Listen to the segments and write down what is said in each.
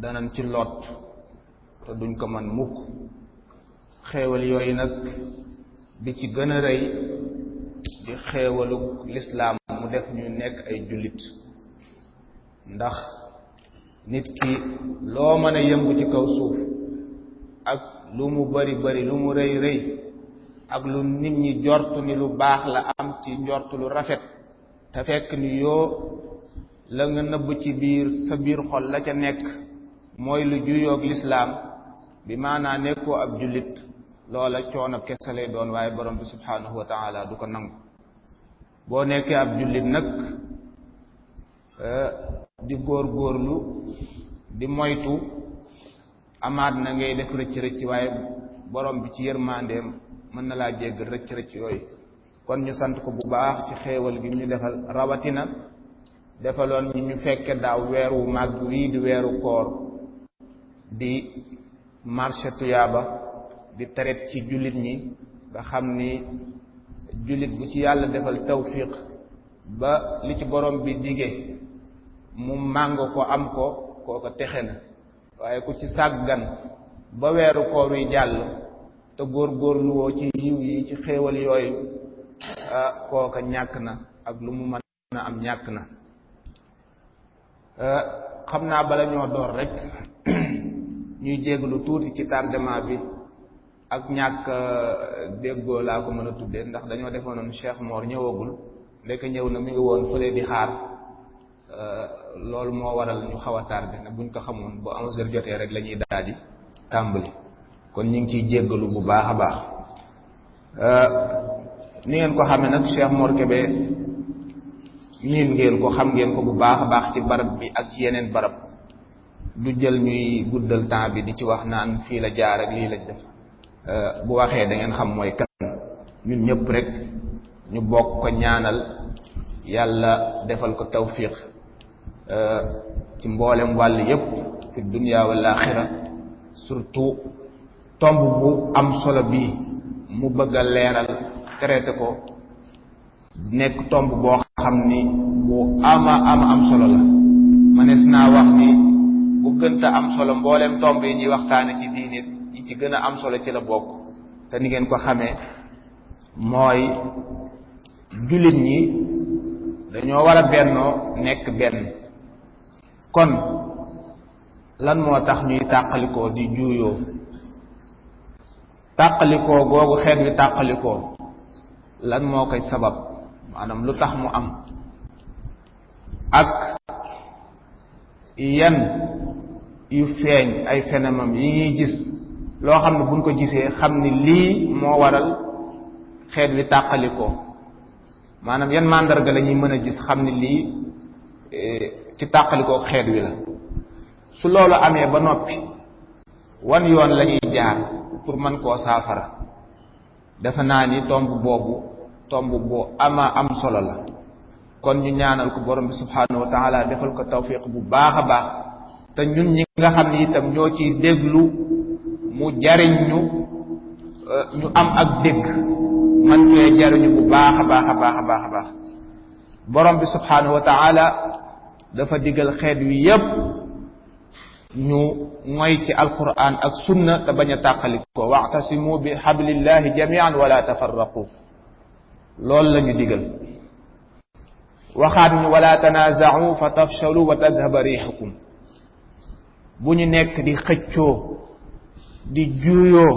danañ ci lot te duñ ko man mukk xeewal yooyu nag bi ci gën a rëy di xeewalu lislaam mu def ñu nekk ay jullit ndax nit ki loo mën a yëngu ci kaw suuf ak lu mu bari bari lu mu rëy rëy ak lu nit ñi jortu ni lu baax la am ci njortu lu rafet te fekk ni yoo la nga nëbb ci biir sa biir xol la ca nekk mooy lu juyoog lislaam bi maanaa nekkoo ab jullit loola coono kese lay doon waaye borom bi subhaanahu wa taala du ko nangu boo nekkee ab jullit nag eh, di góor góorlu di moytu amaat na ngay def rëcc rëcc waaye borom bi ci yërmandeem mën na laa jéggal rëcc rëcc yooyu kon ñu sant ko bu baax ci xéewal gi ñu defal rawatina defaloon ñu ñu fekke daaw weeru màgg wii di weeru koor di marché tuyaaba di traite ci jullit ñi nga xam ni jullit bu ci yàlla defal tawfiq ba li ci borom bi digee mu màngo ko am ko kooko texe na waaye ku ci sàggan ba weeru koor wi jàll te góor-góorlu woo ci yiw yi ci xéewal yooyu ah, kooka ñàkk na ak lu mu mën a am ñàkk na ah, xam naa bala ñoo door rek ñuy jégalu tuuti ci tardement bi ak ñàkk euh, déggoo laa ko mën a tuddee ndax dañoo defoonoon Cheikh Mor ñëwagul ndekk ñëw na mi ngi woon fële di xaar euh, loolu moo waral ñu xaw a tardé nag buñ ko xamoon bu 11 jotee rek la ñuy daal di tàmbali kon ñu ngi ciy jéggalu bu baax a baax euh, ni ngeen ko xamee nag Cheikh Mor Kébé miin ngeen ko xam ngeen ko bu baax a baax ci barab bi ak ci yeneen barab du jël ñuy guddal temps bi di ci wax naan fii la jaar lii la def euh, bu waxee dangeen xam mooy kan ñun ñëpp rek ñu bokk ko ñaanal yàlla defal ko tawfiq euh, ci mboolem wàll yëpp fi dunya wal surtout tomb bu am solo bi mu bëgg a leeral traité ko nekk tomb boo xam ni bu ama ama am solo la manees naa wax ni bu gënta am solo mbooleem tomb yi ñuy waxtaane ci diine ñi ci gën a am solo ci la bokk te ni ngeen ko xame mooy jullit ñi dañoo war a bennoo nekk benn kon lan moo tax ñuy tàqalikoo di juuyoo tàqalikoo googu xeet wi tàqalikoo lan moo koy sabab maanaam lu tax mu am ak yan yu feeñ ay phénomènes yi ñuy gis loo xam ne buñ ko gisee xam ne lii moo waral xeet wi tàqalikoo maanaam yan màndarga lañuy mën a gis xam ne lii eh, ci tàqalikoo xeet wi la su loolu amee ba noppi wan yoon la ñuy jaar pour mën koo saafara dafa naa ni tomb boobu tomb boo amaa am solo la kon ñu ñaanal ko borom bi subhaanahu wa taala defal ko tawfiq bu baax a baax te ñun ñi nga ni ne itam ñoo ciy déglu mu jariñ ñu euh, ñu am ak dégg man cee jariñu bu baax a baax a baax a baax baax borom bi subhaanahu wa taala dafa digal xeet wi yëpp ñu moy ci alquran ak sunna te bañ a tàqali ko waxtasimu bi hablillahi jamian wala tafarraqu loolu la ñu digal waxaat ñu wala tanaaza'u fa tafshalu wa tadhaba riixukum bu ñu nekk di xëccoo di juuyoo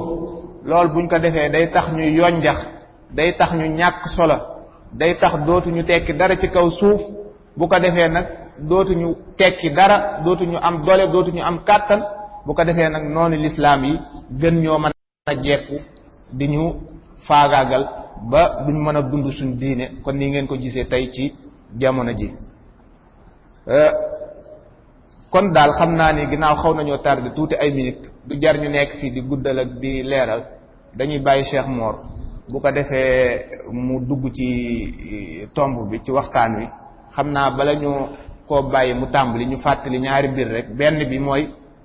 loolu buñ ko defee day tax ñu yonjax day tax ñu ñàkk solo day tax dootuñu tekki dara ci kaw suuf bu ko defee nag dootuñu tekki dara dootuñu am doole dootuñu am kàttan bu ko defee nag noonu lislaam yi gën ñoo mën a jekku di ñu faagaagal ba duñ mën a dund suñ diine kon ni ngeen ko gisee tey ci jamono ji eh, kon daal xam naa ni ginnaaw xaw nañoo tardé tuuti ay minutes du jar ñu nekk fii di guddal ak di leeral dañuy bàyyi Cheikh Mor bu ko defee mu dugg ci eh, tomb bi ci waxtaan wi xam naa bala ñu koo bàyyi mu tàmbali ñu fàttali ñaari mbir rek benn bi mooy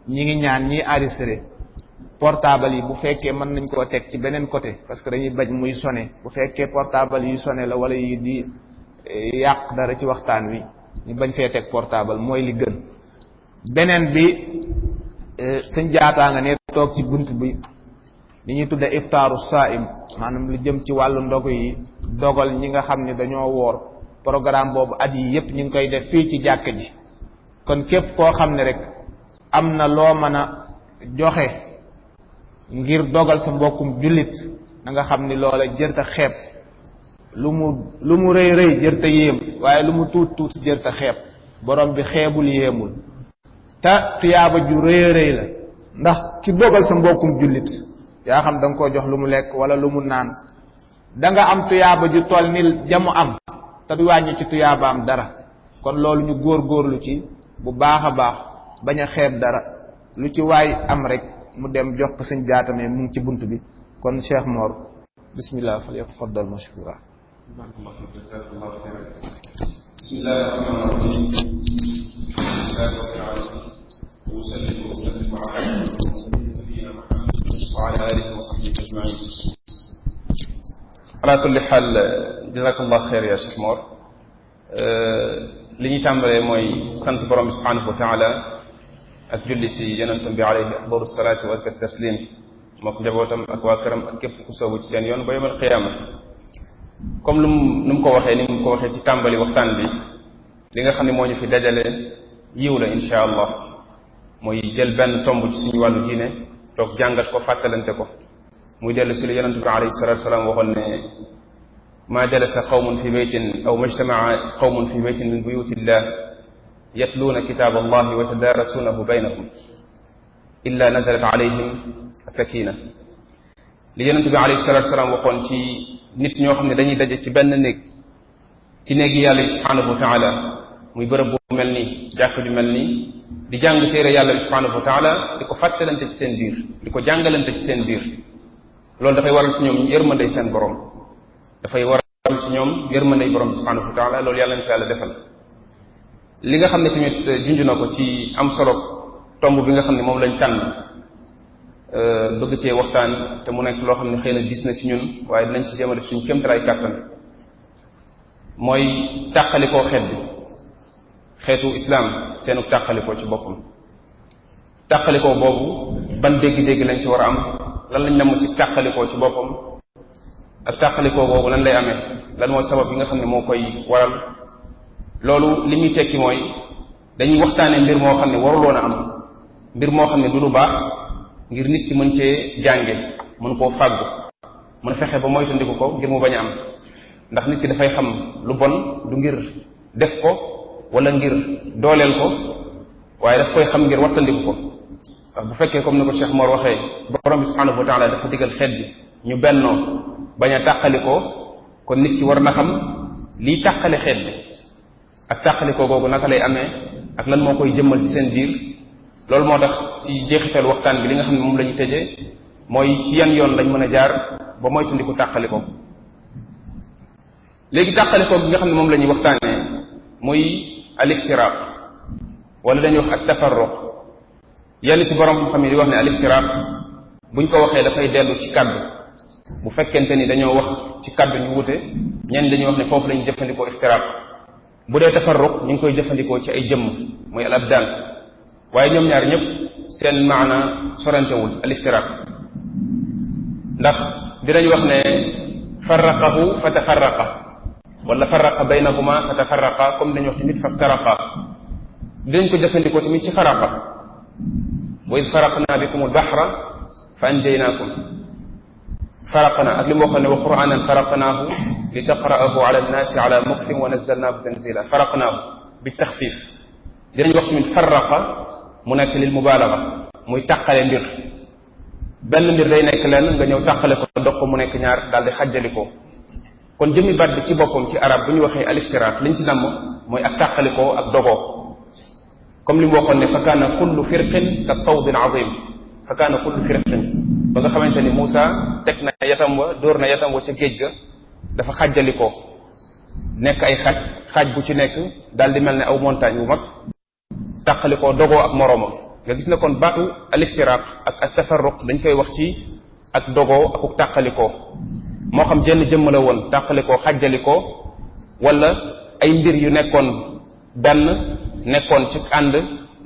ñi ngi ñaan ñii enregistré portable yi bu fekkee mën nañ koo teg ci beneen côté parce que dañuy bañ muy sonné bu fekkee portable yi sone la wala yi di yàq dara ci waxtaan wi ñu bañ fee teg portable mooy li gën beneen bi e, suñ jaataa ne toog ci bunt bi li ñuy tudde iftaaru saim maanaam lu jëm ci wàllu ndogu yi dogal ñi nga xam ne dañoo woor programme boobu at yi yépp ñu ngi koy def fii ci jàkk ji kon képp koo xam ne rek am na loo mën a joxe ngir dogal sa mbokkum jullit na nga xam ni loola a xeeb lu mu lu mu rëy rëy jërta yéem waaye lu mu tuut tuut jërta xeeb borom bi xeebul yéemul te tuyaaba ju rëy rëy la ndax ki dogal sa mbokkum jullit yaa xam da nga koo jox lu mu lekk wala lu mu naan danga am tuyaaba ju toll ni jamu am te du wàññi ci tuyaabaam dara kon loolu ñu góor góorlu ci bu baax a baax bañ a xeeb dara lu ci waay am rek mu dem jox ko sëñ jaatame mu ngi ci bunt bi kon Cheikh Mor bismillah fal yatafaddal mashkura barakallahu fiik jazakallahu xayran bismillahi rahmani rahim alhamdulillahi rabbil alamin wa sallallahu wa sallam ala nabiyyina muhammad wa ala alihi wa sahbihi ajmain ala kulli xaal jazakallahu xayr ya Cheikh Mor li ñuy tàmbalee mooy sant borom bi subhanahu wa taala ak julli si yonentam bi alayhi afdalu salaati wa azka taslim mook njabootam ak waa këram ak képp ku soobu ci seen yoon ba yomal qiyaama comme lu mu nu mu ko waxee ni mu ko waxee ci tàmbali waxtaan bi li nga xam ne moo ñu fi dajale yiw la insha allah mooy jël benn tomb ci suñu wàllu diine toog jàngat ko fàttalante ko mu dellu si lu yonente bi alayhi salatu wasalaam waxoon ma maa jalasa qawmun fi beytin aw majtamaa qawmun fi beytin min buyuti illah yatluuna kitaab allahi wa tadaarasuunahu baynahum illa nazalat alayhim sakina li yonente bi alayhi salatu salaam waxoon ci nit ñoo xam ne dañuy daje ci benn néeg ci néegi yàlla yi subhanahu wa muy bërëb bu mel nii jàkk ju mel nii di jàng téere yàlla bi subhanahu wa di ko fàttalante ci seen biir di ko jàngalante ci seen biir loolu dafay waral ci ñoom yërmandey seen boroom dafay waral ci ñoom yërmandey borom subhanahu wa taala loolu yàlla na ko yàlla defal li nga xam ne tamit junj na ko ci am solo tomb bi nga xam ne moom lañ tànn Euh, bëgg cee waxtaan te mu nekk loo xam ne xëy na gis na ci ñun waaye dinañ ci jéem a def suñu kéemtalaay kàttan mooy tàqalikoo xeet bi xeetu islam seenu tàqalikoo ci boppam tàqalikoo boobu ban dégg-dégg lañ ci war a am lan lañ namm ci tàqalikoo ci boppam ak tàqalikoo boobu lan lay ame lan mooy sabab yi nga xam ne moo koy waral loolu li muy tekki mooy dañuy waxtaanee mbir moo xam ne waruloon a am mbir moo xam ne du lu baax ngir nit ki mën cee jànge mën koo fàggu mën fexe ba moytandiku ko ngir mu bañ a am ndax nit ki dafay xam lu bon du ngir def ko wala ngir dooleel ko waaye daf koy xam ngir wattandiku ko ndax bu fekkee comme ni ko Cheikh moor waxee borom bi subhanahu wa taala dafa digal xeet bi ñu bennoo bañ a tàqali ko kon nit ki war na xam lii tàqale xeet bi ak tàqalikoo googu naka lay amee ak lan moo koy jëmmal ci seen biir loolu moo tax ci jeexital waxtaan bi li nga xam ne moom la ñu mooy ci yan yoon lañ mën a jaar ba moytandiku tàqaliko léegi tàqaliko bi nga xam ne moom la ñuy waxtaanee muy al ixtiraaq wala dañuy wax ak tafarruq yenn si borom xam ne di wax ne al ixtiraaq buñ ko waxee dafay dellu ci kaddu bu fekkente ni dañoo wax ci kàdd ñu wute ñenn dañuy wax ne foofu lañu jëfandikoo ixtiraaq bu dee tafarruq ñu ngi koy jëfandikoo ci ay jëmm muy al abdaan waaye ñoom ñaar ñëpp seen maana sorantewul al iftiraq ndax dinañ wax ne farraqahu fa tafarraqa wala farraqa baynahuma fa tafarraqa comme dañu wax tamit faftaraqa dinañ ko jëfandikoo tamit ci faraqa wa id faraqna bikum al bahra fa anjaynaakum faraqna ak li mu waxoon ne wa qur'anan faraqnaahu li taqra'ahu ala annaasi ala mukthin wa nazzalnaahu tanzila faraqnaahu bi taxfif dinañ wax tamit farraqa mu nekk lil mubaalaga muy taqale mbir benn mbir day nekk lenn nga ñëw taqale ko dox ko mu nekk ñaar daal di ko kon jëmmi baat bi ci boppam ci arab bu ñu waxee aliftiraat liñ ci namm mooy ak tàqalikoo ak dogoo comme li mu waxoon ne fa kaana kullu firqin ka tawdin azim fa kaana ba nga xamante ni Moussa teg na yatam wa dóor na yatam wa ca géej ga dafa xàjjalikoo nekk ay xaj xaj bu ci nekk daal di mel ne aw montagne bu mag dàqali koo dogoo ak moroomam nga gis ne kon baatu aliftiraaq ak ak tafarruq dañ koy wax ci ak dogoo akuk tàqalikoo moo xam jenn jëmm la woon tàqalikoo xàjjalikoo wala ay mbir yu nekkoon benn nekkoon ci ànd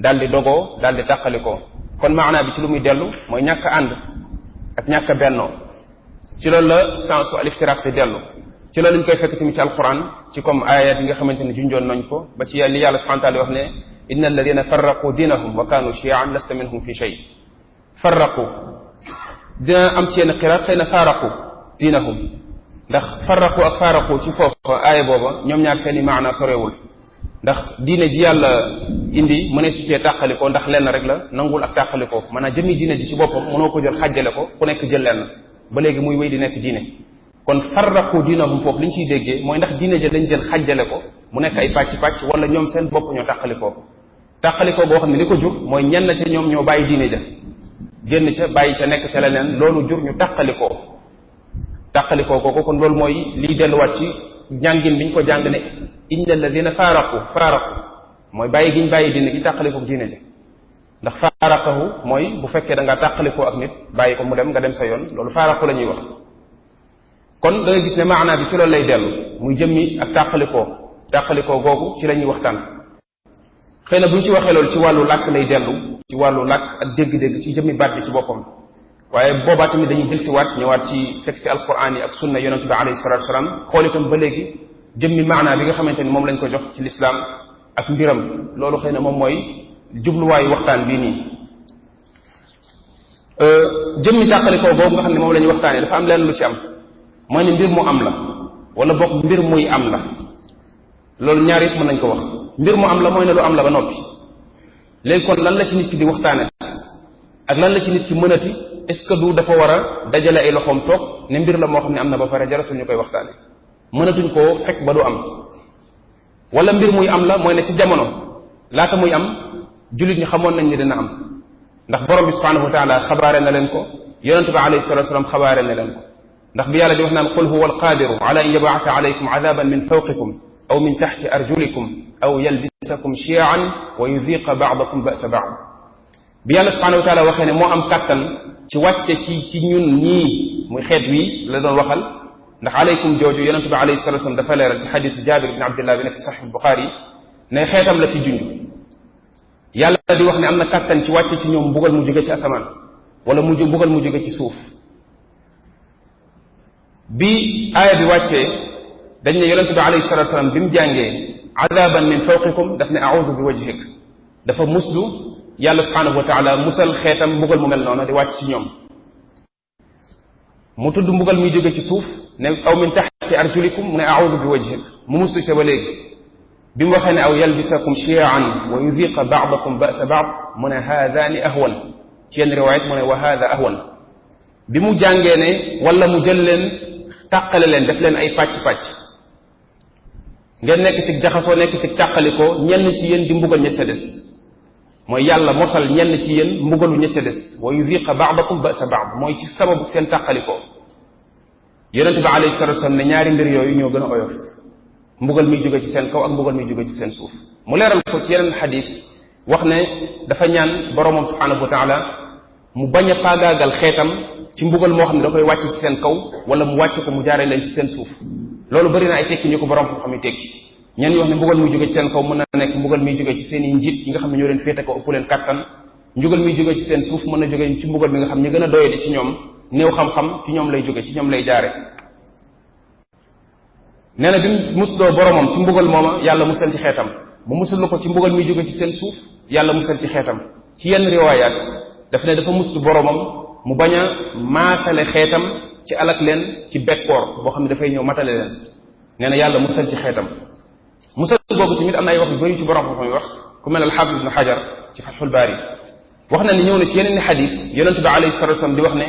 daal di dogoo daal di tàqalikoo kon maanaa bi ci lu muy dellu mooy ñàkk ànd ak ñàkk bennoo ci loolu la sensu aliftiraaq di dellu ci loolu lañ koy fekk tamit ci alquran ci comme ayat yi nga xamante ne joon nañ ko ba ci li yàlla subhanahu wa inna alladina farraqu diinahum wa kaanu chiaan lasta minhum fi shay farraqu dina am ci yenn xiraat xëy na faaraqu diinahum ndax farraqu ak faaraqu ci foofa aaya booba ñoom ñaar seen i maana sorewul ndax diine ji yàlla indi mënee su cee tàqalikoo ndax lenn rek la nangul ak tàqalikoo a jëmmi diine ji ci boppam mënoo ko jël xàjjale ko ku nekk jël lenn ba léegi muy wéy di nekk diine kon farraqu diinahum foofu li ñu ciy déggee mooy ndax diine ji lañ jël xàjjale ko mu nekk ay pàcc-pàcc wala ñoom bopp ñoo tàqalikoo tàqalikoo boo xam ne li ko jur mooy ñenn ca ñoom ñoo bàyyi diine ja génn ca bàyyi ca nekk ca leneen loolu jur ñu tàqalikoo tàqalikoo kooku kon loolu mooy liy delluwaat ci jàngin bi ñu ko jàng ne inna alladina faaraqu faaraqu mooy bàyyi giñ bàyyi diine gi tàqalikoo diine ja ndax faaraqahu mooy bu fekkee da nga tàqalikoo ak nit bàyyi ko mu dem nga dem sa yoon loolu faaraqu la ñuy wax kon da gis ne maanaa loolu lay dellu muy jëmmi ak tàqalikoo tàqalikoo googu ci la ñuy waxtaan xëy na bu ñu ci waxee loolu ci wàllu làkk lay dellu ci wàllu làkk ak dégg-dégg ci jëmmi baat bi ci boppam waaye boobaa tamit dañuy jël si waat ñëwaat ci texte alquran yi ak sunna yonente bi alayhi salatu wasalaam xool itam ba léegi jëmmi maanaa bi nga xamante ni moom lañ ko jox ci lislaam ak mbiram loolu xëy na moom mooy jubluwaayu waxtaan bii nii euh, jëmmi tàqalikoo boobu nga xam ne moom la ñuy waxtaanee dafa am leen lu ci am mooy ne mbir mu am la wala bokk mbir muy am la loolu ñaar yëpp mën nañ ko wax mbir mu am la mooy ne lu am la ba noppi léegi kon lan la ci nit ki di waxtaanati ak lan la ci nit ki mënati est-ce que du dafa war a dajale ay loxoom toog ne mbir la moo xam ne am na ba pare jaratul ñu koy waxtaane mënatuñ koo fekk ba du am wala mbir muy am la mooy ne ci jamono laata muy am jullit ñi xamoon nañ ni dina am ndax borom bi subhanahu wa taala xabaare na leen ko yonente bi alayhi salatu wasalam xabaare na leen ko ndax bi yàlla wax naan qul huwa alqadiru ala an yabaasa alaykum adaban aw min taxti arjulikum aw yalbisakum chiaan wa yudiqa baadakum basa baad bi yàlla subhanahu wa taala waxee ne moo am kàttan ci wàcce ci ci ñun ñii muy xeet wi la doon waxal ndax aleykum jooju yonente bi alayhi salatu wasallam dafa leeral ci xadisu jabir bin abdillah bi nekk ci saxih buxaari ne xeetam la ci junj yàlla di wax ne am na kàttan ci wàcce ci ñoom mbugal mu jóge ci asamaan wala mu mbugal mu jóge ci suuf bi aaya bi wàccee dañ ne yonente bi alayhi salatu wasalam bi mu jàngee adaban min fawqikum daf ne audu bi wajhik dafa muslu yàlla subhanahu wa taala musal xeetam mbugal mu mel noonu di wàcc ci ñoom mu tudd mbugal muy jóge ci suuf ne aw min taxti arjulikum mu ne audu bi wajhik mu muslu ca ba léegi bi mu waxee ne aw yalbisakum chiaan wa yudiqa baadakum basa baad mu ne haadaani ahwan ci yenn riwaayat mu ne wa haada ahwan bi mu jàngee ne wala mu jël leen tàqale leen def leen ay pàcc-pàcc ngeen nekk ci jaxasoo nekk ci tàqalikoo ñenn ci yéen di mbugal ña sa des mooy yàlla mosal ñenn ci yéen mbugalu ña ca des wa yudiqa baadakum basa baad mooy ci sababu seen tàqalikoo yonente bi alayhi salatu wasallam ne ñaari mbir yooyu ñoo gën a oyof mbugal mi jóge ci seen kaw ak mbugal mi jóge ci seen suuf mu leeral ko ci yeneen xadis wax ne dafa ñaan boromam subhanahu wa taala mu bañ a paagaagal xeetam ci mbugal moo xam ne da koy wàcc ci seen kaw wala mu wàcc ko mu jaaree leen ci seen suuf loolu bëri na ay tekki ñu ko borom xam-xam yi tekki ñenn yoo xam ne mbugal muy jóge ci seen kaw mën na nekk mbugal muy jóge ci seen i njiit yi nga xam ne ñoo leen féete ko ëpp leen kattan suuf mën na jóge ci mbugal bi nga xam ne a doye di ci ñoom néew xam-xam ñoom lay jóge ñoom lay jaare nee na bi mu musloo boromam ci mbugal mooma yàlla musal ci xeetam mu musul ko ci mbugal mi jóge ci seen suuf yàlla mu musal ci xeetam ci yenn riwaayaat daf ne dafa muslu boromam mu bañ a maasale xeetam ci alak leen ci bekkoor boo xam ne dafay ñëw matale leen nee na yàlla musal ci xeetam musal boobu tamit am na ay wax yu bëri ci borom xam-xam yi wax ku mel ne alxaafis ibnu xajar ci fatxul baari wax na ni ñëw ci yeneen i xadis yonente bi alayhi salatu wasalam wax ne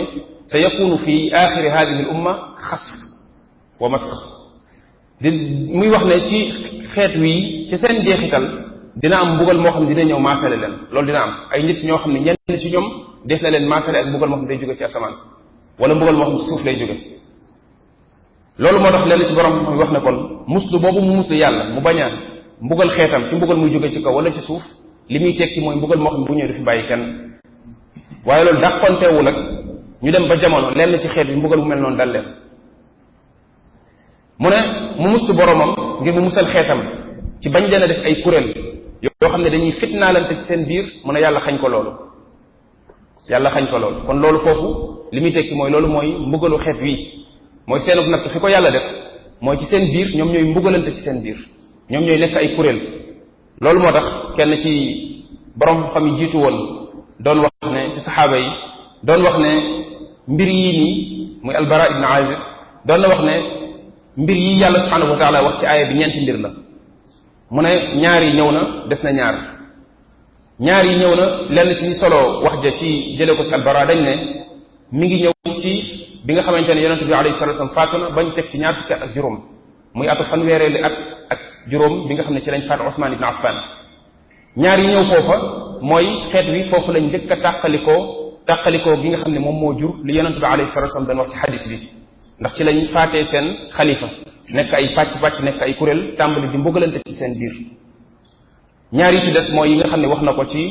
sa yakunu fi axiri hadihi l umma xasf wa masx muy wax ne ci xeet wii ci seen jeexital dina am mbugal moo xam ne dina ñëw maasale leen loolu dina am ay nit ñoo xam ne ñenn ci ñoom des na leen maasale ak mbugal moo xam ne day jóge ci asamaan wala mbugal moo xam suuf lay jóge loolu moo tax lenn ci borom xam wax ne kon muslu boobu mu muslu yàlla mu bañ a mbugal xeetam ci mbugal muy jóge ci kaw wala ci suuf li muy tekki mooy mbugal moo xam bu ñëwee du kenn waaye loolu dàqonteewul ak ñu dem ba jamono lenn ci xeet bi mbugal mu mel noonu dal leen mu ne mu muslu boromam ngir mu musal xeetam ci bañ leen a def ay kuréel yoo xam ne dañuy fitnaalante ci seen biir mu ne yàlla xañ ko loolu yàlla xañ ko loolu kon loolu foofu li muy tekki mooy loolu mooy mbugalu xeet wii mooy seenub natt fi ko yàlla def mooy ci seen biir ñoom ñooy mbugalante ci seen biir ñoom ñooy nekk ay kuréel loolu moo tax kenn ci borom xam yi jiitu woon doon wax ne ci saxaaba yi doon wax ne mbir yii nii muy albara ibn azib doon na wax ne mbir yi yàlla subhanahu wa taala wax ci aaya bi ñeenti mbir la mu ne ñaar yi ñëw na des na ñaar ñaar yi ñëw na lenn ci ñu solo wax ja ci jële ko ci albara dañ ne mi ngi ñëw ci bi nga xamante ne yonente bi alayhi salatu wasallam faatu na bañ teg ci ñaar fukki ak juróom muy atu fanweereeli at ak juróom bi nga xam ne ci lañ faat Ousmane ibn Affan ñaar mooy xeet wi foofu lañ njëkk a tàqalikoo tàqalikoo gi nga xam ne moom moo jur li yonente bi alayhi salatu wasallam dañ wax ci xadis bi ndax ci lañ faatee seen xalifa nekk ay pàcc pàcc nekk ay kuréel tàmbali di mbugalante ci seen biir ñaar yi ci des mooy yi nga xam ne wax na ko ci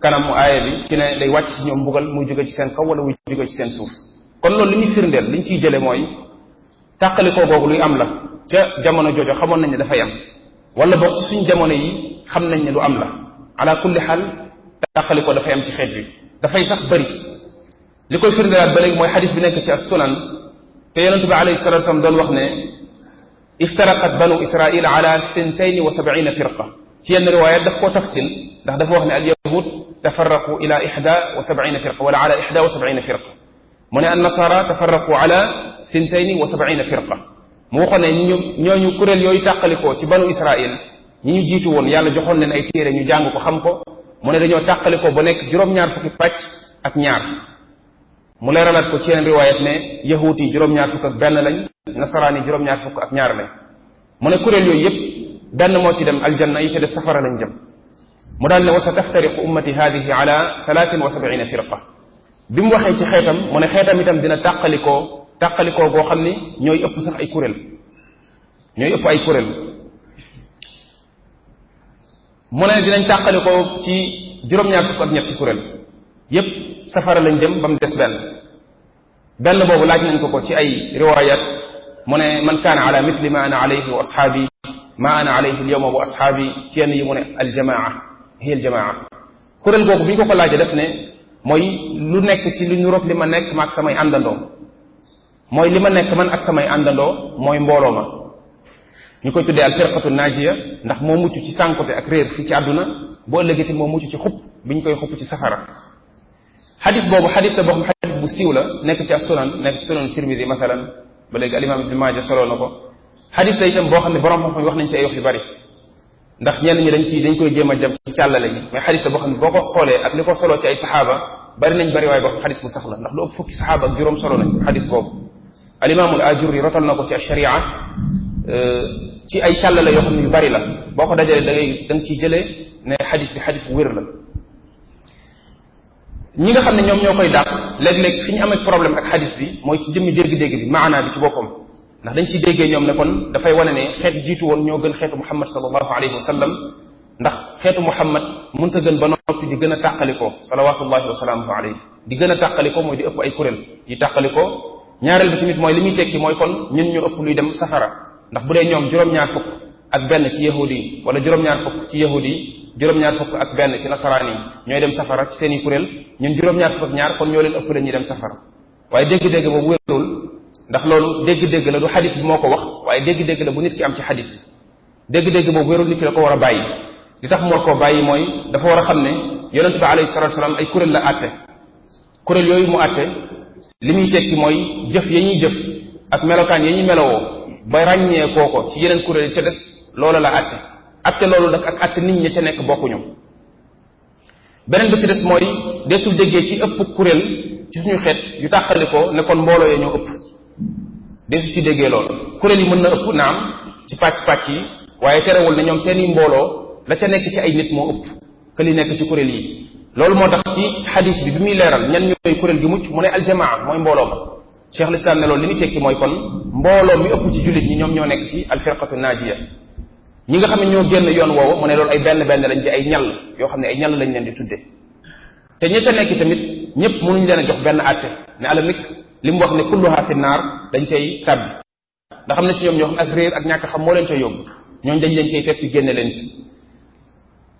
kanamu aaya bi ci ne day wàcc si ñoom mbugal muy jóge ci seen kaw wala muy jóge ci seen suuf kon loolu li ñuy firndeel li ñu ciy jële mooy tàqalikoo boobu luy am la ca jamono joojo xamoon nañ dafay am wala boog suñ jamono yi xam nañ ne lu am la ala kulli xaal ko dafay am ci xeet bi dafay sax bëri li koy firndeelaat ba léegi mooy xadis bi nekk ci as sunan te yonente bi alayhi salatu wasalam doon wax ne iftaraqat banu israil ala thintayn wa sabiina firqa ci yenn riwaayat daf koo tafsil ndax dafa wax ne al yahud tafarraqu ila ixda wa sabaina firqa wala ala ixda wa sabaina firqa mu ne an nasara tafarraqu ala sintaini wa sabaina firqa mu waxoon ne ñu ñooñu kuréel yooyu tàqalikoo ci banu israil ñi ñu jiitu woon yàlla joxoon leen ay téere ñu jàng ko xam ko mu ne dañoo tàqalikoo ba nekk juróom-ñaar fukki pàcc ak ñaar mu laat ko ci yeneen riwaayat ne yahuut yi juróom-ñaar fukk ak benn lañ nasaraan yi juróom-ñaar fukk ak ñaar lañ mu ne kuréel yooyu benn moo ci dem aljanna yi ci des safara lañ jëm mu daal ne wa sa taftariqu ummati moo ala thalathin wa sab'ina firqa bi mu waxee ci xeetam mu ne xeetam itam dina tàqalikoo tàqalikoo goo xam ni ñooy ëpp sax ay kuréel ñooy ëpp ay kuréel mu ne dinañ tàqalikoo ci juróom-ñaar fukk ak ñett ci kuréel yépp safara lañ jëm ba mu des benn benn boobu laaj nañ ko ko ci ay riwayat mu ne man kaana ala mithli ma ana alayhi wa ashaabi ma ana alayhi alyawma wa ashaabi ci yenn yi mu ne aljamaa hiya aljamaa kuréel googu bi ñu ko ko laajee def ne mooy lu nekk ci lu ñu li ma nekk ma samay àndandoo mooy li ma nekk man ak samay àndandoo mooy mbooloo ma ñu koy tuddee al firqatu naajiya ndax moo mucc ci sànkute ak réer fii ci àdduna boo ëllëgati moo mucc ci xub bi ñu koy xub ci safara xadis boobu xadis la boo xam xadis bu siiw la nekk ci as sunan nekk ci sunan tirmidi masalan ba léegi al imam ibni maaja solo na ko xadis la itam boo xam ne borom xam-xam wax nañ ci ay wax yu bari ndax ñenn ñi dañ ci dañ koy jéem a jam ci càllale yi mais xadis la boo xam ne boo ko xoolee ak li ko solo ci ay saxaaba bari nañ bari waaye boo xadis bu sax la ndax lu ëpp fukki saxaaba ak juróom solo nañ xadis boobu alimaamul ajuri rotal na ko ci sharia euh, ci ay càllale yoo xam ne yu bari la boo ko dajalee da ngay da ciy jëlee ne xadis bi xadis bu wér la ñi nga xam ne ñoom ñoo koy dàq léeg-léeg fi ñu amee problème ak bi mooy ci jëmmi dégg-dégg bi maanaa bi ci ndax dañ ciy déggee ñoom ne kon dafay wane ne xeet jiitu woon ñoo gën xeetu muhammad sallallahu alayhi wa sallam ndax xeetu muhammad mënta gën ba noppi di gën a tàqalikoo salawatullahi wa salaamuhu alayhi di gën a tàqalikoo mooy di ëpp ay kuréel yi tàqalikoo ñaareel bi tamit mooy li muy tekki mooy kon ñun ñu ëpp luy dem safara ndax bu dee ñoom juróom-ñaar fukk ak benn ci yahudi yi wala juróom-ñaar fukk ci yi juróom-ñaar ak benn ci nasaraan yi ñooy dem safara seen i ñun juróom-ñaar fukk ñaar kon ñoo leen ëpp la ñuy dem safara waaye ndax loolu dégg-dégg la du xadis bi moo ko wax waaye dégg-dégg la bu nit ki am ci xadis bi dégg-dégg boobu wérul nit ki ko war a bàyyi li tax mu war koo bàyyi mooy dafa war a xam ne yonente bi alayhi salatu salaam ay kuréel la àtte kuréel yooyu mu àtte li muy tekki mooy jëf ya ñuy jëf ak melokaan ya ñuy melowoo ba ràññee kooko ci yeneen kuréel yi ca des loola la àtte àtte loolu nag ak àtte nit ña ca nekk bokkuñu beneen ba ci des mooy desul déggee ci ëpp kurél ci suñu xeet yu tàqali ko ne kon mbooloo ya ëpp desu ci déggee loolu kuréel yi mën na ëpp naam ci pàcc-pàcc yi waaye terewul ne ñoom seeni mbooloo la ca nekk ci ay nit moo ëpp que nekk ci kuréel yi loolu moo tax ci xadis bi bi muy leeral ñan ñooy kuréel gi mucc mu ne aljamaa mooy mbooloo ma cheikh lislaam ne loolu li mu tekki mooy kon mbooloo mi ëpp ci jullit ñi ñoom ñoo nekk ci alfirqatu ya ñi nga xam ne ñoo génn yoon woowu mu ne loolu ay benn benn lañ di ay ñal yoo xam ne ay ñal lañ leen di tudde te ña ca nekk tamit ñëpp mënuñ leen a jox benn àtte ne alamik li mu wax ne kulluha fi naar dañ cay tàbbi ndax xam ne si ñoom ñoo xam ak réer ak ñàkk xam moo leen ca yóbbu ñooñu dañ leen cay seet si génne leen ci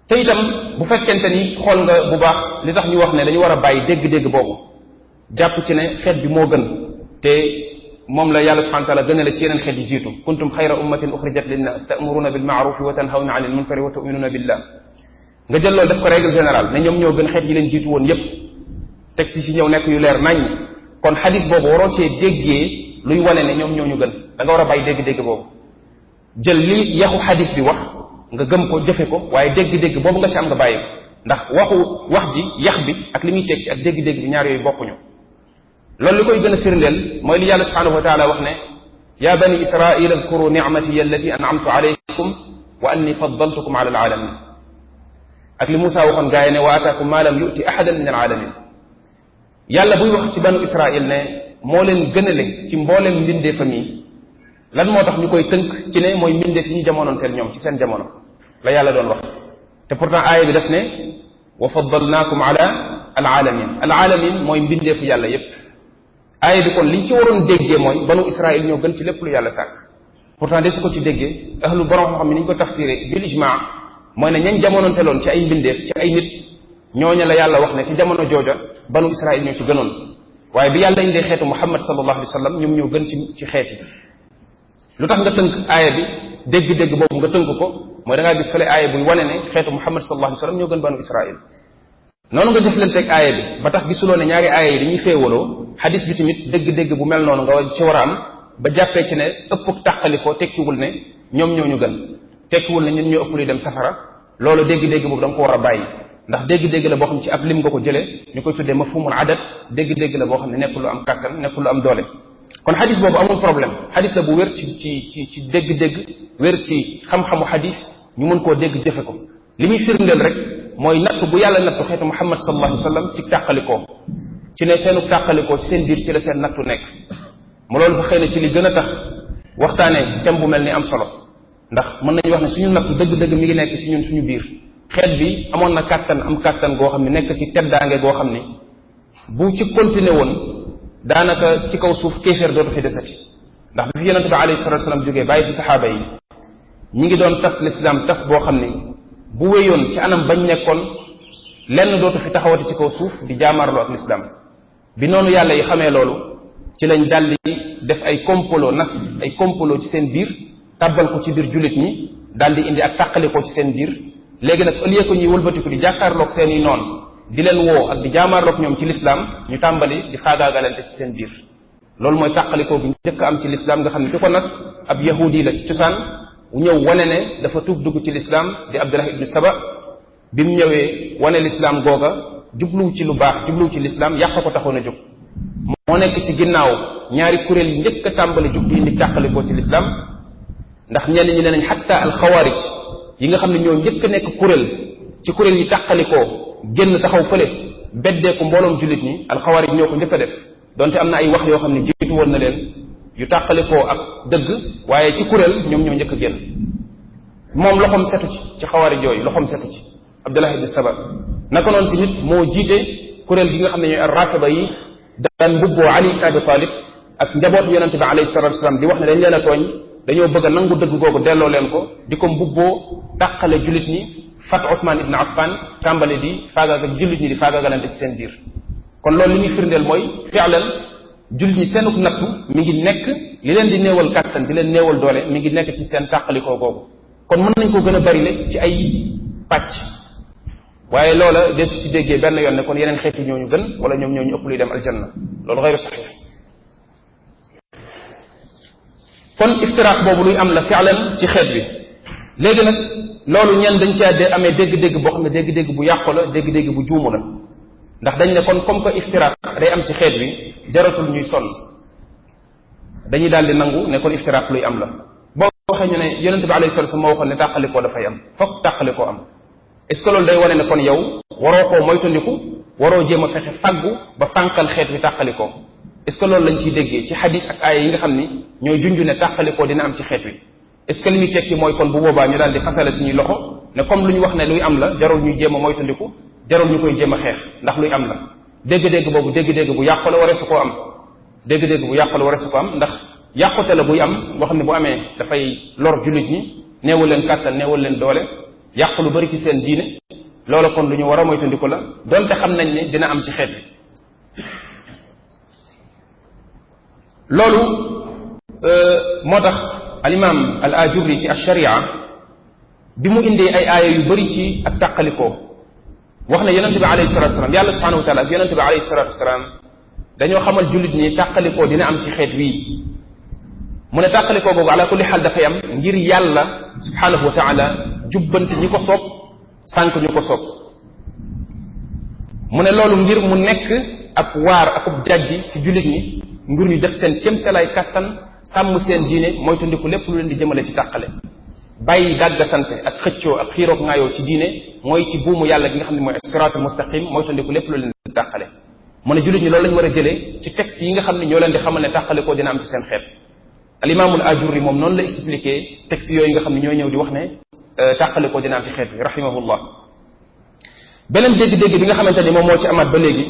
te itam bu fekkente ni xool nga bu baax li tax ñu wax ne dañu war a bàyyi dégg-dégg boobu jàpp ci ne xeet bi moo gën te moom la yàlla subhanahu wa taala gën a la ci yeneen xeet yi jiitu kuntum xayra ummatin uxrijat linnas ta'muruna bil ma'ruf wa tanhawna 'anil munkari wa tu'minuna billah nga jël loolu def ko règle générale ne ñoom ñoo gën xeet yi leen jiitu woon yépp texte yi ñëw nekk yu leer nañ kon xadis boobu waroo cee déggee luy wane na ñoom ñooñu ñu gën da nga war a dégg-dégg boobu jël li yaxu xadis bi wax nga gëm ko jëfe ko waaye dégg-dégg boobu nga ci am nga bàyyi ndax waxu wax ji yax bi ak li muy tekki ak dégg-dégg bi ñaar yooyu bokkuñu loolu li koy gën a firndeel mooy li yàlla subhanahu wa taala wax ne ya bani israil adkuru nicmati allati anamtu alaykum wa anni faddaltukum ala alalamin ak li Musa waxoon gaa yi ne wa ataakum ma lam yuti ahadan min alalamin yàlla buy wax ci banu Israël ne moo leen gënale ci mboolem mbindeefam yi lan moo tax ñu koy tënk ci ne mooy mbindeef yi ñu jamonoonteel ñoom ci seen jamono la yàlla doon wax te pourtant aaya bi daf ne wa faddalnaakum ala alaalamin alaalamin mooy mbindeefu yàlla yépp aaya bi kon liñ ci waroon déggee mooy banu Israël ñoo gën ci lépp lu yàlla sàkk pourtant de su ko ci déggee ahlu borom xam xam ne ni ñu ko tafsiré bil ijmaa mooy ne ñañ jamononteloon ci ay mbindeef ci ñooñu la yàlla wax ne ci jamono jooja banu israil ñoo ci gënoon waaye bi yàlla indee xeetu muhammad sallallahu alayhi wa sallam ñoom ñoo gën ci ci xeet lu tax nga tënk aaya bi dégg-dégg boobu nga tënk ko mooy da ngaa gis fële aaya buy wane ne xeetu muhammad sallallahu alayhi wa sallam ñoo gën banu israil noonu nga teg aaya bi ba tax gisuloo ne ñaari aaya yi dañuy féewaloo xadis bi tamit dëgg dégg bu mel noonu nga ci war a am ba jàppee ci ne ëpp tàqalikoo tekkiwul ne ñoom ñoo ñu gën tekkiwul ne ñun ñoo ëpp luy dem safara loolu dégg-dégg boobu da ko war a bàyyi ndax dégg-dégg la boo xam ne ci ab lim nga ko jëlee ñu koy tuddee mafhumul adat dégg-dégg la boo xam ne nekk lu am kàttan nekk lu am doole kon xadis boobu amul problème xadis la bu wér ci ci ci dégg-dégg wér ci xam-xamu xadis ñu mën koo dégg jëfe ko li muy firndeel rek mooy natt bu yàlla nattu xeetu Muhammad sallallahu alayhi wa sallam ci tàqalikoo ci ne seenu tàqalikoo ci seen biir ci la seen nattu nekk mu loolu sax xëy na ci li gën a tax waxtaanee tem bu mel ni am solo ndax mën nañu wax ne su nattu dëgg-dëgg mi ngi nekk ci ñun suñu biir xeet bi amoon na kàttan am kàttan goo xam ne nekk ci teddaange goo xam ne bu ci continuer woon daanaka ci kaw suuf kéeféer dootu fi desati ndax bi fi yonente bi alayhi salatu wasalam jógee bàyyi fi saxaaba yi ñi ngi doon tas lislaam tas boo xam ne bu wéyoon ci anam bañ nekkoon lenn dootu fi taxawati ci kaw suuf di jaamarloo ak lislaam bi noonu yàlla yi xamee loolu ci lañ daldi def ay complot nas ay complot ci seen biir tàbbal ko ci biir jullit ñi daldi indi ak tàqalikoo ci seen biir léegi nag ëllëgee ko ñuy wëlbatiku di jàkkaarloog seen i noon di leen woo ak di jaamaarloog ñoom ci lislaam ñu tàmbali di faagaagalante ci seen biir loolu mooy tàqalikoo bi njëkk am ci lislaam nga xam ne ki ko nas ab yahudi la ci cosaan ñëw wane ne dafa tuub dugg ci lislaam di Abdullah ibnu Saba bi mu ñëwee wane lislaam googa jubluwu ci lu baax jubluwu ci lislaam yàq ko taxoon a jóg moo nekk ci ginnaaw ñaari kuréel yi njëkk a tàmbali jug di indi ci lislaam ndax ñenn ñi ne nañ xatta alxawaarij yi nga xam ne ñoo njëkk nekk kuréel ci kuréel yi tàqalikoo génn taxaw fële beddeeku mbooloom jullit ñi alxawaarij ñoo ko njëkk a def donte am na ay wax yoo xam ne jiitu woon na leen yu tàqalikoo ak dëgg waaye ci kuréel ñoom ñoo njëkk a génn moom loxoom setu ci ci xawaarij yooyu loxoom setu ci abdullah ibn saba naka noonu tamit moo jiite kuréel gi nga xam ne ñooy raafida yi daan mbubboo ali abi talib ak njaboot yonente bi alayhi salatu wasalam di wax na dañ leen a dañoo bëgg a nangu dëgg googu delloo leen ko di ko mbubboo tàqale jullit ñi fat Ousmane ibn Affan tàmbali di faagaag ak jullit ñi di faagaagalante ci seen biir kon loolu li ñuy firndeel mooy fi'lan jullit ñi seenuk nattu mi ngi nekk li leen di néewal kàttan di leen néewal doole mi ngi nekk ci seen tàqalikoo googu kon mën nañ koo gën a bari le ci ay pàcc waaye loola desu ci déggee benn yoon ne kon yeneen xeeti ñooñu gën wala ñoom ñooñu ëpp luy dem a loolu xeyru kon iftiraax boobu luy am la fi'lan ci xeet wi léegi nag loolu ñenn dañ caa de amee dégg-dégg boo xam ne dégg-dégg bu yàqu la dégg-dégg bu juumu la ndax dañ ne kon comme que iftiraax day am ci xeet wi jaratul ñuy sonn dañu daal di nangu ne kon iftiraax luy am la boo waxee ñu ne yonente bi alayhi salaam moo waxoon ne tàqalikoo dafay am fokk tàqalikoo am est-ce que loolu day wane ne kon yow waroo koo moytandiku waroo jéem a fexe fàggu ba fànqal xeet wi tàqalikoo est-ce que loolu lañ ciy déggee ci xadis ak aaya yi nga xam ni ñooy junju ne tàqalikoo dina am ci xeet wi est-ce que li muy tekki mooy kon bu boobaa ñu daal di fasale suñuy loxo ne comme lu ñu wax ne luy am la jarul ñuy jéem a moytandiku jarul ñu koy jéem a xeex ndax luy am la dégg-dégg boobu dégg-dégg bu yàqu la waree su koo dégg-dégg bu yàqu la waree su am ndax yàqute la buy am boo xam ne bu amee dafay lor jullit ñi neewu leen kàttan neewal leen doole yàqu lu bari ci seen diine loola kon lu ñu war a moytandiku la donte xam nañ ne dina am ci xeet wi loolu euh, moo tax alimaam al ajurri ci asharia bi mu indee ay aaya yu bëri ci ak tàqalikoo wax ne yonente bi alayhi salatu wasalaam yàlla subhanahu wa taala ak yonente bi alayhi salatu wasalaam dañoo xamal jullit ni tàqalikoo dina am ci xeet wii mu ne tàqalikoo googu ala kulli xaal dafay ngir yàlla subhanahu wa taala jubbanti ñi ko soob sànq ñu mu ne loolu ngir mu nekk ab waar akub jajji ci jullit ngir ñu def seen kéemtalaay kàttan sàmm seen diine moytandiku lépp lu leen di jëmale ci tàqale bàyyi dàggasante ak xëccoo ak xiiroog ngaayoo ci diine mooy ci buumu yàlla gi nga xam ne mooy siraatul mustaqim moytandiku lépp lu di tàqale mu ne jullit ñi loolu a jëlee ci yi nga ne ñoo leen di xamal ne moom di wax ne euh, tàqale koo dina am ci xeet bi rahimahullah ni moom moo ci amaat ba léegi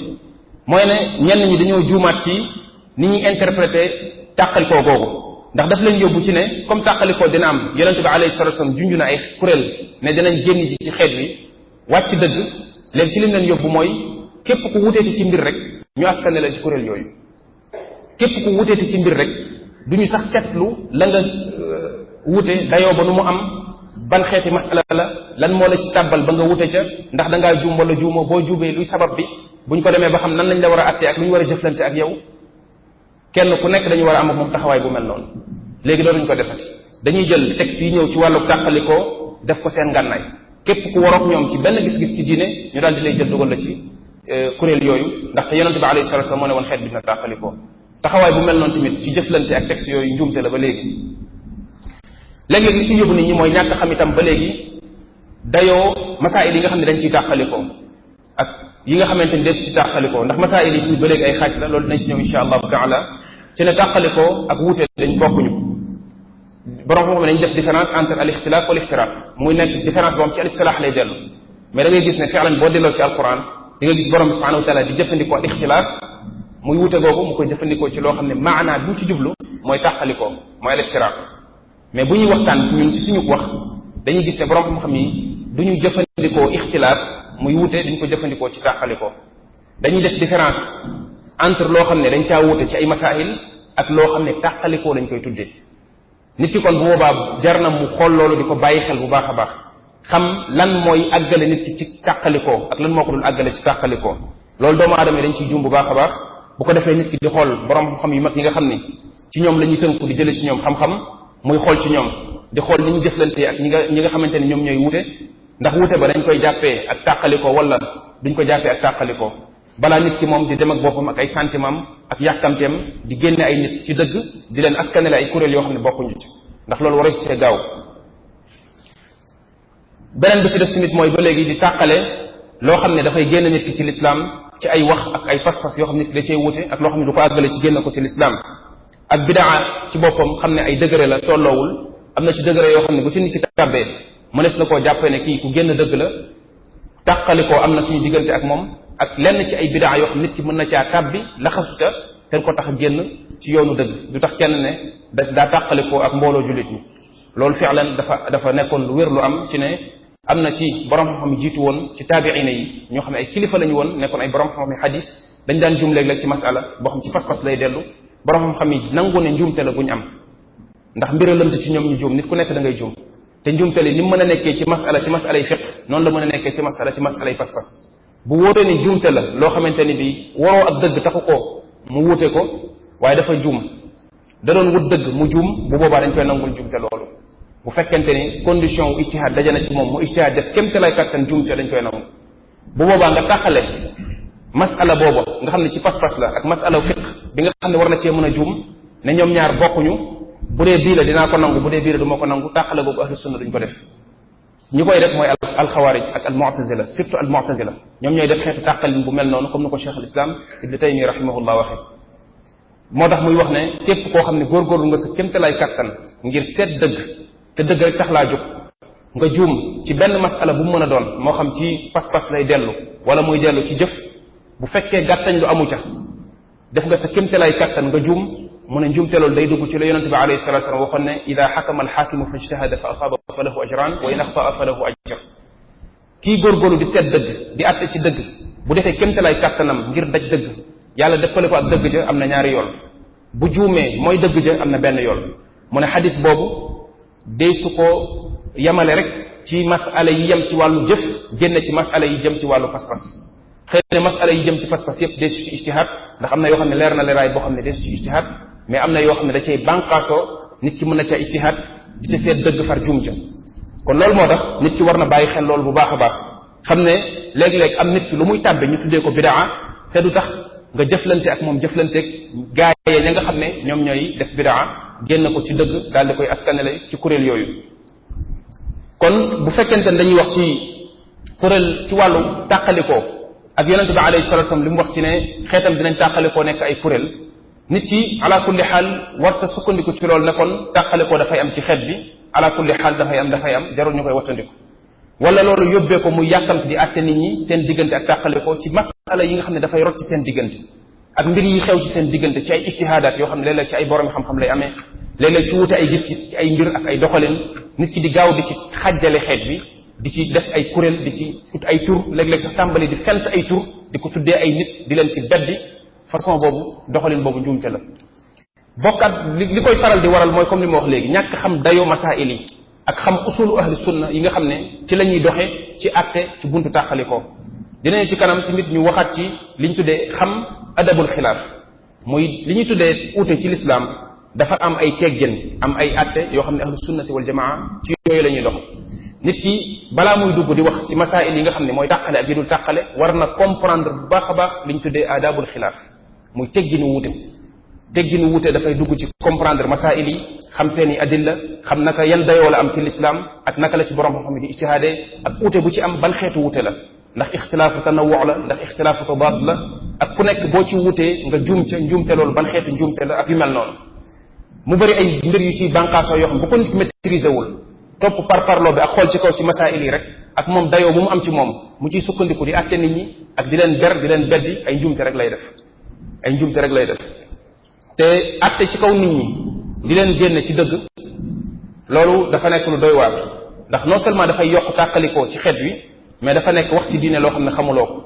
mooy ne ñenn ñi dañoo juumaat ci ni ñuy interpréter tàqalikoo googu ndax daf leen yóbbu ci ne comme tàqalikoo dina am yonent bi alayhi salatu wasallam na ay kuréel ne dinañ génn ji ci xeet wi wàcc dëgg léegi ci liñ leen yóbbu mooy képp ku wuteeti ci mbir rek ñu askane la ci kuréel yooyu képp ku wuteeti ci mbir rek du ñu sax seetlu la nga euh, wute dayoo ba nu mu am ban xeeti masala la lan moo la ci tàbbal ba nga wute ca ndax dangaa juum wala juumoo boo juumee luy sabab bi bu buñ ko demee ba xam nan lañ la war a attee ak lu ñu war a jëflante ak yow kenn ku nekk dañu war a am ak moom taxawaay bu mel noonu léegi dootuñu ko defati dañuy jël texte yi ñëw ci wàllu tàqalikoo def ko seen ngànnaay képp ku waroog ñoom ci benn gis-gis ci diine ñu daal di lay jël dugal la ci euh, kuréel yooyu ndax yonente bi alayhi salatu wasallam ne woon xeet bi dina tàqalikoo taxawaay bu mel noonu tamit ci jëflante ak texte yooyu njuumte la ba léegi léeg-léeg ñi mooy ñàkk xam itam ba léegi dayoo masaayil yi nga xam ne dañ ciy tàqalikoo yi nga xamante ni des ci tàqalikoo ndax masaayil yi tamit ba léegi ay xaaj la loolu dinañ ci ñëw insha allahu taala ci ne tàqalikoo ak wuute dañ bokkuñu borom xam-xam nañ def différence entre al ixtilaaf wal ixtiraaq muy nekk différence boo xam al mais da gis ne fi'lan boo delloo ci alquran di nga gis wa taala di jëfandikoo al ixtilaaf muy wuute googu mu koy jëfandikoo ci loo xam ne maanaa bi mu ci jublu mooy tàqalikoo mooy al ixtiraaq mais bu ñuy waxtaan ñun ci suñu wax dañuy gis ne borom xam-xam yi du ñu jëfandikoo ixtilaaf muy wuute dañ ko jëfandikoo ci tàqalikoo dañuy def différence entre loo xam ne dañ caa wuute ci ay masail ak loo xam ne tàqalikoo lañ koy tudde nit ki kon bu boobaa jar na mu xool loolu di ko bàyyi xel bu baax a baax xam lan mooy àggale nit ki ci tàqalikoo ak lan moo ko dul àggale ci tàqalikoo loolu doomu adama yi dañ ciy jum bu baax a baax bu ko defee nit ki di xool borom xam-xam yu mag yi nga xam ni ci ñoom lañuy ñuy tënku di jële ci ñoom xam-xam muy xool ci ñoom di xool ni ñu jëflantee ak ñi nga ñi nga xamante ne ñoom ñooy wute ndax wute ba dañ koy jàppee ak tàqalikoo wala duñ ko jàppee ak tàqalikoo balaa nit ki moom di dem ak boppam ak ay sentimam ak yàkkamteem di génne ay nit ci dëgg di leen askanele ay kuréel yoo xam ne bokkuñu ci ndax loolu war a see gaaw beneen bi ci des tamit mooy ba léegi di tàqale loo xam ne dafay génn nit ki ci lislaam ci ay wax ak ay yoo xam ne da cee wute ak loo xam ne du ko àggale ci génn ko ci lislaam ak bidaa ci boppam xam ne ay degré la tolloowul am na ci degré yoo xam ne bu ci nit ki tàbbee na koo jàppee ne kii ku génn dëgg la tàqalikoo am na suñu diggante ak moom ak lenn ci ay bidaa yoo xam nit ki mën na caa bi laxasu ca te ko tax génn ci yoonu dëgg du tax kenn ne da daa tàqalikoo ak mbooloo jullit ñi loolu fi'lan dafa dafa nekkoon lu wér lu am ci ne am na ci borom xam-xam jiitu woon ci taabiina yi ñoo xam ne ay kilifa lañu woon nekkoon ay borom xam-xam xadis dañ daan jum léeg-léeg ci masala boo xam ci pas-pas lay dellu borom xam-xam yi nangu ne njuumte la guñ am ndax mbira lënt ci ñoom ñu juum ngay juum te a nekkee ci masala ci masala yi fiq noonu la mën a nekkee ci masala ci masala yi pas bu wóotee ni juumte la loo xamante ni bi waroo ak dëgg taxu ko mu wuute ko waaye dafa juum da doon wut dëgg mu juum bu boobaa dañ koy nangul juumte loolu bu fekkente ni condition wu ijtihaad daje na ci moom mu ijtihaad def te lay kattan juumte dañ koy nangu bu boobaa nga tàqale masala booba nga xam ne ci pas-pas la ak masala fiq bi nga xam ne war na cee mën a juum ne ñoom ñaar bokkuñu bu dee bii la dinaa ko nangu bu dee bii la du ma ko nangu tàqale def ñi koy def mooy alxawaarij ak almutazila surtout almutazila ñoom ñooy def xeetu tàqalin bu mel noonu comme ni ko cheikh al islam ibni taymi rahimahullah waxe moo tax muy wax ne képp koo xam ne góorgóorlu nga sa kémtalaay kàttan ngir seet dëgg dëgg rek tax laa nga juum ci benn masala bu mu mën a doon moo xam ci pas-pas lay dellu wala muy dellu ci jëf bu fekkee gàttañ lu amu ca def nga sa kémtalaay kàttan nga juum mu ne njumte loolu day dugg ci la yonente bi alayhi salatu wasalam waxoon ne ida xakama alxaakimu fa ijtahada fa asaaba fa lahu ajran wa in axtaa fa lahu ajr kii góorgóorlu di seet dëgg di àtte ci dëgg bu defee kémtalaay kàttanam ngir daj dëgg yàlla dëppale ko ak dëgg ja am na ñaari yoon bu juumee mooy dëgg ja am na benn yoon mu ne xadis boobu day su ko yamale rek ci masala yi yem ci wàllu jëf génne ci masala yi jëm ci wàllu pas-pas xëy na masala yi jëm ci pas-pas yépp day su ci ijtihaad ndax am na yoo xam ne leer na leeraay boo xam ne day su ci ijtihaad mais am na yoo xam ne da cay bànqaasoo nit ki mën na ca ijtihaad di dëgg far juum ja kon loolu moo tax nit ki war na bàyyi xel loolu bu baax a baax xam ne léeg-léeg am nit ki lu muy tàbbe ñu tuddee ko bidaa te du tax nga jëflante ak moom jëflanteeg gaaye ña nga xam ne ñoom ñooy def bidaa génn ko ci dëgg daal di koy askanele ci kuréel yooyu kon bu fekkente ne dañuy wax ci kuréel ci wàllu tàqalikoo ak yonente bi alayhi salatu wasallam li mu wax ci ne xeetam dinañ tàqalikoo nekk ay kuréel nit ki ala kulli xaal warta sukkandiku ci loolu nekkoon kon tàqalikoo dafay am ci xeet bi ala kulli xaal dafay am dafay am jarul ñu koy wattandiku wala loolu yóbbee ko mu yàkkamti di àtte nit ñi seen diggante ak tàqalikoo ci masala yi nga xam ne dafay rot seen diggante ak mbir yi xew ci seen diggante ci ay ijtihaadaat yoo xam ne léeg-léeg ci ay borom xam-xam lay amee léeg-léeg ci wute ay gis-gis ci ay mbir ak ay doxalin nit ki di gaaw di ci xàjjale xeet bi di ci def ay kuréel di ci ay tur léeg-léeg sax tàmbali ay tur di ko tuddee ay di leen ci beddi façon boobu doxalin boobu njuumte la bokkaat li koy faral di waral mooy comme li mu wax léegi ñàkk xam dayo masail yi ak xam usulu ahli sunna yi nga xam ne ci la ñuy doxe ci àtte ci buntu tàqalikoo dinañu kanam tamit ñu waxaat ci li tuddee xam adabul xilaaf muy li ñuy tuddee uute ci lislaam dafa am ay teggin am ay àtte yoo xam ne ahlu sunnati wal jamaa ci yooyu la ñuy dox nit ki balaa muy dugg di wax ci masail yi xam ne mooy tàqale ak yi dul tàqale war na comprendre bu baax a baax li ñu tuddee adabul xilaaf muy tegginu wuute tegginu wuute dafay dugg ci comprendre masail yi xam seeni adilla xam naka yan dayoo la am ci lislaam ak naka la ci borom xam-xam di ijtihaade ak wuute bu ci am ban xeetu wuute la ndax ixtilaafu tanawwu la ndax ixtilaafu tadaad la ak ku nekk boo ci wuutee nga juum ca njuumte loolu ban xeetu njuumte la ak yu mel noonu mu bëri ay mbir yu ci bànqaasoo yoo xam bu ko nit wul topp par parloo bi ak xool ci kaw ci masail yi rek ak moom dayoo bu mu am ci moom mu ciy sukkandiku di àtte nit ñi ak di leen ber di leen beddi ay njuumte rek lay def ay njumte rek lay def te atte ci kaw nit ñi di leen génne ci dëgg loolu dafa nekk lu doy waar ndax non seulement dafay yokk tàqalikoo ci xeet wi mais dafa nekk wax ci diine loo xam ne xamuloo ko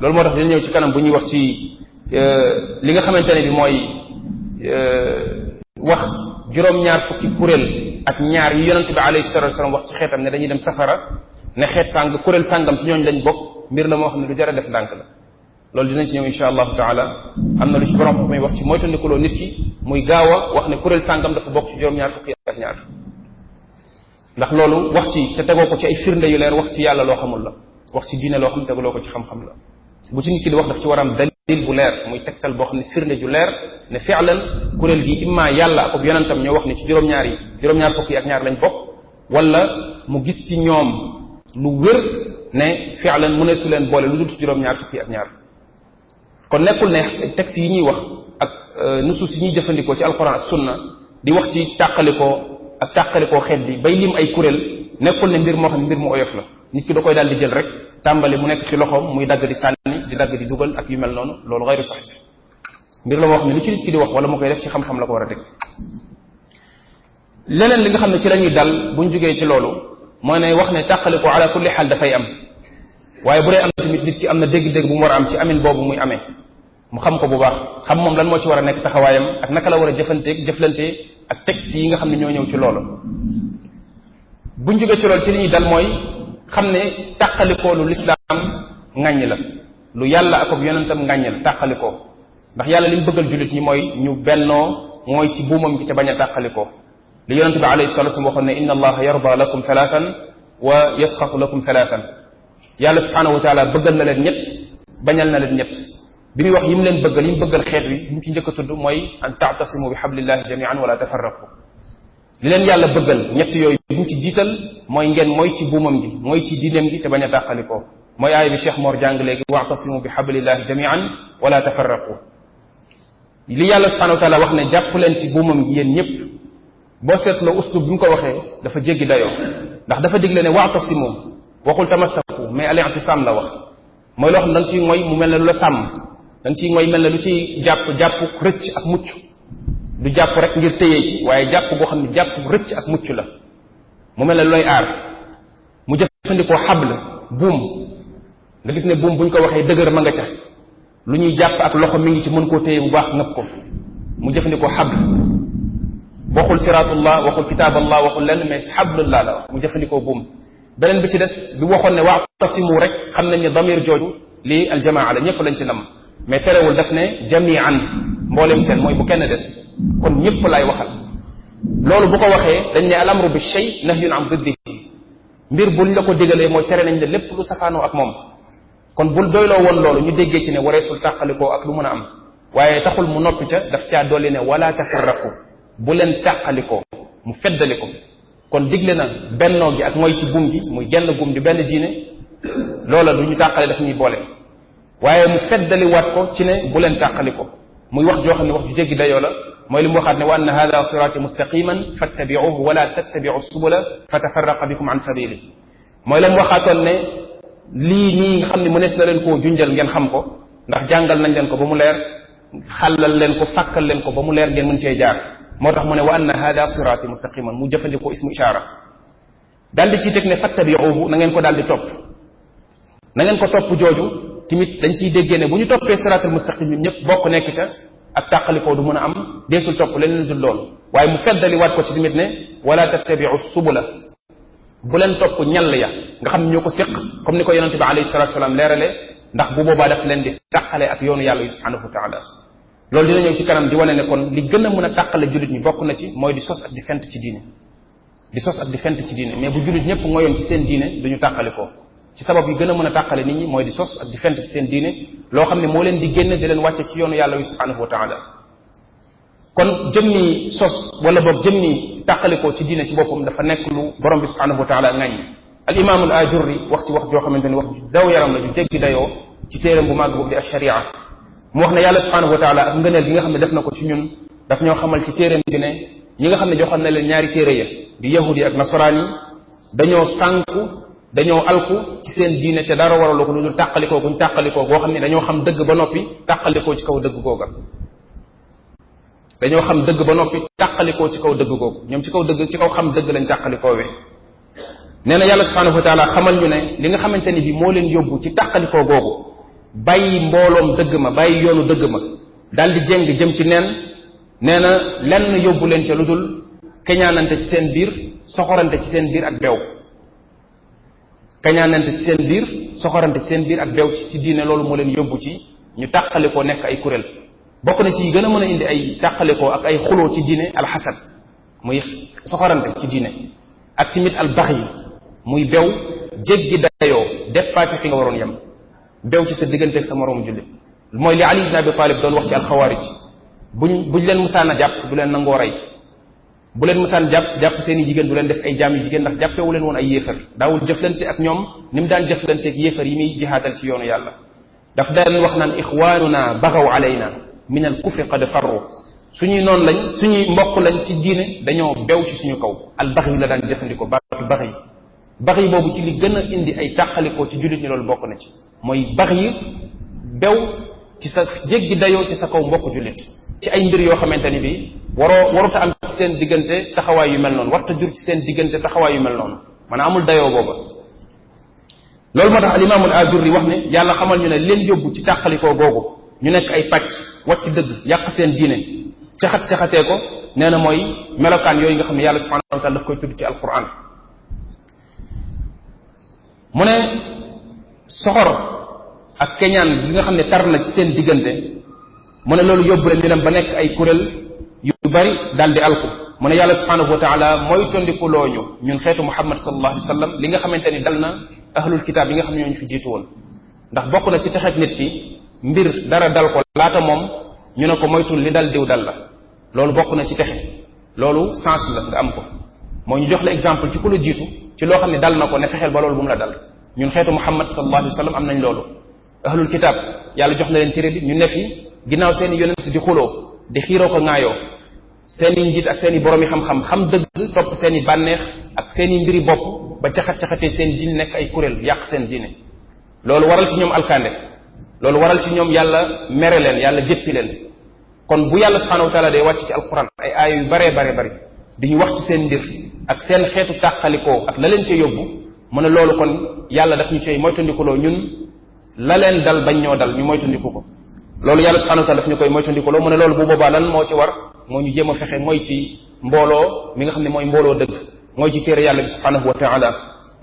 loolu moo tax dina ñëw ci kanam bu ñuy wax ci euh, li nga xamante ne bi mooy euh, wax juróom-ñaar fukki kuréel ak ñaar yu yonente bi alayhi salatu wasallam wax ci xeetam ne dañuy dem safara ne xeet sàng kuréel sàngam ci ñooñu lañ bokk mbir la moo xam ne lu jar a def ndànk la loolu dinañ ci ñëw insha allahu taala am na lu ci borom may wax ci moytandikuloo nit ki muy gaaw a wax ne kuréel sàngam dafa bokk ci juróom-ñaar ndax loolu wax ci te tegoo ko ci ay firnde yu leer wax ci yàlla loo xamul la wax ci diine loo xam teguloo ko ci xam-xam la bu ci nit ki wax daf ci war am dalil bu leer muy tegtal boo xam ne firnde ju leer ne fi'lan kuréel gi imma yàlla ak yonentam ñoo wax ne ci juróom-ñaar yi juróom ak ñaar lañ bokk wala mu gis ci ñoom lu wér ne fi'lan mu ne leen boole lu dul ci juróom-ñaar fukki ak ñaar kon nekkul ne texte yi ñuy wax ak euh, nusuus yi ñuy jëfandikoo ci alquran ak sunna di wax ci tàqalikoo ak tàqalikoo xeet bi bay lim ay kuréel nekkul ne mbir moo xam mbir mu oyof la nit ki da koy daal di jël rek tàmbali mu nekk ci loxoom muy dagg di sànni di dagg di dugal ak yu mel noonu loolu xayru sax mbir la moo xam ne lu ci nit ki di wax wala moo koy def ci xam-xam la ko war a teg leneen li nga xam ne ci la ñuy dal buñ jógee ci loolu mooy ne wax ne tàqalikoo ala kulli xaal dafay am waaye bu am tamit am na dégg bu mu a am ci amin boobu muy amee mu xam ko bu baax xam moom lan moo ci war a nekk taxawaayam ak naka la war a jëfanteeg jëflante ak texte yi nga xam ne ñoo ñëw ci loolu buñ jógee ci loolu ci li ñuy dal mooy xam ne tàqalikoo lu lislaam ŋàññ la lu yàlla ak yonentam ŋàññ la tàqalikoo ndax yàlla li mu bëggal jullit ñi mooy ñu bennoo mooy ci buumam gi te bañ a tàqalikoo li yonente bi alayhi salatu wasallam waxoon ne inna allaha yarda lakum thalathan wa yasxatu lakum thalathan yàlla subhanahu wa taala bëggal na leen ñett bañal na leen ñett bi muy wax yi mu leen bëggal yi mu bëggal xeet wi li mu ci njëkk a tudd mooy an taatasimu bi xablillahi jamian wala tafarraqu li leen yàlla bëggal ñett yooyu bi mu ci jiital mooy ngeen mooy ci buumam gi mooy ci diineem gi te bañ a tàqalikoo mooy aaya bi Cheikh Mor jàng léegi waatasimu bi xablillahi jamian wala tafarraqu li yàlla subhanahu wa taala wax ne jàpp leen ci buumam gi yéen ñëpp boo seetloo uslub bi mu ko waxee dafa jéggi dayoo ndax dafa digle ne waatasimu waxul tamassaku mais al-i'tisam la wax mooy loo xam ne da nga ciy mooy mu mel ne lu la sàmm dañ ciy mooy mel ne lu ci jàpp jàpp rëcc ak mucc du jàpp rek ngir téye ci waaye jàpp boo xam ne jàpp rëcc ak mucc la mu mel ne looy aar mu jëfandikoo xabl buum nga gis ne buum buñ ko waxee dëgër ma nga ca lu ñuy jàpp ak loxo mu ngi ci mën koo téye bu baax nëpp ko mu jëfandikoo xabl waxul siraatullah waxul kitaaballah waxul lenn mais xablullah la wax mu jëfandikoo buum beneen bi ci des bi waxoon ne waxtasimu rek xam nañ ne damir jooju lii aljamaa la ñëpp lañ ci nam mais terewul daf ne jamian mboolem seen mooy bu kenn des kon ñëpp lay waxal loolu bu ko waxee dañ ne al amru bi shay nahyun an diddihi mbir buñ la ko digalee mooy tere nañ la lépp lu safaanoo ak moom kon bul doyloo woon loolu ñu déggee ci ne wareesul tàqalikoo ak lu mën a am waaye taxul mu noppi ca daf caa dolli ne walaa tafarraqu bu leen ko mu feddali ko kon digle na bennoo gi ak mooy ci buum gi muy genn buum di benn diine loola du ñu tàqale daf ñuy boole waaye mu feddaliwaat ko ci ne bu leen tàqali ko muy wax joo ne wax ju jéggi dayoo la mooy li mu waxaat ne wa anna hada siraati mustaqiman fattabiuhu wala tattabiu subula fatafarraqa bikum an sabili mooy la mu waxaatoon ne lii nii nga xam ne mënees na leen koo junjal ngeen xam ko ndax jàngal nañ leen ko ba mu leer xàllal leen ko fàkkal leen ko ba mu leer ngeen mën cee jaar moo tax mu ne wa anna hada siraati mustaqiman mu jëfandikoo ismu ishaara daal di ciy teg ne fattabiuhu na ngeen ko daal di topp jooju tamit dañ ciy déggee ne bu ñu toppee siraatal mustaqim ñun ñëpp bokk nekk ca ak tàqalikoo du mën a am deesul topp leneen dul loolu waaye mu feddali waat ko ci tamit ne wala tattabiu subula bu leen topp ñall ya nga xam ñoo ko séq comme ni ko yonente bi alayhi salatu salaam leerale ndax bu boobaa daf leen di tàqale ak yoonu yàlla yi subhanahu wa loolu dina ñëw ci kanam di wane ne kon li gën a mën a tàqale jullit ñi bokk na ci mooy di sos ak di fent ci diine di sos ak di fent ci diine mais bu jullit ñëpp mooyoon ci seen diine duñu tàqalikoo ci sabab yi gën a mën a tàqale nit ñi mooy di sos ak di fent ci seen diine loo xam ne moo leen di génn di leen wàcce ci yoonu yàlla wi subhanahu wa taala kon jëmmi sos wala boog jëmmi tàqalikoo ci diine ci boppam dafa nekk lu borom bi subhanahu wa taala ngañ al imaamul ajurri wax ci wax joo xamante ni wax daw yaram la ju jéggi dayoo ci téeram bu màgg boobu di asharia mu wax ne yàlla subhanahu wa taala ak ngëneel gi nga xam ne def na ko ci ñun daf ñoo xamal ci téeram bi ne ñi nga xam ne joxoon na leen ñaari téere di yahud yi ak dañoo alku ci seen diine te dara waralu ko lu dul tàqalikoo guñ tàqalikoo goo xam ne dañoo xam dëgg ba noppi tàqalikoo ci kaw dëgg googa dañoo xam dëgg ba noppi tàqalikoo ci kaw dëgg googu ñoom ci kaw dëgg ci kaw xam dëgg lañ tàqalikoo we nee na yàlla subhanahu wa taala xamal ñu ne li nga xamante ni bi moo leen yóbbu ci tàqalikoo googu bàyyi mbooloom dëgg ma bàyyi yoonu dëgg ma daal di jéng jëm ci neen nee na lenn yóbbu leen ca lu dul keñaanante ci seen biir soxorante ci seen biir ak beew kañaanante ci seen biir soxorante ci seen biir ak bew ci si diine loolu moo leen yóbbu ci ñu tàqale ko nekk ay kuréel bokk na ci gën a mën a indi ay tàqale ak ay xuloo ci diine alxasad muy soxorante ci diine ak timit albax yi muy bew jéggi dayoo dépassé fi nga waroon yem bew ci sa diggante ak sa moroom jullit mooy li Ali ibn Abi Talib doon wax ci alxawaarij buñ buñ leen musaana jàpp du leen nangoo rey bu leen mësaan jàpp jàpp seen jigéen du leen def ay jaam yu jigéen ndax jàppewu leen woon ay yéefar daawul jëflante ak ñoom ni mu daan jëflante ak yéefar yi muy jihaatal ci yoonu yàlla daf daan wax naan ixwaanuna baxaw alayna min al kufri qad farru suñuy noonu lañ suñuy mbokk lañ ci diine dañoo bew ci suñu kaw al bax yi la daan jëfandikoo baatu bax yi bax yi boobu ci li gën a indi ay tàqalikoo ci jullit ñi loolu bokk na ci mooy bax yi bew ci sa jéggi dayoo ci sa kaw mbokk jullit ci ay mbir yoo xamante ni bii waroo waruta am ci seen diggante taxawaay yu mel noonu warta jur ci seen diggante taxawaay yu mel noonu maanaam amul dayoo booba loolu moo tax alimaamul ajurri wax ne yàlla xamal ñu ne leen yóbbu ci tàqalikoo googu ñu nekk ay pàcc ci dëgg yàq seen diine caxat-caxatee ko nee na mooy melokaan yooyu nga xam ne yàlla subhanahu wa taala daf koy tudd ci alquran mu ne soxor ak keñaan gi nga xam ne tar na ci seen diggante mu ne loolu yóbbu leen ñu dem ba nekk ay kuréel yu bari daal di alku mu ne yàlla subhanahu wa taala mooy loo ñu ñun xeetu muhammad sallallahu alayhi wa sallam li nga xamante ni dal na ahlul kitaab yi nga xam ne ñooñu fi jiitu woon ndax bokk na ci texeeg nit ki mbir dara dal ko laata moom ñu ne ko moytul li dal diw dal la loolu bokk na ci texe loolu sens la nga am ko moo ñu jox la exemple ci ku la jiitu ci loo xam ne dal na ko ne fexeel ba loolu bu mu la dal ñun xeetu muhammad sallallahu alayhi wa sallam am nañ loolu ahlul kitaab yàlla jox na leen téere bi ñu ne fi ginnaaw seen i yonent di xuloo di xiiroo ko ŋaayoo seen i njiit ak seen i borom yi xam-xam xam dëgg topp seen i bànneex ak seen i mbiri bopp ba caxat-caxatee seen diin nekk ay kuréel yàq seen diine loolu waral ci ñoom alkande loolu waral ci ñoom yàlla mere leen yàlla jéppi leen kon bu yàlla subhanahu wa day wàcc ci alquran ay aaya yu baree baree bari di ñu wax ci seen mbir ak seen xeetu tàqalikoo ak la leen ca yóbbu mu ne loolu kon yàlla daf ñu cay ñun la leen dal bañ ñoo dal ñu moytandiku ko loolu yàlla subhanahu wa taala ñu koy moytandikuloo mu ne loolu bu boobaa moo ci war moo ñu jéem a fexe mooy ci mbooloo mi nga xam ne mooy mbooloo dëgg mooy ci téere yàlla bi subhanahu wa taala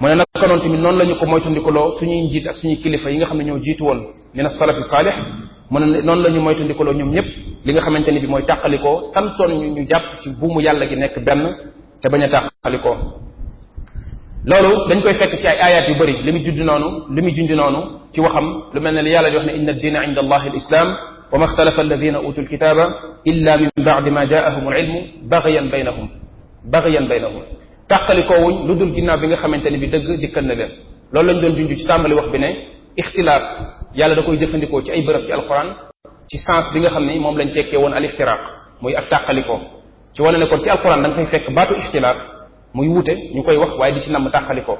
mu ne naka noonu tamit noonu la ñu ko moytandikuloo ñuy njiit ak suñuy kilifa yi nga xam ne ñoo jiitu woon min as-salafi saalih mu ne noonu la ñu moytandikuloo ñoom ñëpp li nga xamante ni bi mooy tàqalikoo santoon ñu ñu jàpp ci buumu yàlla gi nekk benn te bañ a tàqalikoo loolu dañ koy fekk ci ay ayat yu bëri li mu judd noonu li mu jundi noonu ci waxam lu mel ne li yàlla di wax ne inna diina inda allahi alislam wa ma ixtalafa alladina utu alkitaba illa min ba'di ma jaahum alilmu baghyan baynahum baghyan baynahum tàqalikoowuñ lu dul ginnaaw bi nga xamante ne bi dëgg dikkal na leen loolu lañ doon junj ci tàmbali wax bi ne ixtilaaf yàlla da koy jëfandikoo ci ay bërëb ci alquran ci sens bi nga xam ne moom lañ tekkee woon al ixtiraaq muy ak tàqalikoo ci wane ne kon ci alquran da nga fay fekk baatu ixtilaaf muy wute ñu koy wax waaye di ci namm tàqalikoo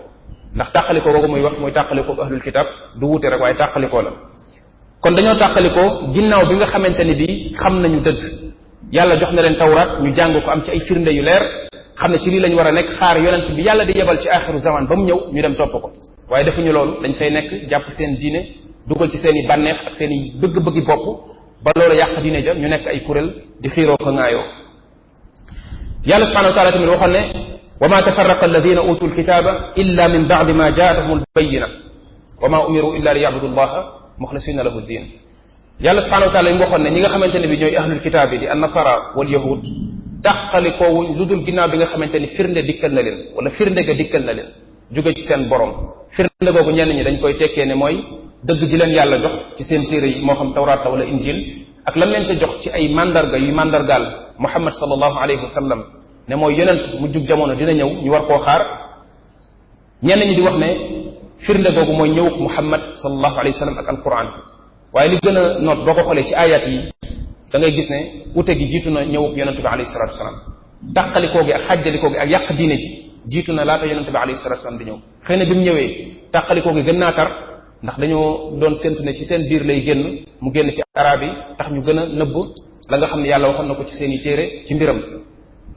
ndax tàqalikoo googu muy wax muy tàqalikoo ahlul kitab du wute rek waaye tàqalikoo la kon dañoo tàqalikoo ginnaaw bi nga xamante ne bii xam nañu dëgg yàlla jox na leen tawraat ñu jàng ko am ci ay firnde yu leer xam ne ci lii lañu war a nekk xaar yonent bi yàlla di yebal ci axiru zaman ba mu ñëw ñu dem topp ko waaye defuñu loolu dañ fay nekk jàpp seen diine dugal ci seen i bànneex ak seen i bëgg-bëggi bopp ba loolu yàq diine ja ñu nekk ay kuréel di xiiroo ko ŋaayoo yàlla وما تفرق الذين أوتوا الكتاب إلا من بعد ما جاءتهم البينة وما أمروا إلا ليعبدوا الله مخلصين له الدين yàlla subhanahu wa taala yi mu waxoon ne ñi nga xamante ne bi ñooy ahlul kitaab yi di an nasara wal yahud dàqalikoowuñ lu dul ginnaaw bi nga xamante ni firnde dikkal na leen wala firnde ga dikkal na leen jóge ci seen borom firnde googu ñenn ñi dañ koy tekkee ne mooy dëgg ji leen yàlla jox ci seen téere yi moo xam tawraat la wala injil ak lam leen ca jox ci ay mandarga yu mandargaal muhammad sallallahu alayhi wa sallam ne mooy yonent mu jug jamono dina ñëw ñu war koo xaar ñenn ñi di wax ne firnde googu mooy ñëwuk muhammad sallallahu alayhi wa sallam ak alquran waaye li gën a noot boo ko xoolee ci ayat yi da ngay gis ne ute gi jiitu na ñëwuk yonent bi alayhi salatu wasalaam tàqalikoo gi ak xàjjalikoo gi ak yàq diine ji jiitu na laata yonent bi alayhi salatu wasalaam di ñëw xëy na bi mu ñëwee tàqalikoo gi gën naa tar ndax dañoo doon séntu ne ci seen biir lay génn mu génn ci arab yi tax ñu gën a nëbb la nga xam ne yàlla waxoon na ko ci seen i téere ci mbiram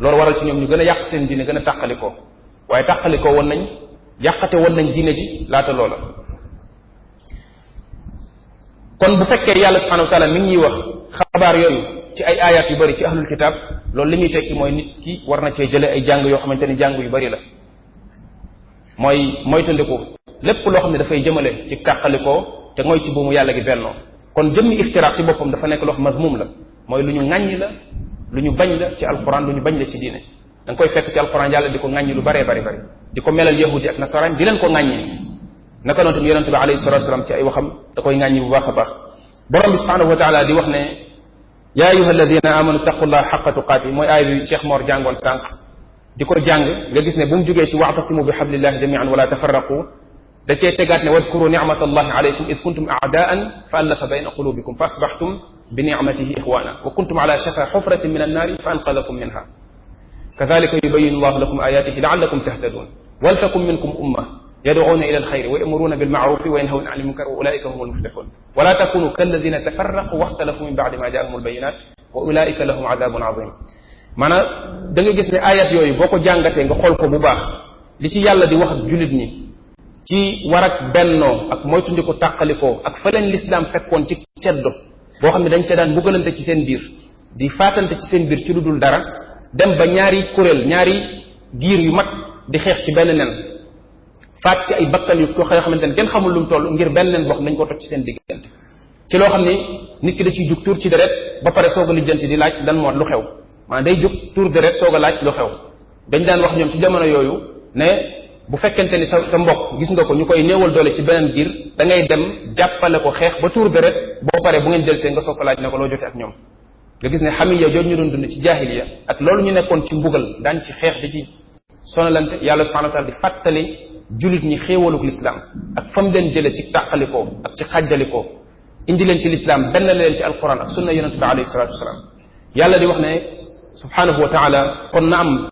loolu waral ci ñoom ñu gën a yàq seen diine gën a tàqalikoo waaye tàqalikoo woon nañ yàqate woon nañ diine ji laata loola kon bu fekkee yàlla subhanahu wa taala mi ñuy wax xabaar yooyu ci ay ayat yu bari ci ahlul kitab loolu li muy tekki mooy nit ki war na cee jële ay jàng yoo xamante ni jàng yu bari la mooy moytandiku lépp loo xam ne dafay jëmale ci kàqalikoo te mooy ci buumu yàlla gi bennoo kon jëmmi iftiraax ci boppam dafa nekk loo xam la mooy lu ñu ŋàññi la lu ñu bañ la ci alquran lu ñu bañ la ci diine da nga koy fekk ci alquran yàlla di ko ŋàññi lu baree bari bari di ko melal yahudi ak nasaraan di leen ko ŋàññi naka noonu tamit yonente bi alayhi salatu wasalam ci ay waxam da koy ŋàññi bu baax a baax borom bi subhanahu wa taala di wax ne ya ayuha alladina amanu taqullaha xaqa tuqaati mooy aaya bi Cheikh Mor jàngoon sànq di ko jàng nga gis ne bu mu jógee ci waxtasimu bi xablillahi jamian wala tafarraqu da cee tegaat ne wadkuru nicmatallahi alaykum id kuntum aadaan fa allafa bayna qulubikum fa asbaxtum bi nicmatihi ixwaana wa kuntum ala shafa xufratin min annaari fa anqadakum minha kadalika yubayinu allahu lakum ayatihi laallakum tahtadun waltakum minkum umma yadcuuna ila alxayri wa yamuruuna bilmacrufi wa yanhawna an ilmunkar wa ulaika hum almuflixun wala takunu kalladina tafaraqu waxtalafu min bacdi ma jaahum albayinat wa ulaika lahum adabun azim maanaam da nga gis ne ayat yooyu boo ko jàngatee nga xool ko bu baax li ci yàlla di wax ak jullit ñi ci war ak bennoo ak moytu ndi ko tàqalikoo ak fa leen lislaam fekkoon ci ceddo boo xam ne dañ ca daan buggalante ci seen biir di faatante ci seen biir ci lu dul dara dem ba ñaari kuréel ñaari giir yu mag di xeex ci benn nen faat ci ay bakkan yu ko xamante ne kenn xamul lu mu ngir benn nen boo xam dañ ko toj ci seen diggante ci loo xam ne nit ki da ciy jug tuur ci deret ba pare soog a lijjanti di laaj dan moo lu xew maanaam day jug tuur deret soog a laaj lu xew dañ daan wax ñoom ci jamono yooyu ne bu fekkente ni sa sa mbokk gis nga ko ñu koy néewal doole ci beneen giir da ngay dem jàppale ko xeex ba tuur deret boo paree bu ngeen deltee nga soog ko laaj ne ko loo jote ak ñoom nga gis ne xamiya jooju ñu doon dund ci jaahiliya ak loolu ñu nekkoon ci mbugal daan ci xeex di ci lant yàlla subhanahu wa taala di fàttali julit ñi xéewaluk lislaam ak fam leen jële ci tàqalikoo ak ci ko indi leen ci lislaam benn leen ci alquran ak sunna yonente bi alayhi salatu wasalaam yàlla di wax ne subhanahu wa taala kon na am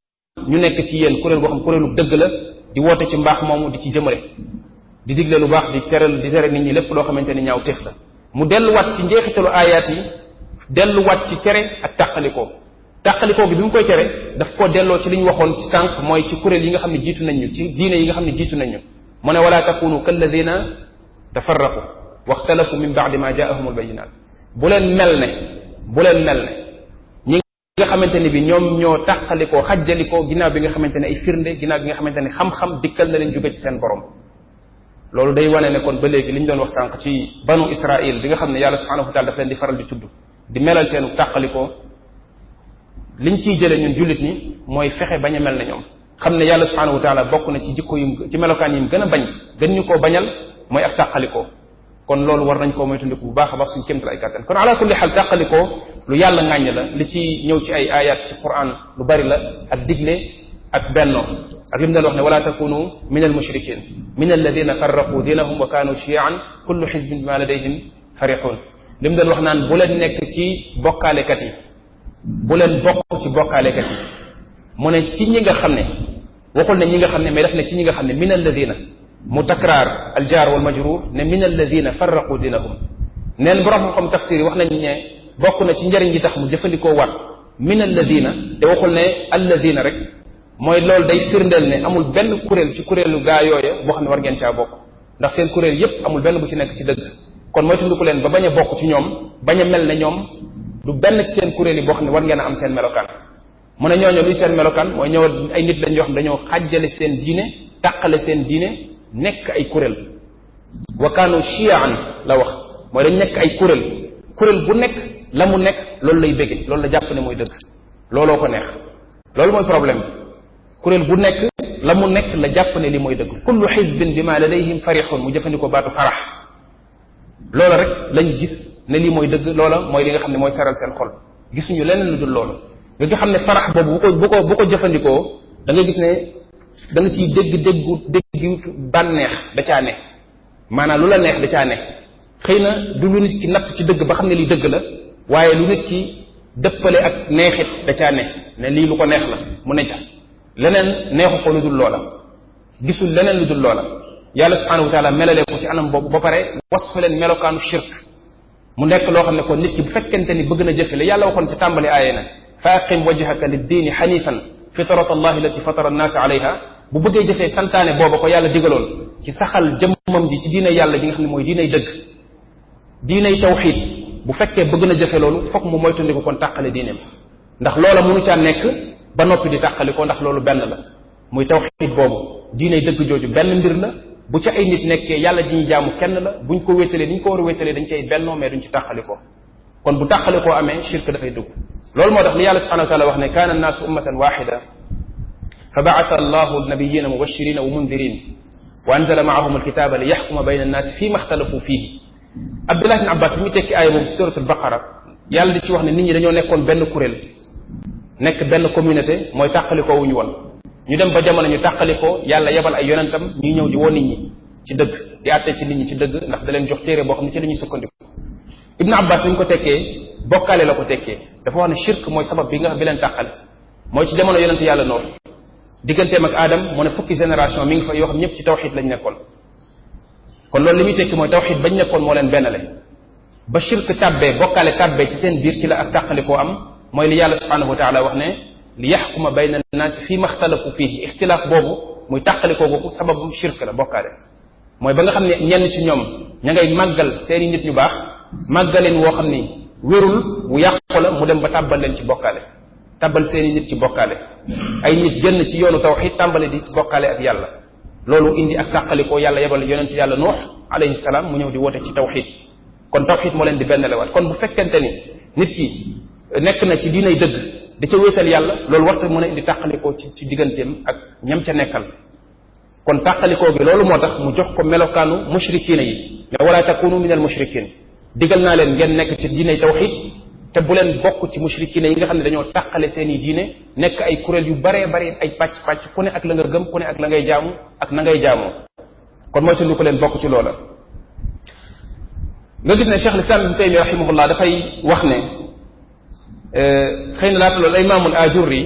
ñu nekk ci yéen kuréel boo xam kuréelu dëgg la di woote ci mbaax moomu di ci jëmale di digle lu baax di tere di tere nit ñi lépp loo xamante ni ñaaw téef la mu delluwaat ci njeexitalu ayaat yi delluwaat ci cere ak tàqalikoo tàqalikoo bi bi mu koy tere daf koo delloo ci li ñu waxoon ci sànq mooy ci kuréel yi nga xam ne jiitu nañ ñu ci diine yi nga xam ne jiitu nañ ñu mu ne wala takunu kalladina tafarraqu waxtalafu min baadi ma jaahum albayinat bu leen mel ne bu leen mel ne nga xamante ne bi ñoom ñoo tàqalikoo xajjalikoo ginnaaw bi nga xamante ne ay firnde ginnaaw bi nga xamante ne xam-xam dikkal na leen jóge ci seen borom loolu day wane ne kon ba léegi li ñu doon wax sànq ci banu israil bi nga xam ne yàlla subhanahu wa taala daf leen di faral di tudd di melal seenu tàqalikoo liñ ciy jële ñun jullit ñi mooy fexe bañ mel na xam ne yàlla subhanahu wa bokk na ci jikko yum ci melokaan yim gën a bañ gën ñu ko bañal mooy ak tàqalikoo kon loolu war nañ koo moytandiku bu baax a baax suñ kémtal ay kàttan kon ala kulli xaal tàqalikoo lu yàlla ŋàññ la li ci ñëw ci ay ayat ci quran lu bari la ak digle ak benno ak lim doon wax ne wala takunu min al mushrikin min alladina farraqu diinahum wa kaanu shiyan kullu xisbin bima ladayhim farixun lim doon wax naan bu leen nekk ci bokkaalekat yi bu leen bokk ci bokkaalekat yi mu ne ci ñi nga xam ne waxul ne ñi nga xam ne mais daf ne ci ñi nga xam ne min alladina mu takraar aljaar wal majruur ne min alladina farraqu diinahum ne borom xam-xam tafsir yi bokk na ci njariñ yi tax mu jëfandikoo wat min alladina te waxul ne alladina rek mooy loolu day firndeel ne amul benn kuréel ci kuréelu gaa yooya boo xam ne war ngeen caa bokk ndax seen kuréel yépp amul benn bu ci nekk ci dëgg kon mooy ku leen ba bañ a bokk ci ñoom baña a mel ne ñoom du benn ci seen kuréel yi boo xam ne war ngeen am seen melokaan mu ne ñooñu luy seen melokaan mooy ñëw ay nit lañ yoo xam ne dañoo xàjjale seen diine tàqale seen diine nekk ay kuréel wa kaanu la wax mooy dañ nekk ay kuréel kuréel bu la mu nekk loolu lay bëgge loolu la jàpp ne mooy dëgg looloo ko neex loolu mooy problème bi kuréel bu nekk la mu nekk la jàpp ne li mooy dëgg kullu xisbin bi ma ladayhim farixun mu jëfandikoo baatu farax loola rek lañ gis ne li mooy dëgg loola mooy li nga xam ne mooy saral seen xol gisuñu leneen lu dul loola nga xam ne farax boobu bu ko bu ko bu ko jëfandikoo da nga gis ne da nga ciy dégg déggu dégg bànneex da caa ne maanaam lu la neex da caa ne xëy na du lu nit ki dëgg ba xam ne li dëgg la waaye lu nit ki dëppale ak neexit da caa ne ne lii lu ko neex la mu ne ca leneen neexu ko lu dul loola gisul leneen lu dul loola yàlla subhanahu wa taala melalee ko ci anam boobu ba pare wasfa leen melokaanu shirk mu nekk loo xam ne ko nit ki bu fekkente ni bëgg na jëfe la yàlla waxoon ci tàmbali aaye na fa aqim wajhaka liddiini xanifan fitrat allah allati fatara annaas alayha bu bëggee jëfee santaane booba ko yàlla digaloon ci saxal jëmmam ji ci diina yàlla ji nga xam ne mooy diinay dëgg diinay tawxid bu fekkee bëgg a jëfe loolu fokk mu moytandiku kon tàqale diineem ndax loola mënu caa nekk ba noppi di tàqali ko ndax loolu benn la muy tawxiid boobu diine dëgg jooju benn mbir la bu ca ay nit nekkee yàlla ji ñu jaamu kenn la buñ ko wétalee ni ñu ko war a wétalee dañ cay bennoo mais duñ ci tàqali ko kon bu tàqali koo amee shirk dafay dugg loolu moo tax li yàlla subhanahu wa taala wax ne kaana annaasu ummatan waxida fa baasa allahu nabiyina mubashirina wa mundirin wa anzala maahum alkitaba li yaxkuma bayna annaasi fi ma ixtalafu fihi Abdullah ibn Abbas bi mu tekki aaya boobu ci suratul baqara yàlla di ci wax ne nit ñi dañoo nekkoon benn kuréel nekk benn communauté mooy tàqalikoo wuñu woon ñu dem ba jamono ñu tàqalikoo yàlla yebal ay yonentam ñuy ñëw di woo nit ñi ci dëgg di àtte ci nit ñi ci dëgg ndax da leen jox téere boo xam ne ci la ñuy sukkandiku Ibn Abbas bi ko tekkee bokkaale la ko tekkee dafa wax ne shirk mooy sabab bi nga xam bi leen tàqale mooy ci jamono yonant yàlla noor digganteem ak Adam mu ne fukki mi ngi fa yoo xam ñëpp ci tawxid kon loolu li muy tekki mooy tawxid bañ nekkoon moo leen bennale ba shirk tàbbee bokkaale tàbbee ci seen biir ci la ak tàqalikoo am mooy li yàlla subhanahu wa taala wax ne li yaxkuma bayna annaasi fii maxtalafu fii ixtilaaf boobu muy tàqalikoo googu sababu shirk la bokkaale mooy ba nga xam ne ñenn ci ñoom ña ngay màggal seeni nit ñu baax màggaleen woo xam ni wérul bu yàqu la mu dem ba tàbbal leen ci bokkaale tàbbal seeni nit ci bokkaale ay nit génn ci yoonu tawxid tàmbale di bokkaale ak yàlla loolu indi ak tàqalikoo yàlla yebal yonent yàlla nuux alayhi salaam mu ñëw di woote ci tawxid kon tawxid moo leen di benn lewaat kon bu fekkente ni nit ki nekk na ci diinay dëgg di ca wéetal yàlla loolu warta mën a indi tàqalikoo ci ci digganteem ak ñam ca nekkal kon tàqalikoo gi loolu moo tax mu jox ko melokaanu mushrikiina yi ne wala takunu min al mushrikin digal naa leen ngeen nekk ci diinay tawxid te bu leen bokk ci mushrikina yi nga xam ne dañoo tàqale seen i diine nekk ay kuréel yu baree bari ay pàcc pàcc ku ne ak la nga gëm ku ne ak la ngay jaamu ak na ngay jaamoo kon mooy tëndu ko leen bokk ci loola nga gis ne Cheikh al-Islam Ibn Taymiyyah rahimahullah dafay wax ne euh, xëy na laata loolu imaamul Ajurri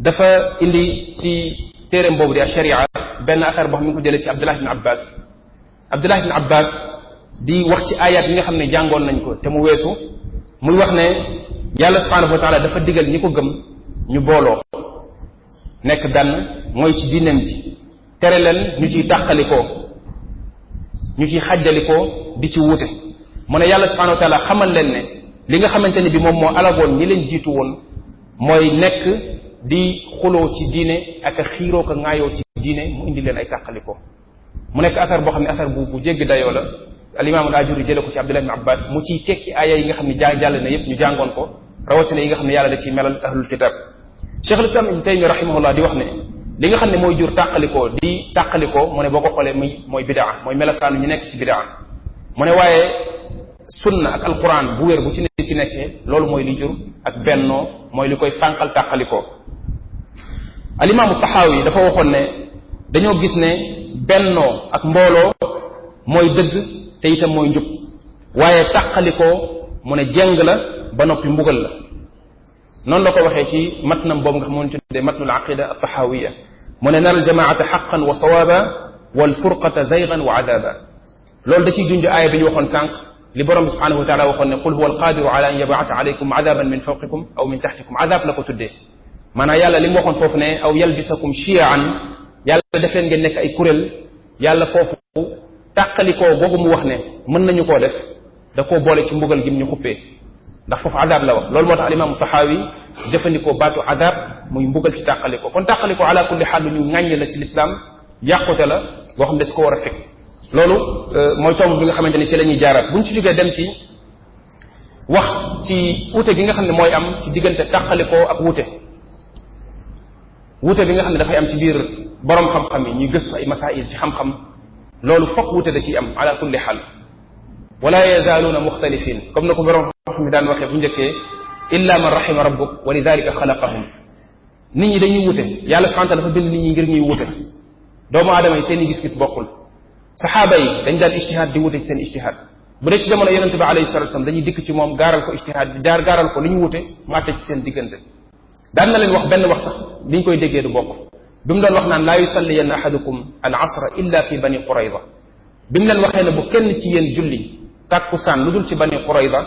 dafa indi ci téereem boobu di sharia benn affaire boo xam ne mi ngi ko jëlee ci Abdullah ibn Abbas Abdullah ibn Abbas di wax ci ayat yi nga xam ne jàngoon nañ ko te mu weesu muy wax ne yàlla subhaanahu dafa digal ñi ko gëm ñu booloo nekk benn mooy ci diineem ji tere leen ñu ciy tàqalikoo ñu ciy xàjjalikoo di ci wuute mu ne yàlla subhaanahu wa xamal leen ne li nga xamante ni bi moom moo alagoon ñi leen jiitu woon mooy nekk di xuloo ci diine ak a xiiroo ko ŋaayoo ci diine mu indi leen ay tàqalikoo mu nekk asar boo xam ne asar bu bu jéggi dayoo la alimaamul ajuri jële ko ci abdullah ibn abbas mu ciy tekki aaya yi nga xam ne jaa jàll na yëpp ñu jàngoon ko rawatina yi nga xam ne yàlla da ciy melal ahlul kitab cheikh alislam ibn taymi rahimahullah di wax ne li nga xam ne mooy jur tàqalikoo di tàqalikoo mu ne boo ko xoolee muy mooy bidaa mooy melakaanu ñu nekk ci bidaa mu ne waaye sunna ak alquran bu wér bu ci nit ki nekkee loolu mooy li jur ak bennoo mooy li koy fànqal tàqalikoo alimaamu taxaawi dafa waxoon ne dañoo gis ne bennoo ak mbooloo mooy dëgg te itam mooy njub waaye tàqalikoo mu ne jeng la ba noppi mbugal la noonu la ko waxee ci matnam boobu nga xam moo ñu tuddee matnul aqida altaxawiya mu ne nar aljamaata xaqan wa sawaaba walfurqata zaygan wa adaaba loolu da ciy junj aaya bi ñu waxoon sànq li borom bi subhanahu waxoon ne qul huwa alqadiru ala an yabaata alaykum adaban min fawqikum aw min taxtikum adab la ko tuddee maanaam yàlla li waxoon foofu ne aw yalbisakum chiaan yàlla def leen nekk ay kuréel yàlla foofu tàqalikoo googu mu wax ne mën nañu koo def da koo boole ci mbugal gi mu ñu xuppee ndax foofu adab la wax loolu moo tax alimaamu saxaawi jëfandikoo baatu adab muy mbugal ci tàqalikoo kon tàqalikoo ala kulli xaal lu ñu ŋàññ la ci lislaam yàqute la boo ne si ko war a fekk loolu euh, mooy tomb bi nga xamante ne ci lañuy ñuy jaaraat buñ ci jógee dem ci wax ci wuute bi nga xam ne mooy am ci diggante tàqalikoo ak wuute wuute bi nga xam ne dafay am ci biir borom xam-xam yi ñuy gës ay masail ci xam-xam loolu fokk wute da ciy am ala kulli xaal wala yazaaluuna muxtalifin comme na ko borom xam mi daan waxee bu njëkkee illa man rahima rabbuk wa lidalika xalaqahum nit ñi dañuy wute yàlla subhana taala dafa bind nit ñi ngir ñuy wute doomu aadama yi seen i gis-gis bokkul saxaaba yi dañ daan ijtihaad di wute ci seen ijtihaad bu dee ci jamono yonente bi alayhi salatu wasalam dañuy dikk ci moom gaaral ko ijtihaad bi jaar gaaral ko li ñu wute mu àtte seen diggante daan na leen wax benn wax sax liñ koy déggee du bokk bi mu doon wax naan laa yusalliyanna ahadukum al asra illa fi bani qurayda bi mu leen waxee ne bu kenn ci yéen julli tàkkusaan lu dul ci bani qurayda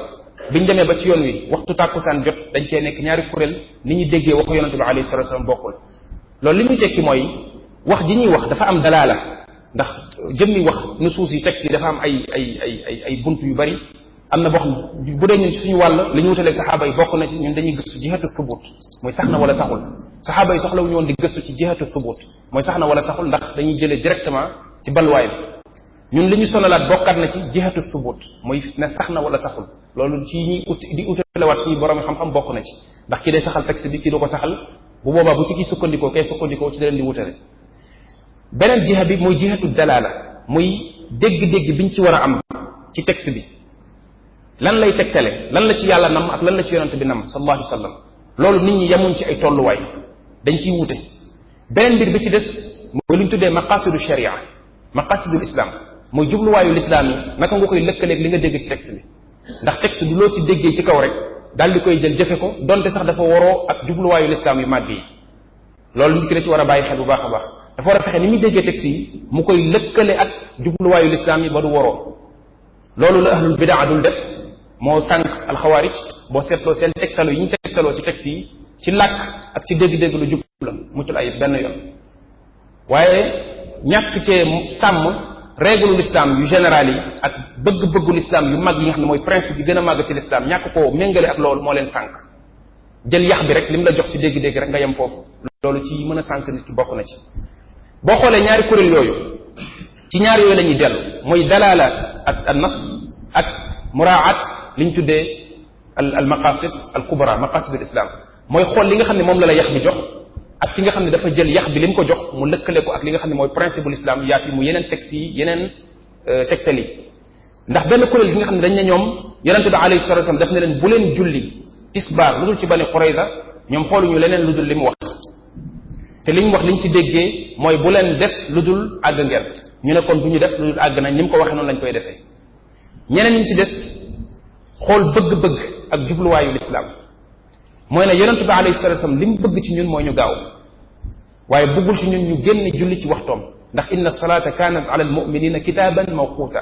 biñ demee ba ci yoon wi waxtu tàkkusaan jot dañ cee nekk ñaari kuréel ni ñu déggee waxu yonente bi alayhi salatu wasallam bokkul loolu li muy tekki mooy wax ji ñuy wax dafa am dalaala ndax jëmmi wax nusuus yi texte yi dafa am ay ay ay ay bunt yu bari am na boo xam bu dee ñun suñu wàll li ñu wutaleeg saxaaba yi bokk na ci ñun dañuy gëstu jihatu subut mooy sax na wala saxul saxaaba yi soxlawuñu woon di gëstu ci jihatu subut mooy sax na wala saxul ndax dañuy jëlee directement ci balwaay bi ñun li ñu sonalaat bokkat na ci jihatu subut mooy ne sax na wala saxul loolu ci ñuy ut di utalewaat suñu borom xam-xam bokk na ci ndax kii day saxal texte bi kii du ko saxal bu boobaa bu ci kii sukkandikoo kay sukkandikoo ci da leen di wutale beneen jiha bi mooy jihatu dalaala muy dégg-dégg biñ ci war a am ci texte bi lan lay tegtale lan la ci yàlla nam ak lan la ci yonante bi nam sallallahu alayhi wa sallam loolu nit ñi yemuñ ci ay tolluwaay dañ ciy wuute beneen mbir bi ci des mooy lu ñu tuddee maqasidu sharia maqasidul islam mooy jubluwaayu lislaam yi naka nga koy lëkkaleeg li nga dégg ci texte bi ndax texte du loo ci déggee ci kaw rek daal di koy jël jëfe ko donte sax dafa waroo ak jubluwaayu lislaam yu màgg yi loolu nit ki da ci war a bàyyi xel bu baax a baax dafa war a fexe ni muy mu koy lëkkale ak jubluwaayu lislaam yi ba du waroo loolu la ahlul bidaa dul def moo sànq alxawaarij boo seetloo seen tegtaloo yi ñu tegtaloo ci texte yi ci làkk ak ci dégg-dégg lu jub la muccul ayib benn yoon waaye ñàkk cee sàmm règle l'islam yu général yi ak bëgg-bëggu yu mag yi xam ne mooy principe yi gën màgg ci l'islam ñàkk koo méngale ak loolu moo leen sànq jël yax bi rek li la jox ci dégg rek nga yem foofu loolu ci mën a sànq nit ki bokk na ci boo xoolee ñaari kuréel yooyu ci la ñuy dellu muy dalaalaat ak an nas ak muraat ñu tuddee al al maqasid al kubra maqasid al islam mooy xool li nga xam ne moom la la yax bi jox ak ki nga xam ne dafa jël yax bi li ko jox mu lëkkale ko ak li nga xam ne mooy principe bu islam yaat yi mu yeneen textes yi yeneen euh, tegtal ndax benn kuréel gi nga xam ne dañ ne ñoom yonente bi alayhi salatu wasallam daf ne leen bu leen julli tisbaar lu dul ci bani Qurayza ñoom xooluñu leneen lu dul li mu wax te li mu wax liñ ci déggee mooy bu leen def lu dul àgg ngeen ñu ne kon bu ñu def lu dul àgg nañ ni mu ko waxee noonu lañ koy defee ñeneen ñi ci des xool bëgg-bëgg ak jubluwaayu lislaam mooy ne yonent bi alayhi salatu wasallam li mu bëgg ci ñun mooy ñu gaaw waaye bëggul ci ñun ñu génn julli ci waxtoom ndax inna salata kanat ala almuminina kitaban mawquta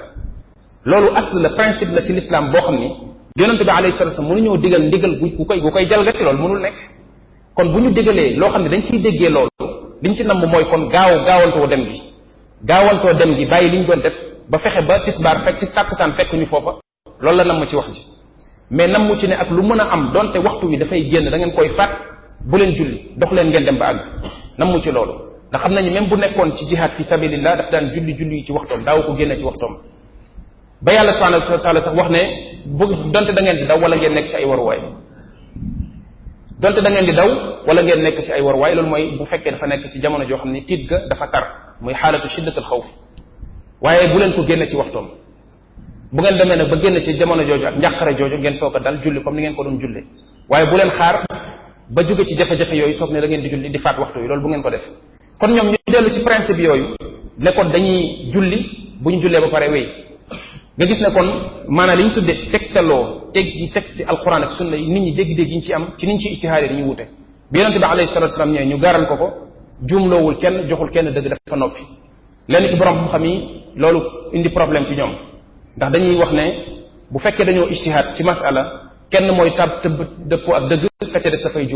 loolu asl la principe la ci lislaam boo xam ni yonent bi alayhi salatu wasallam mënuñoo digal ndigal gu koy gu koy jalgati loolu mënul nekk kon bu ñu déggalee loo xam ne dañ ciy déggee loolu liñ ci namm mooy kon gaaw gaawantoo dem gi gaawantoo dem gi bàyyi liñ doon def ba fexe ba tisbaar fekk tis tàkkusaan fekk ñu foofa loolu la namm ci wax ji mais namm ci ne ak lu mën a am donte waxtu wi dafay génn da ngeen koy faat bu leen julli dox leen ngeen dem ba àgg namm ci loolu ndax xam nañu même bu nekkoon ci jihaad fi sabilillah daf daan julli julli yi ci waxtoom daaw ko génne ci waxtoom ba yàlla subhanahu wa taala sax wax ne bu donte da ngeen di daw wala ngeen nekk ci ay waruwaay donte da ngeen di daw wala ngeen nekk ci ay war waaye loolu mooy bu fekkee dafa nekk ci jamono joo xam ne tiit ga dafa tar muy xaalatu shiddatul xawf waaye bu leen ko génne ci waxtoom bu ngeen demee nag ba génn ci jamono jooju ak njàqare jooju ngeen soog a dal julli comme ni ngeen ko doon julli waaye bu leen xaar ba jóge ci jafe-jafe yooyu soog ne da ngeen di julli di faat waxtu yi loolu bu ngeen ko def kon ñoom ñu dellu ci principe yooyu ne kon dañuy julli bu ñu jullee ba pare wéy nga gis ne kon maanaam li ñu tudde tegtaloo teg yi teg ci alxuraan ak sunna yi nit ñi dégg-dégg yi ñu ci am ci niñ ci ijtihaade dañuy wute bi yonente bi alayhi salatu wasalaam ñëwee ñu gaaral ko ko juumloowul kenn joxul kenn dëgg dafa noppi lenn ci borom xam-xam yi loolu indi problème ci ñoom ndax dañuy wax ne bu fekkee dañoo ijtihaad ci masala kenn mooy tab tëb dëppoo ak dëgg ka ca des dafay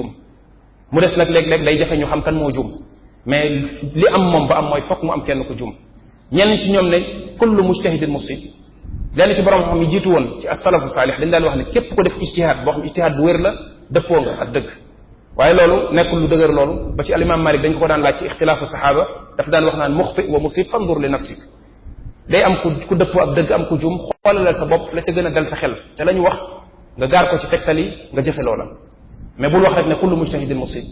mu des nag léeg-léeg day jafe ñu xam kan moo juum mais li am moom ba am mooy fokk mu am kenn ko juum ñenn ci ñoom ne kullu mujtahidin musib lenn ci borom xam yi jiitu woon ci as-salafu saalix dañ daan wax ne képp ko def ijtihaad boo xam ijtihaad bu wér la dëppoo nga ak dëgg waaye loolu nekkul lu dëgër loolu ba ci alimaam Malik dañ ko daan laaj ci ixtilaafu saxaaba daf daan wax naan muxti wa musib fandur li nafsik day am ku ku dëppoo ab dëgg am ku jum xoolalal sa bopp la ca gën a dal sa xel ca la ñu wax nga gaar ko ci tegtal yi nga jëfe loola mais bul wax rek ne kullu mujtahidin musib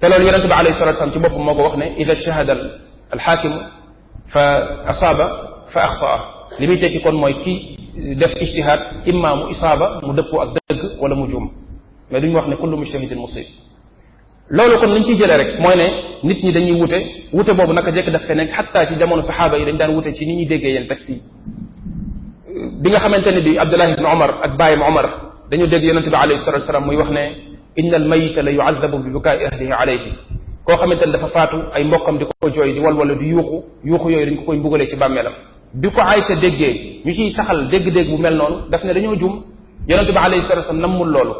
te loolu yonente bi alayhi salatu wasalam ci boppam moo ko wax ne ida shahada al xaakimu fa asaaba fa axtaa li muy kon mooy kii def ijtihaad imma mu isaaba mu dëppoo ak dëgg wala mu juum mais duñu wax ne kullu mujtahidin musib loolu kon liñ ciy jëlee rek mooy ne nit ñi dañuy wute wute boobu naka jekk daf fe nekk xataa ci jamono saxaaba yi dañ daan wute ci ni ñuy déggee yenn texte yi bi nga xamante ne bi Abdullah ibn Umar ak baayam Umar dañu dégg yonente bi alayhi salatu wasalam muy wax ne inna al mayita la yuadabu bi bukaai ahlihi alayhi koo xamante ne dafa faatu ay mbokkam di ko jooy di walwala di yuuxu yuuxu yooyu dañ ko koy mbugalee ci bàmmeelam bi ko Aysa déggee ñu ciy saxal dégg-dégg bu mel noonu daf ne dañoo jum yonente bi alayhi salatu wasallam nammul loolu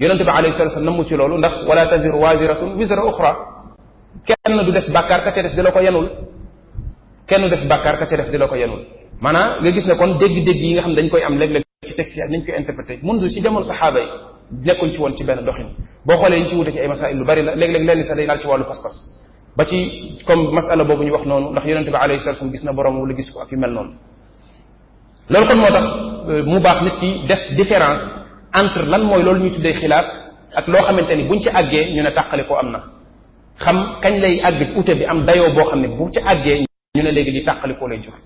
yonente bi alayhi salatu wasallam nammul ci loolu ndax wala taziru waziratun wisra uxra kenn du def bàkkaar ka ca def di la ko yanul kenn du def bàkkaar ka ca def di la ko yanul maanaam nga gis ne kon dégg-dégg yi nga xam dañ koy am léeg-léeg ci texte yi nañ koy interprété mundu ci jamono saxaaba yi nekkuñ ci woon ci benn doxin boo xoolee ñu ci wute ci ay masail lu bari la léeg-léeg lenn sax day laal ci wàllu pas ba ci comme masala boobu ñu wax noonu ndax yonente bi alayhi salatu gis na borom wala gis ko ak yu mel noonu loolu kon moo tax euh, mu baax nit ci def différence entre lan mooy loolu ñuy tuddee xilaaf ak loo xamante ni buñ ci àggee ñu ne tàqale ko am na xam kañ lay àgg ci ute bi am dayoo boo xam ne bu ci àggee ñu ne léegi li tàqale koo lay jur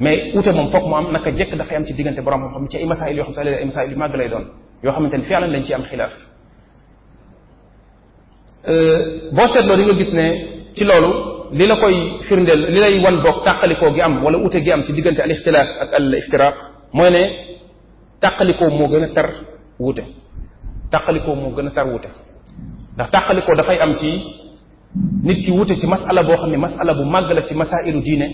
mais ute moom foog mu am naka jekk dafay am ci diggante borom xam-xam ci ay masaayil yoo xam lay doon yoo xamante ni fi'lan lañ ci am xilaaf Euh, boo seetloo di nga gis ne ci loolu li la koy firndeel li lay wan boog tàqalikoo gi am wala ute gi am ci diggante al ixtilaaf ak al iftiraq mooy ne tàqalikoo moo gën a tar wuute tàqalikoo moo gën a tar ndax tàqalikoo dafay am ci nit ki wute ci masala boo xam ne masala bu màgg la ci masailu diine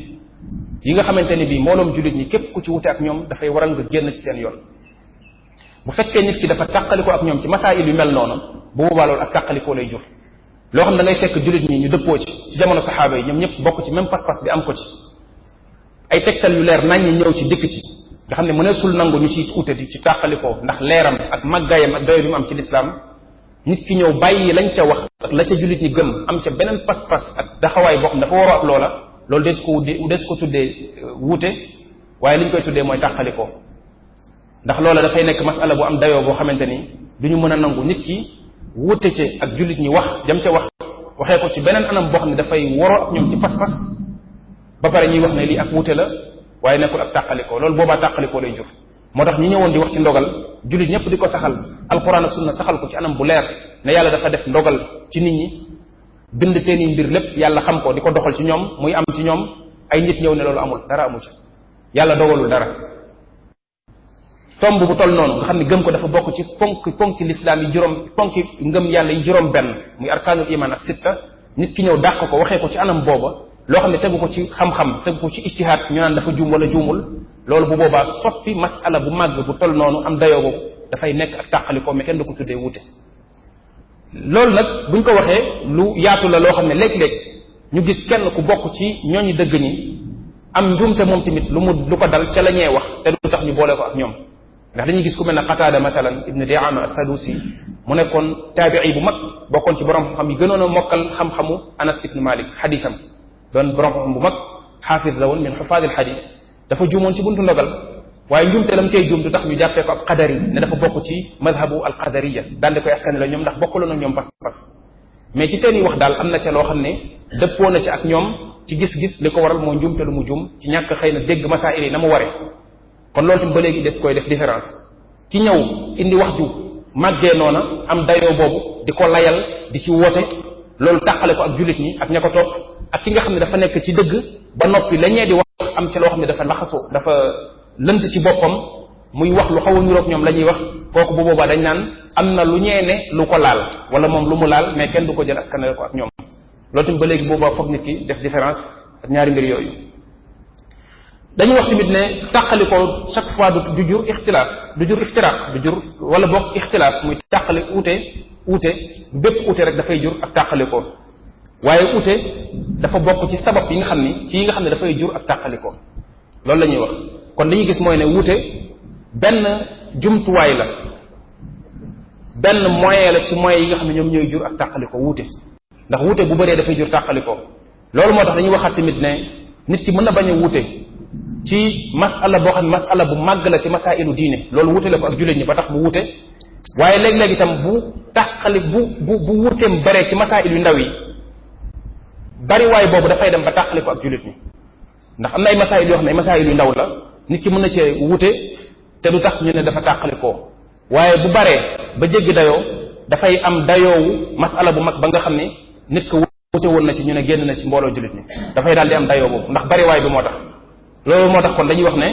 yi nga xamante ne bii mbooloom jullit ñi képp ku ci wute ak ñoom dafay waral nga génn ci seen yoon bu fekkee nit ki dafa tàqalikoo ak ñoom ci masaail yu mel noonu bu boobaa loolu ak tàqalikoo lay jur loo xam da ngay fekk jullit ñi ñu dëppoo ci ci jamono saxaaba yi ñoom ñëpp bokk ci même pas-pas bi am ko ci ay tegtal yu leer nañ ñi ñëw ci dikk ci nga xam ne mëneesul nangu ñu ci uute di ci tàqalikoo ndax leeram ak màggaayam ak doyo bi mu am ci lislaam nit ki ñëw bàyyi lañ ca wax ak la ca jullit ñi gëm am ca beneen pas-pas ak daxawaay boo xam dafa waroo ak loola loolu des ko wudde des ko tuddee euh, wuute waaye li ñu koy tuddee mooy tàqalikoo ndax loola dafay nekk masala bu am dayoo boo xamante ni du mën a nangu nit ki wute ci ak jullit ñi wax jam ca wax waxee ko ci beneen anam boo xam ne dafay waroo ak ñoom ci pas-pas ba pare ñuy wax ne lii ak wute la waaye nekkul ak tàqalikoo loolu boobaa tàqalikoo lay jur moo tax ñi ñëwoon di wax ci ndogal jullit ñëpp di ko saxal alquran ak sunna saxal ko ci anam bu leer ne yàlla dafa def ndogal ci nit ñi bind seeni mbir lépp yàlla xam ko di ko doxal ci ñoom muy am ci ñoom ay nit ñëw ne loolu amul dara amu ci yàlla dogalul dara tomb bu toll noonu nga xam ne gëm ko dafa bokk ci ponk ponki lislaam yi juróom ponki ngëm yàlla yi juróom benn muy arkaanul iman as sitta nit ki ñëw dàq ko waxee ko ci anam booba loo xam ne tegu ko ci xam-xam tegu ko ci ijtihaad ñu dafa juum wala juumul loolu bu boobaa soppi masala bu màgg bu toll noonu am dayoo boobu dafay nekk ak tàqalikoo mais kenn du ko tuddee wute loolu nag buñ ko waxee lu yaatu la loo xam ne léeg-léeg ñu gis kenn ku bokk ci ñooñu dëgg ñi am njuumte moom tamit lu mu lu ko dal ca la ñee wax te du tax ñu boole ko ak ñoom ndax dañuy gis ku mel ne Qataada masalan ibnu Diama as-Sadusi mu nekkoon taabi'i bu mag bokkoon ci borom xam-xam yi gënoon a mokkal xam-xamu Anas ibnu Malik xadisam doon borom xam bu mag xaafis la woon min a xadis dafa juumoon ci buntu ndogal waaye njuumte la mu cay juum du tax ñu jàppee dafa bokk ci madhabu al qadariya daan di koy askane la ñoom ndax bokkaloon ak ñoom pas-pas mais ci seen i wax daal am na ca loo xam ne dëppoo na ci ak ñoom ci gis-gis li ko waral moo njuumte lu mu juum ci ñàkk xëy na dëgg masa yi na mu waree kon loolu tam ba léegi des koy def différence ki ñëw indi wax ju màggee noona am dayoo boobu di ko layal di ci woote loolu tàqale ko ak jullit ñi ak ña ko topp ak ki nga xam ne dafa nekk ci dëgg ba noppi la ñee di wax am ci loo xam ne dafa laxasu dafa lënt ci boppam muy wax lu xaw a niroog ñoom la wax kooku bu boobaa dañ naan am na lu ñee ne lu ko laal wala moom lu mu laal mais kenn du ko jël askanale ko ak ñoom loolu tam ba léegi boobaa foog nit ki def différence ñaari mbir yooyu dañuy wax tamit ne tàqali ko chaque fois du jur ixtilaaf du jur iftiraq du jur wala boog ixtilaaf muy tàqali uute uute bépp uute rek dafay jur ak tàqali ko waaye uute dafa bokk ci sabab yi nga xam ni ci yi nga xam ne dafay jur ak tàqali loolu la ñuy wax kon dañuy gis mooy ne wuute benn jumtuwaay la benn moyen la yi nga xam ne ñoom ñooy jur ak tàqaliko wuute ndax wuute bu bëree dafay jur tàqaliko loolu moo tax dañuy waxaat tamit ne nit ki mën na bañ a wuute ci masala boo xam ne ala bu màgg la ci masailu diine loolu wutale ko ak jullit ñi ba tax mu wute waaye léeg-léeg itam bu tàqali bu bu bu wuteem bare ci masailu ndaw yi bariwaay boobu dafay dem ba tàqali ko ak jullit ñi ndax am na ay masailu yoo xam ne ay masailu ndaw la nit ki mën na cee wute te du tax ñu ne dafa tàqali koo waaye bu baree ba jéggi dayoo dafay am dayoowu masala bu mag ba nga xam ne nit ko wute woon na ci ñu ne génn na ci mbooloo jullit ñi dafay daal di am dayoo ndax bariwaay bi moo tax loolu moo tax kon dañuy wax ne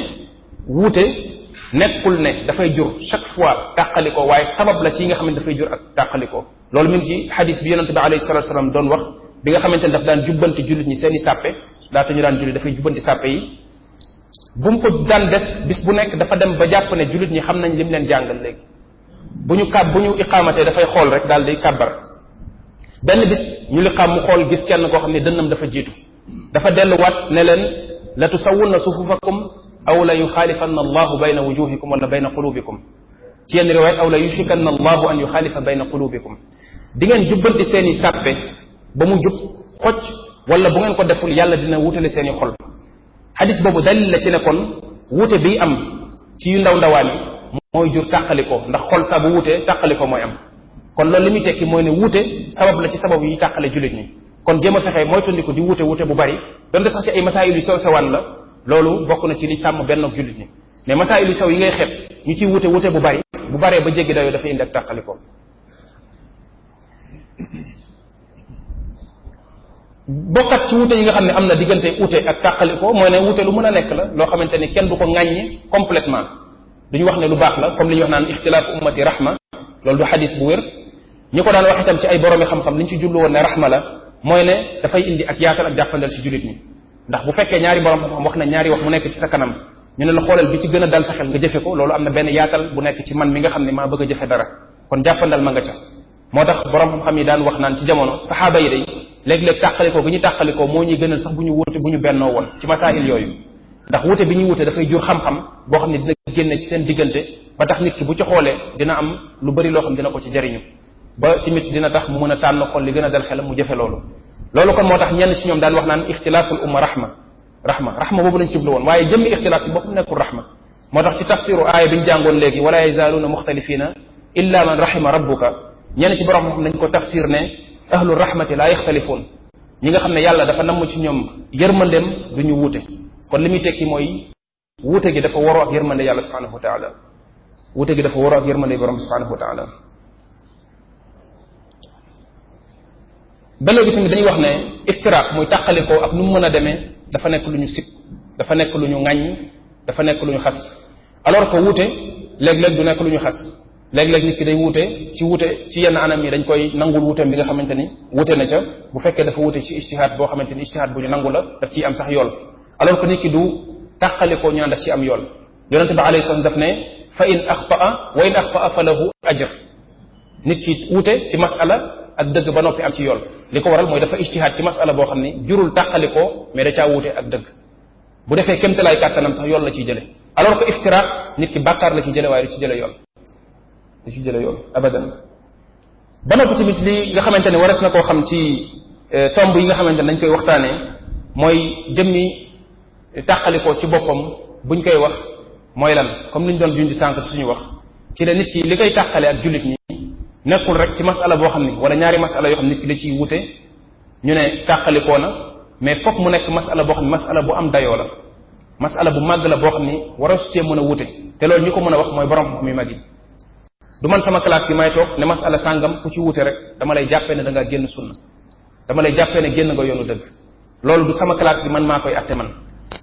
wuute nekkul ne dafay jur chaque fois tàqalikoo waaye sabab la ci yi nga xam ne dafay jur ak tàqalikoo loolu mi ngi ci xadis bi yonente bi alayhi salatu wasalam doon wax bi nga xamante ne daf daan jubbanti jullit ñi seen i sàppe ñu daan jullit dafay jubbanti sàppe bu mu ko daan def bis bu nekk dafa dem ba jàpp ne jullit ñi xam nañ lim leen jàngal léegi bu ñu kàb bu ñu iqaamatee dafay xool rek daal di kàbbar benn bis ñu liqaam mu xool gis kenn koo xam ne dënnam dafa jiitu dafa delluwaat ne leen la tusawunna sufufakum aw la yuxaalifanna allahu bayna wujuhikum wala bayna qulubikum ci yenn riwaayat aw la yushikanna allahu an yuxaalifa bayna qulubikum di ngeen jubbanti seen i sàppe ba mu jub xocc wala bu ngeen ko deful yàlla dina wutale seen i xol xadis boobu dalil la ci ne kon wuute bi am ci yu ndaw ndawaani mooy jur tàqaliko ndax xol saa bu wuute tàqaliko mooy am kon loolu li muy tekki mooy ne wute sabab la ci sabab yi tàqale jullit ñi kon jéem a fexe moytandiku di wute wute bu bari donte sax ci ay masaayil yu sew sewaan la loolu bokk na ci li sàmm benn ak jullit ñi mais masaayil yu sew yi ngay xeeb ñu ciy wute wute bu bari bu baree ba jéggi dayoo dafay indi ak tàqalikoo bokkat ci wute yi nga xam ne am na diggante wute ak tàqalikoo mooy ne wute lu mën a nekk la loo xamante ne kenn du ko ŋàññi complètement ñu wax ne lu baax la comme li ñu wax naan ixtilaafu ummati rahma loolu du xadis bu wér ñi ko daan wax itam ci ay boroomi xam-xam li ñu ci jublu woon ne rahma la mooy ne dafay indi ak yaatal ak jàppandal ci jullit ñi ndax bu fekkee ñaari borom xam-xam wax na ñaari wax mu nekk ci sa kanam ñu ne la xoolal bi ci gën a dal sa xel nga jëfe ko loolu am na benn yaatal bu nekk ci man mi nga xam ne maa bëgg a ma nga ca moo tax borom xam-xam yi daan wax naan ci jamono saxaaba yi day léeg-léeg tàqalikoo gi ñu tàqalikoo moo ñuy gënal sax bu ñu wute bu ñu bennoo woon ci masaahil yooyu ndax wute bi ñuy wute dafay jur xam-xam boo xam ne dina génne ci seen diggante ba tax nit ki bu ci xoolee dina am lu bari loo xam dina ko ci jariñu ba tamit dina tax mu mën a tànn xol li gën a dal xelam mu jëfe loolu loolu kon moo tax ñenn ci ñoom daan wax naan ixtilaaful umma rahma rahma rahma boobu lañ jublu woon waaye jëmmi ixtilaaf ci boppam nekkul rahma moo tax ci tafsiru aaya bi jàngoon léegi wala yazaaluuna muxtalifiina illa man rahima rabbuka ñenn ci borom xam dañ ko tafsir ne ahlu rahmati laa yaxtalifuun ñi nga xam ne yàlla dafa moo ci ñoom yërmandeem du ñu wuute kon li muy tekki mooy wuute gi dafa waroo ak yërmande yàlla subhanahu wa taala wuute gi dafa waroo ak yërmande borom subhanahu wa taala ba léegi tamit dañuy wax ne iftiraaq muy tàqalikoo ak nu mu mën a demee dafa nekk lu ñu sib dafa nekk lu ñu ŋàññ dafa nekk lu ñu xas alors ko wuute léeg-léeg du nekk lu ñu xas léeg-léeg nit wuute ci wuute ci yenn anam yi dañ koy nangul wuuteem bi nga xamante ni wuute na ca bu fekkee dafa wuute ci ijtihaad boo xamante ni ijtihaad bu ñu nangu la daf ciy am sax yool alors que nit ki du tàqalikoo ñu naan daf ci am yool yonente bi alayhi salaam daf ne fa in axtaa wa in axtaa fa lahu ajr nit ki wuute ci masala ak dëgg ba noppi am ci yoon li ko waral mooy dafa ijtihaad ci masala boo xam ni jurul tàqali ko mais da caa wuute ak dëgg bu defee kémtalaay kàttanam sax yoon la ciy jële alors que iftiraat nit ki bàkkaar la ciy jële waaye du ci jële yoon du ci jële yoon abadan ba noppi tamit li nga xamante ne warees na koo xam ci euh, tomb yi nga xamante ne dañ koy waxtaanee mooy jëmmi tàqalikoo ci boppam buñ koy wax mooy lan comme lu ñu doon junj sànq suñu wax ci la nit ki li koy tàqale ak jullit ñi nekkul rek ci masala boo xam ni wala ñaari masala yoo xam nit ki da wute ñu ne tàqalikoo na mais fokk mu nekk masala boo xam ne masala bu am dayoo la masala bu màgg la boo xam ni war a sutee mën a wute te loolu ñu ko mën a wax mooy borom xam mi mag yi du man sama classe bi may toog ne masala sàngam ku ci wute rek dama lay jàppee ne da ngaa génn sunna dama lay jàppee ne génn nga yoonu dëgg loolu du sama classe bi man man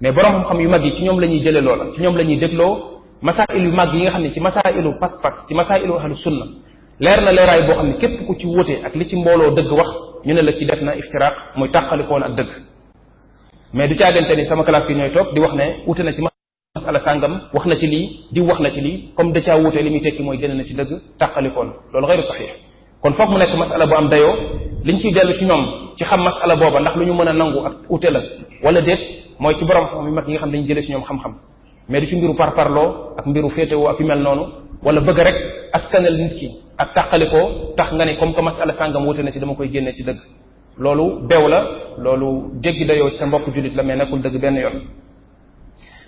mais borom xam-xam yu mag yi ci ñoom la ñuy jëlee loola ñoom la ñuy dégloo masaail yu mag yi nga xam ne ci masaa'ilu pas-pas ci masaa'ilu ahlu sunna leer na leeraay boo xam ne képp ku ci wute ak li ci mbooloo dëgg wax ñu ne la ci def na iftiraq muy tàqalikoon ak dëgg mais du caagante ni sama classe gi ñooy toog di wax ne wute na ci masala sàngam wax na ci lii di wax na ci lii comme da caa wute li muy tekki mooy génn na ci dëgg tàqalikoon loolu xeyru saxiix kon foog mu nekk masala bu am dayoo li liñ ciy dellu ci ñoom ci xam masala booba ndax lu ñu mën a nangu ak wute la wala déet mooy ci borom xam yu mag yi nga xam dañu jëlee ci ñoom xam-xam mais du ci mbiru parparloo ak mbiru féetewoo ak yu mel noonu wala bëgg rek askanal nit ki ak tàqali ko tax nga ne comme que masala sàngam wute na ci dama koy génne ci dëgg loolu beew la loolu jéggi dayoo ci sa mbokk jullit la mais nekkul dëgg benn yoon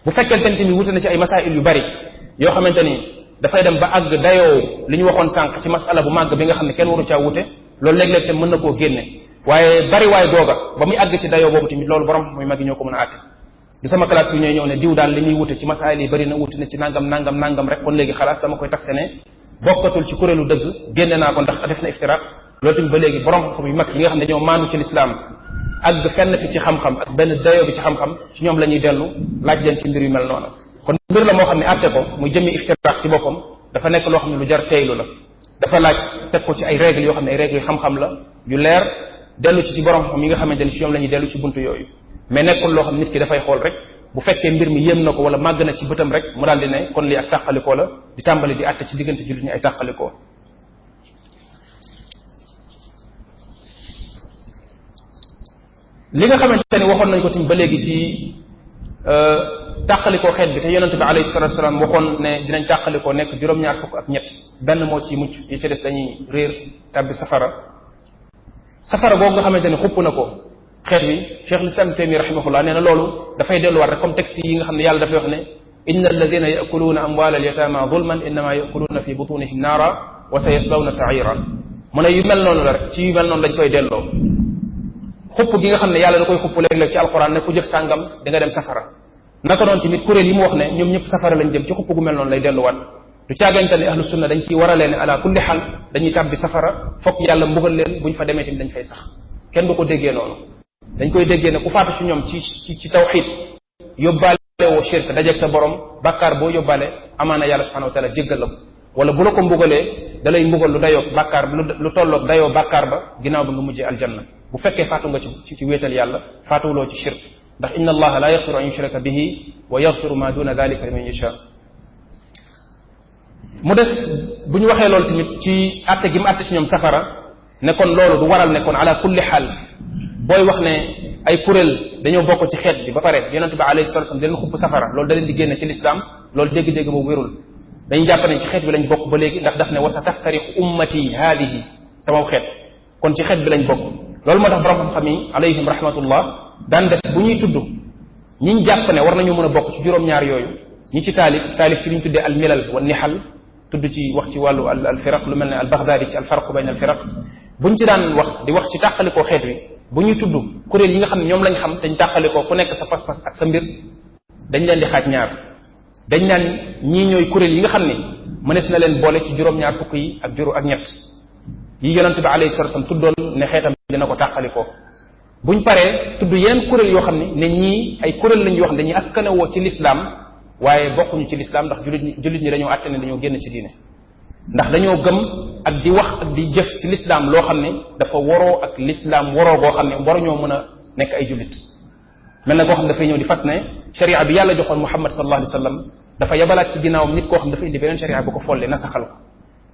bu fekkente ni tamit wute na ci ay masail yu bari yoo xamante ni dafay dem ba àgg dayoo li ñu waxoon sànq ci masala bu màgg bi nga xam ne kenn waru caa wute loolu léeg-léeg te mën na koo génne waaye bari waay googa ba muy àgg ci dayoo boobu tamit loolu borom muy magi ñoo ko mën a àtte bi sama classe yi ñooy ñëw ne diw daal li muy wute ci masaayil yi bëri na wuti na ci nangam nangam nangam rek kon léegi xalaas dama koy taxe ne bokkatul ci kuréelu dëgg génne naa ko ndax def na iftiraq loolu tamit ba léegi borom xam yu mag yi nga xam ne ñoo maanu ci lislaam ak fenn fi ci xam-xam ak benn dayoo bi ci xam-xam ci ñoom la ñuy dellu laaj leen ci mbir yu mel noonu kon mbir la moo xam ne àtte ko muy jëmmi iftiraq ci boppam dafa nekk loo xam ne lu jar teylu la dafa laaj teg ko ci ay règles yoo xam ne ay règles xam-xam la yu leer dellu ci ci borom xam yi xamante ne ci ñoom la ñuy dellu ci buntu yooyu mais nekkul loo xam nit ki dafay xool rek bu fekkee mbir mi yéem na ko wala màgg na ci bëtam rek mu daal di ne kon lii ak tàqalikoo la di tàmbali di àtte ci diggante jullit ñi ay tàqalikoo li nga xamante ne waxoon nañ ko tim ba léegi ci euh, tàqalikoo xeet bi te yonente bi alayhi salatu wasalaam waxoon ne dinañ tàqalikoo nekk juróom-ñaar fukk ak ñett benn moo ci mucc yi ci des dañuy réer tàbbi safara safara boobu nga xamante ne xupp na ko xeet wi cheikh lislam taymi rahimahullah nee na loolu dafay delluwaat rek comme texte yi nga xam ne yàlla dafay wax ne inna alladina yakuluuna amwal alyatama zulman innama yakuluuna fi butunihim naara wa sa yaslawna saira mu ne yu mel noonu la rek ci yu mel noonu lañ koy delloo xupp gi nga xam ne yàlla da koy xupp léeg-léeg ci alxuraan ne ku jëf sàngam da nga dem safara naka noonu tamit kuréel yi mu wax ne ñoom ñëpp safara lañ jëm ci xupp gu mel noonu lay delluwaat du caagante ne ahlu sunna dañ ciy waralee ne ala kulli xal dañuy tàbbi safara fokk yàlla mbugal leen buñ fa demee tamit dañ fay sax kenn du ko déggee noonu dañ koy déggee ne ku faatu ci ñoom ci ci ci tawxid yóbbaale woo shirk dajeeg sa borom bàkkaar boo yóbbaale amaana yàlla subhanahu wa taala la ko wala bu la ko mbugalee da lay mbugal lu dayoo bàkkaar lu tolloog dayoo bàkkaar ba ginnaaw ba nga mujjee aljanna bu fekkee faatu nga ci ci wéetal yàlla faatuwuloo ci shirk ndax inna allaha la yaxfiru an yushraka bihi wa yaxfiru ma duna dalika liman yasha mu des bu ñu waxee loolu tamit ci àtte gi mu àtte ci ñoom safara ne loolu du waral nekkoon kon ala kulli xaal booy wax ne ay kuréel dañoo bokk ci xeet bi ba pare yonente bi alayhi salatu wasallam daleen xupp safara loolu da leen di génne ci lislaam loolu dégg-dégg boobu wérul dañuy jàpp ne ci xeet bi lañ bokk ba léegi ndax daf ne wasa taftariqu ummati haadihi sama xeet kon ci xeet bi lañ bokk loolu moo tax borom xam yi alayhim rahmatullah daan def bu ñuy tudd ñiñ jàpp ne war nañu mën a bokk ci juróom-ñaar yooyu ñi ci taalif taalif ci li ñu tuddee al milal wa nihal tudd ci wax ci wàllu al al firaq lu mel ne al baghdadi ci al farqu bayn al firaq buñ ci daan wax di wax ci tàqalikoo xeet wi bu ñu tudd kuréel yi nga xam ne ñoom lañ xam dañ tàqale ko ku nekk sa pas-pas ak sa mbir dañ leen di xaaj ñaar dañ naan ñii ñooy kuréel yi nga xam ne mënees na leen boole ci juróom-ñaar fukk yi ak juróom ak ñett yi yonent bi alayhi salatu wasallam tuddoon ne xeetam dina ko tàqali ko buñ paree tudd yeneen kuréel yoo xam ne ne ñii ay kuréel lañ yoo xam ne dañuy askanewoo ci lislaam waaye bokkuñu ci lislaam ndax jullit ñi jullit ñi dañoo àtte ne dañoo génn ci diine ndax dañoo gëm ak di wax ak di jëf ci lislaam loo xam ne dafa waroo ak lislaam waroo boo xam ne ñoo mën a nekk ay jullit mel na koo xam dafay ñëw di fas ne sharia bi yàlla joxoon muhammad sallallahu alayhi wa sallam dafa yabalaat ci ginnaawam nit koo xam dafa indi beneen sharia bu ko follee nasaxal ko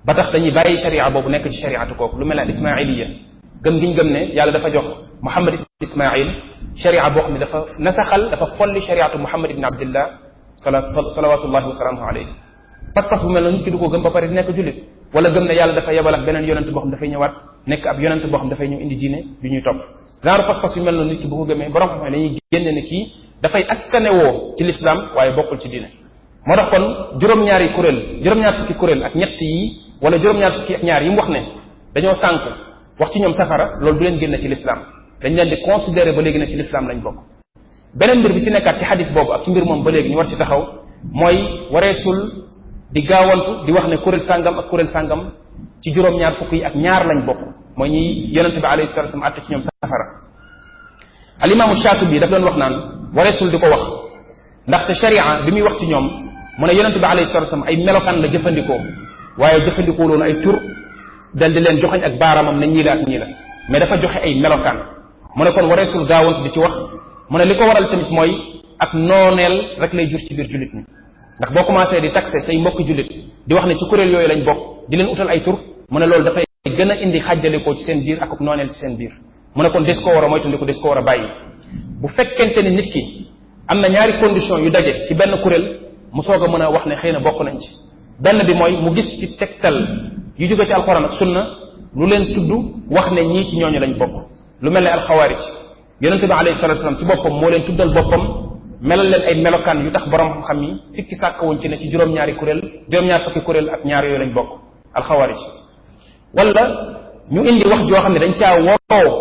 ba tax dañuy bàyyi sharia boobu nekk ci shariatu kooku lu mel ne al ismailiya gëm gi ñu gëm ne yàlla dafa jox muhammad ibn ismail sharia boo xam ne dafa nasaxal dafa folli shariatu muhammad ibn abdillah salawatullahi wa salaamuhu alayhi pas-pas bu mel noonu nit ki du ko gëm ba pare nekk jullit wala gëm ne yàlla dafa yebal ak beneen yonent boo xam dafay ñëwaat nekk ab yonent boo xam dafay ñëw indi diine yu ñuy topp genre pas-pas yu mel noonu ki bu ko xam-xam dañuy génne kii dafay askanewoo ci l'islam waaye bokkul ci diine moo tax kon juróom-ñaari kuréel juróom-ñaar fukki kuréel ak ñett yi wala juróom-ñaar fukki ak ñaar yi mu wax ne dañoo sànq wax ci ñoom safara loolu du leen génne ci l'islam dañ leen di considérer ba léegi ne ci l'islam lañ bokk beneen bi ci nekkaat ci xadis boobu moom ba léegi ñu war ci taxaw di gaawantu di wax ne kuréel sàngam ak kuréel sàngam ci juróom-ñaar fukk yi ak ñaar lañ bokk mooy ñi yonente bi alayhi salatu wasallam àtte ci ñoom safara alimaamu Shaatibi daf doon wax naan wareesul di ko wax ndaxte sharia bi muy wax ci ñoom mu ne yonente bi alayhi salatu ay melokaan la jëfandikoo waaye jëfandikoo loonu ay tur dal di leen joxañ ak baaraamam ne ñii la ak ñii la mais dafa joxe ay melokaan mu ne kon wareesul gaawantu di ci wax mu ne li ko waral tamit mooy ak nooneel rek lay jur ci biir jullit ndax boo commencé di taxé say mbokki jullit di wax ne ci kuréel yooyu lañ bokk di leen utal ay tur mu ne loolu dafay gën a indi xàjjalikoo ci seen biir ak nooneel ci seen biir mu ne kon des ko war a moytandiku des ko war a bàyyi bu fekkente ni nit ki am na ñaari condition yu daje ci benn kuréel mu soog a mën a wax ne xëy na bokk nañ ci benn bi mooy mu gis ci tegtal yu jóge ci alxuraan ak sunna lu leen tudd wax ne ñii ci ñooñu lañu bokk lu mel ne alxawaarij yonente bi alayhi salatu wasalam ci boppam moo leen tuddal boppam melal leen ay melokaan yu tax boroom xam-xam yi sikki sàkkawuñ ci ne ci juróom-ñaari kuréel juróom-ñaar fukki kuréel ak ñaar yooyu lañ bokk alxawaarij wala ñu indi wax joo xam ne dañ caa waroo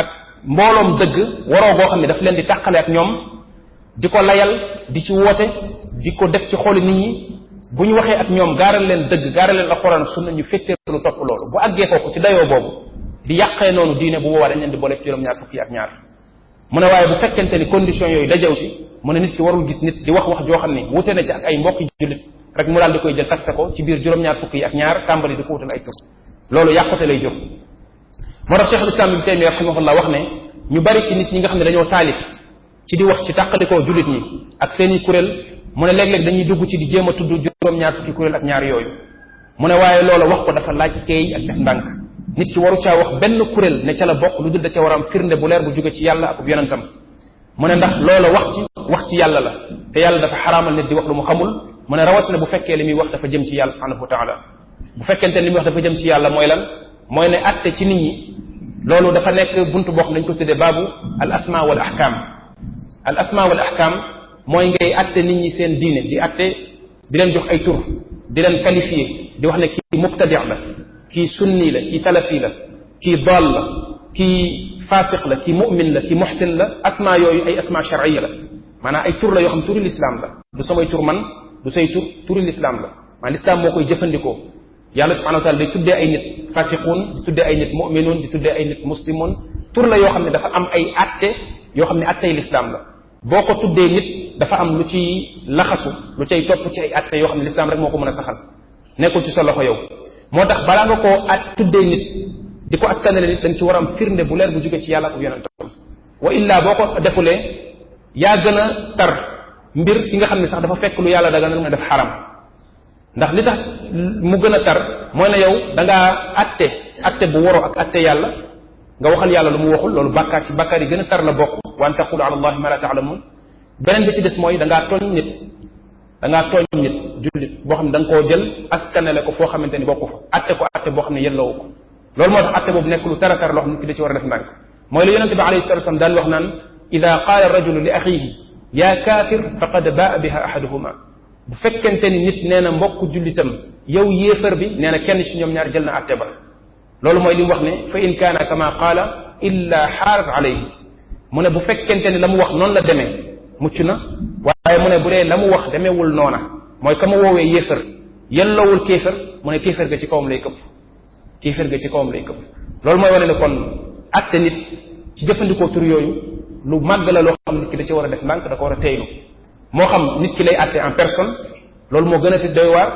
ak mbooloom dëgg waroo goo xam ne daf leen di tàqale ak ñoom di ko layal di ci woote di ko def ci xooli nit ñi bu ñu waxee ak ñoom gaaral leen dëgg gaaral leen alxuraan sunna ñu fetteelu topp loolu bu àggee foofu ci dayoo boobu di yàqee noonu diine bu boobaa dañ leen di boole ci juróom-ñaar fukki ak ñaar mu ne waaye bu fekkente ni condition yooyu mu ne nit ki warul gis nit di wax wax joo xam ne wute na ci ak ay mbokki jullit rek mu daal di koy jël taxe ko ci biir juróom-ñaar fukk yi ak ñaar tàmbali di ko wutal ay tur loolu yàqute lay jur moo tax cheikhul islam ibn taymiya wax ne ñu bari ci nit ñi nga xam ne dañoo taalif ci di wax ci tàqalikoo jullit ñi ak seeni kuréel mu ne léeg-léeg dañuy dugg ci di jéem a tudd juróom-ñaar fukki kuréel ak ñaar yooyu mu ne waaye loolo wax ko dafa laaj teey ak def ndànk nit ki waru caa wax benn kuréel ne ca la bokk lu dul da ca war am firnde bu leer bu jóge ci yàlla ak yonentam mu ne ndax loola wax ci wax ci yàlla la te yàlla dafa xaraamal nit di wax lu mu xamul mu ne rawatina bu fekkee li muy wax dafa jëm ci yàlla subhanahu wa taala bu fekkente li muy wax dafa jëm ci yàlla mooy lan mooy ne àtte ci nit ñi loolu dafa nekk buntu boo xam dañ ko tuddee baabu al asma wal ahkam al asma wal ahkam mooy ngay àtte nit ñi seen diine di àtte leen jox ay tur di leen qualifier di wax ne kii mubtadi la kii sunni la kii salafi la kii dal la kii faasiq la kii mu'min la kii muxsin la asma yooyu ay asma shar'iyya la maanaam ay tur la yoo xam turi lislaam la du samay tur man du say tur turi lislaam la maanaam lislaam moo koy jëfandikoo yàlla subhanahu wa taala day tuddee ay nit fasiquun di tuddee ay nit muminuun di tuddee ay nit muslimun tur la yoo xam ne dafa am ay atte yoo xam ne attey lislaam la boo ko tuddee nit dafa am lu ciy laxasu lu cay topp ci ay atte yoo xam ne lislaam rek moo ko mën a saxal nekkul ci sa loxo yow moo tax balaa nga koo at tuddee nit di ko askanale nit dañ ci war a am firnde bu leer bu jóge ci yàlla ak yonentam wa illaa boo ko defulee yaa gën a tar mbir ki nga xam ne sax dafa fekk lu yàlla daganal nga def xaram ndax li tax mu gën a tar mooy na yow danga ngaa atte bu woro ak atte yàlla nga waxal yàlla lu mu waxul loolu bàkkaar ci bàkkaar yi gën a tar la bokk wa an taqulu ala allahi ma la taalamun beneen bi ci des mooy da ngaa tooñ nit da ngaa tooñ nit jullit boo xam ne da koo jël askanale ko foo xamante ni bokku fa atte ko boo xam ne yelloowu ko loolu moo tax atte boobu nekk lu tara tar loo xam nit ki da ci war a def ndànk mooy la yonente bi alayhi salatu wasalam daan wax naan ida qaala rajulu li axihi yaa kaafir faqad baa biha ahaduhuma bu fekkente ni nit nee na mbokk jullitam yow yéefar bi nee na kenn ci ñoom ñaar jël na atte ba loolu mooy li mu wax ne fa in kaana kama qaala illa xaarat alayhi mu ne bu fekkente ni la mu wax noonu la demee mucc na waaye mu ne bu dee la mu wax demeewul noona mooy ka ma woowee yéefar yellowul kéefar mu ne kéefar ga ci kawam lay këpp kéeféer ga ci kawam lay këpp loolu mooy wane ne kon atte nit ci jëfandikoo tur yooyu lu màgg la loo xam nit ki da ci war a def ndànk da ko war a teylu moo xam nit ki lay atte en personne loolu moo gën a doy waar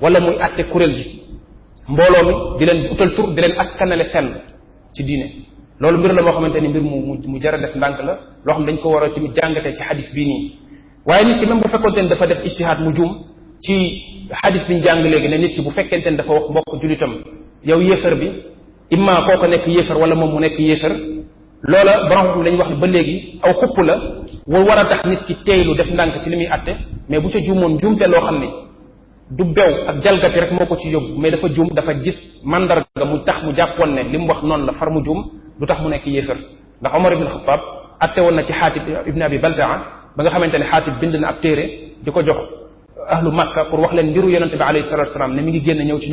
wala muy atte kuréel gi mbooloo mi di leen utal tur di leen askanale fenn ci diine loolu mbir la moo xamante ni mbir mu mu jar def ndànk la loo xam dañ ko war a ci jàngatee ci xadis bii nii waaye nit ki même bu fekkonte ne dafa def ijtihaad mu juum ci xadis bi ñu léegi ne nit bu fekkente ne dafa wax mbokk julitam yow yéefar bi imma koo ko nekk yéefar wala moom mu nekk yéefar loola borom dañuy wax ne ba léegi aw xupp la wa war a tax nit ki lu def ndànk ci li muy àtte mais bu ca juumoon te loo xam ne du bew ak jalgati rek moo ko ci yóbbu mais dafa juum dafa gis mandarga mu tax mu jàppoon ne li mu wax noonu la far mu juum lu tax mu nekk yéefar ndax Omar ibn Xattaab atte woon na ci xaatib ibn abi baltaa ba nga xamante ne xaatib bind na ab téere di ko jox ahlu makka pour wax leen mbiru yonente bi ne mi ngi génn ñëw ci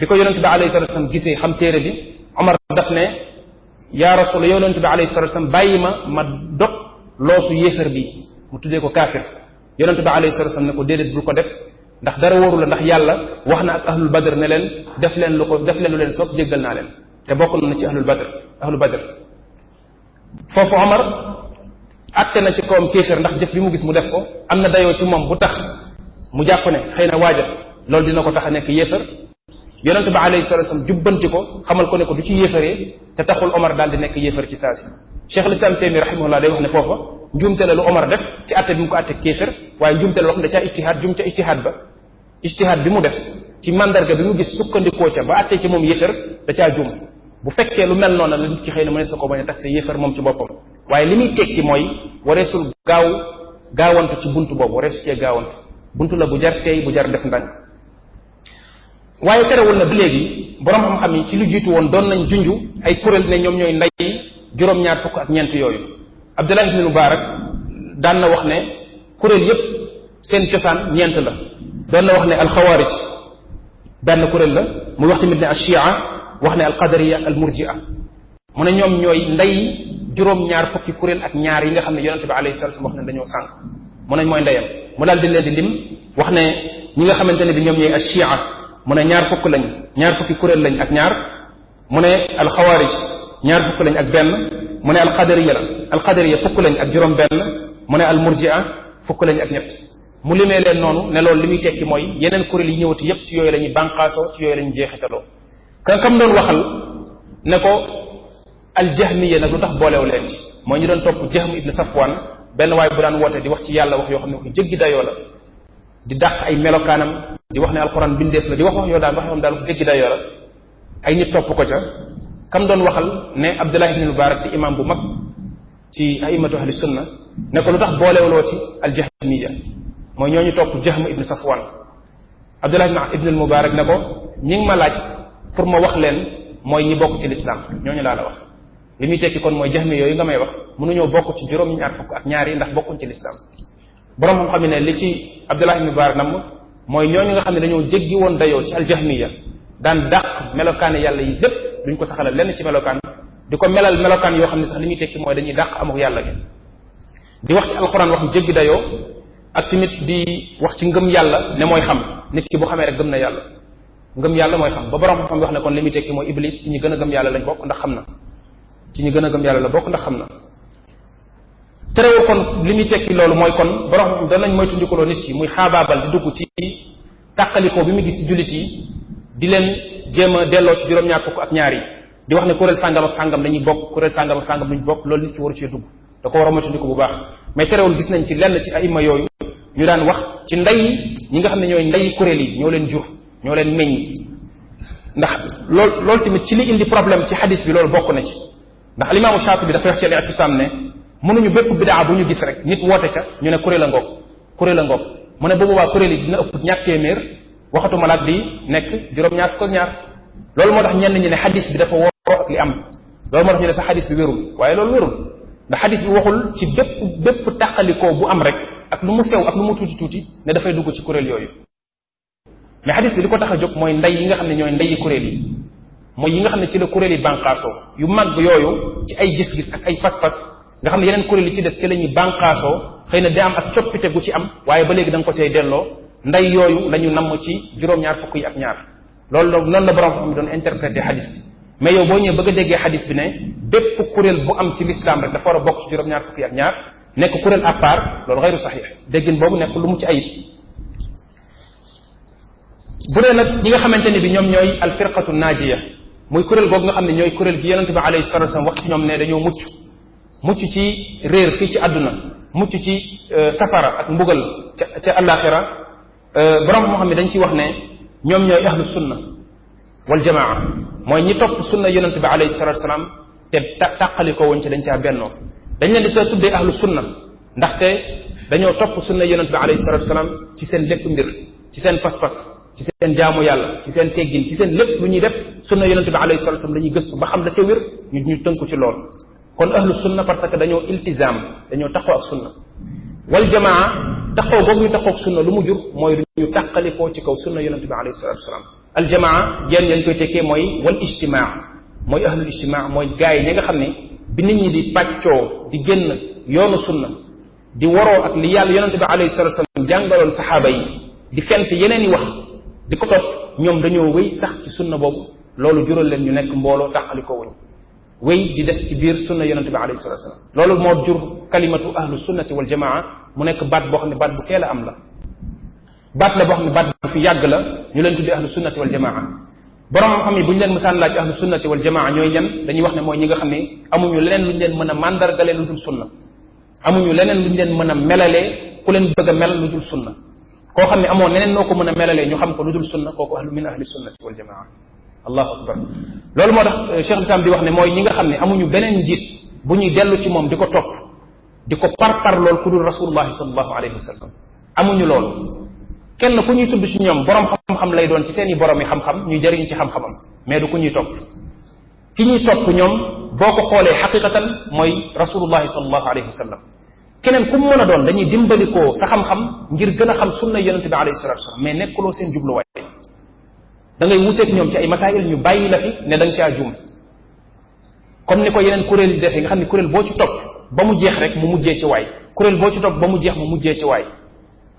bi ko yonente bi alayhi salatu wasallam gisee xam téere bi Omar daf ne yaa rasul yow yonente bi alayhi salatu wasallam bàyyi ma ma dog loosu yéefar bi mu tuddee ko kaafir yonente bi alayhi salatu ne ko déedéet bul ko def ndax dara wóoru la ndax yàlla wax na ak ahlul badr ne leen def leen lu ko def leen lu leen sopp jéggal naa leen te bokk na ci ahlul badr ahlul badr foofu Omar atte na ci kawam kéeféer ndax jëf li mu gis mu def ko am na dayoo ci moom bu tax mu jàpp ne xëy na waaja loolu dina ko tax nekk yéefar yonente ba alayhi salatu wasallam jubbanti ko xamal ko ne ko du ci yéefaree te taxul Omar daal di nekk yéefar ci saa si Cheikh al-Islam Taymi rahimahullah day wax ne foofa njuumte la lu Omar def ci atte bi mu ko atte kéefar waaye njuumte la loo xam ne caa ijtihaad juum ca ijtihaad ba ijtihaad bi mu def ci mandarga bi mu gis sukkandikoo ca ba atte ci moom yéefar da caa juum bu fekkee lu mel noonu la nit ki xëy na mënees na ko bañ a tax sa yéefar moom ci boppam waaye li muy mooy wareesul gaaw gaawantu ci buntu boobu wareesu cee gaawantu buntu la bu jar tey bu jar def ndànk waaye terewul na ba léegi borom xam-xam yi ci lu jiitu woon doon nañ junju ay kuréel ne ñoom ñooy ndey juróom-ñaar fukk ak ñeent yooyu Abdullah ibn Mubarak daan na wax ne kuréel yépp seen cosaan ñeent la doon wax ne alxawaarij benn kuréel la muy wax tamit ne ashia wax ne alqadariya ak almurjia mu ne ñoom ñooy ndey juróom-ñaar fukki kuréel ak ñaar yi nga xam ne yonente bi alayhi wax ne dañoo sànq mu a mooy ndeyam mu daal di leen di lim wax ne ñi nga xamante ne bi ñoom ñooy ashia mu ne ñaar fukk lañ ñaar fukki kuréel lañ ak ñaar mu ne alxawaarij ñaar fukk lañ ak benn mu ne al alxadariya la alxadariya fukk lañ ak juróom benn mu ne almurjia fukk lañ ak ñett mu limee leen noonu ne loolu li muy tekki mooy yeneen kuréel yi ñëwati yépp ci yooyu la ñuy bànqaasoo ci yooyu la ñuy jeexitaloo kan kam doon waxal ne ko aljahmiya nag lu tax booleew leen ci mooy ñu doon topp jahm ibn safwan benn waay bu daan woote di wax ci yàlla wax yoo xam ne ko jéggi dayoo la di wax ne alxuraan bindeef la di wax wax yoo daan wax yoo daan wax jéggi day yora ay nit topp ko ca kam doon waxal ne Abdullah ibn Mubarak di imam bu mag ci aimatu ahli sunna ne ko lu tax boolewuloo ci aljahmiya mooy ñooñu topp Jahm ibn Safwan Abdullah ibn Mubarak ne ko ñi ma laaj pour ma wax leen mooy ñi bokk ci lislaam ñooñu laa la wax li muy tekki kon mooy jaxmi yooyu nga may wax mënuñoo bokk ci juróom-ñaar fukk ak ñaari ndax bokkuñ ci lislaam boroom xam-xam ne li ci Abdullah ibn Mubarak nam mooy ñooñu nga xam ne dañoo jéggi woon dayoo ci aljahmiya daan dàq melokaane yàlla yi lépp duñ ko saxalal lenn ci melokaan di ko melal melokaan yoo xam ne sax li muy tekki mooy dañuy dàq amuk yàlla di wax ci alxuraan wax bu jéggi dayoo ak tamit di wax ci ngëm yàlla ne mooy xam nit ki bu xamee rek gëm na yàlla ngëm yàlla mooy xam ba borom xam-xam wax ne kon li muy tekki mooy iblis ci ñi gën a yàlla lañ bokk ndax xam na ci ñi gën a gëm yàlla la bokk ndax xam na terewul kon li muy tekki loolu mooy kon borom danañ moytandikuloo nit ki muy xaabaabal dugg ci tàqalikoo bi mu gis ci jullit yi di leen jéem a delloo ci juróom-ñaar ak ñaar yi di wax ne kuréel sàngam ak sàngam dañuy bokk kuréel sàngam ak sàngam dañuy bokk loolu nit ki waru cee dugg da ko war a moytandiku bu baax mais terewul gis nañ ci lenn ci ay imma yooyu ñu daan wax ci ndey ñi nga xam ne ñooy ndey kuréel yi ñoo leen jur ñoo leen meññ ndax loolu loolu tamit ci li indi problème ci xadis bi loolu bokk na ci ndax alimaamu mënuñu bépp bidaa bu ñu gis rek nit woote ca ñu ne kuréel a ngoog kuréel a ngoog mu ne bu boobaa kuréel yi dina ëpp ñaar téeméer waxatu malaat bi nekk juróom-ñaar ko ñaar loolu moo tax ñenn ñi ne xadis bi dafa woo ak li am loolu moo tax ñu sa xadis bi wérul waaye loolu wérul ndax xadis bi waxul ci bépp bépp tàqalikoo bu am rek ak lu mu sew ak lu mu tuuti tuuti ne dafay dugg ci kuréel yooyu mais xadis bi li ko tax a jóg mooy ndey yi nga xam ne ñooy ndeyi kuréel yi mooy nga xam ne ci la kuréel yi bànqaasoo yu mag yooyu ay ay pas nga xam ne yeneen kuréel yi ci des ci la ñuy bànqaasoo xëy na da am ak coppite gu ci am waaye ba léegi da ko cay delloo nday yooyu la ñu namm ci juróom-ñaar fukk yi ak ñaar loolu la noonu la borom xam ne doon interprété xadis bi mais yow boo ñëwee bëgg a déggee xadis bi ne bépp kuréel bu am ci l'islam rek dafa war a bokk ci juróom-ñaar fukk yi ak ñaar nekk kuréel à part loolu xeyru saxiix déggin boobu nekk lu mu ci ayib bu dee nag ñi nga xamante ne bi ñoom ñooy alfirqatu naajiya muy kuréel googu nga xam ne gi yonente bi alayhi salatu wasallam wax ci dañoo mucc mucc ci réer fii ci àdduna mucc ci euh, safara ak mbugal ca ca àllaaxira euh, borom moo xam ne dañ ciy wax ne ñoom ñooy ahlu sunna wal jamaa mooy ñi topp sunna yonente bi alayhi salatu wasalaam te tàqali ko woon ci dañ caa bennoo dañ leen di te tuddee ahlu sunna ndaxte dañoo topp sunna yonente bi alayhi salatu ci seen lépp mbir ci seen pas-pas ci seen jaamu yàlla ci seen teggin ci seen lépp lu ñuy def sunna yonente bi alayhi salatu wasallam la ñuy gëstu ba xam la ca wér ñu ñu tënku ci lool kon ahlu sunna parce que dañoo iltizaam dañoo taxoo ak sunna wal jamaa taxoo boobu ñu taxoo ak sunna lu mu jur mooy du ñu tàqalikoo ci kaw sunna yonente bi alayhi salatu wasalaam al jamaa jenn lañ koy mooy wal ijtimaa mooy ahlul ijtimaa mooy gaay yi ñi nga xam ne bi nit ñi di pàccoo di génn yoonu sunna di waroo ak li yàlla yonente bi alayhi salatu wasalaam jàngaloon saxaaba yi di fent yeneen i wax di ko ñoom dañoo wéy sax ci sunna boobu loolu jural leen ñu nekk mbooloo tàqalikoo wuñ wéy di des ci biir sunna yonente bi alayhi salatu wasalam loolu moo jur kalimatu ahlu sunnati wal jamaa mu nekk baat boo xam ne baat bu kee a am la baat la boo xam ne baat bu fi yàgg la ñu leen tuddee ahlu sunnati wal jamaa borom xam ne bu ñu leen mësaan laaj ahlu sunnati wal jamaa ñooy ñan dañuy wax ne mooy ñi nga xam ne amuñu leneen lu ñu leen mën a màndargale lu dul sunna amuñu leneen lu ñu leen mën a melalee ku leen bëgg a mel lu dul sunna koo xam ne amoo neneen noo ko mën a melalee ñu xam ko lu dul sunna kooku ahlu min ahli allahu akbar loolu moo tax euh, Cheikh Islam bi wax ne mooy ñi nga xam ne amuñu beneen njiit bu ñuy dellu ci moom di ko topp di ko par par loolu ku dul rasulullahi sallallahu alayhi wa sallam amuñu loolu kenn ku ñuy tudd ci ñoom borom xam-xam lay doon ci seen i borom xam-xam ñu ci xam-xamam mais du ko ñuy topp ki ñuy topp ñoom boo ko xoolee xaqiqatan mooy rasulullahi sallallahu alayhi wa sallam keneen ku mu mën a doon dañuy dimbalikoo sa xam-xam ngir gën a xam sunna yonente bi alayhi salatu wasalam mais nekkuloo seen jubluwaay da ngay wuteeg ñoom ci ay masaayil ñu bàyyi la fi ne da caa juum comme ni ko yeneen kuréel yi defee nga xam ne kuréel boo ci topp ba mu jeex rek mu mujjee ci waay kuréel boo ci topp ba mu jeex mu mujjee ci waay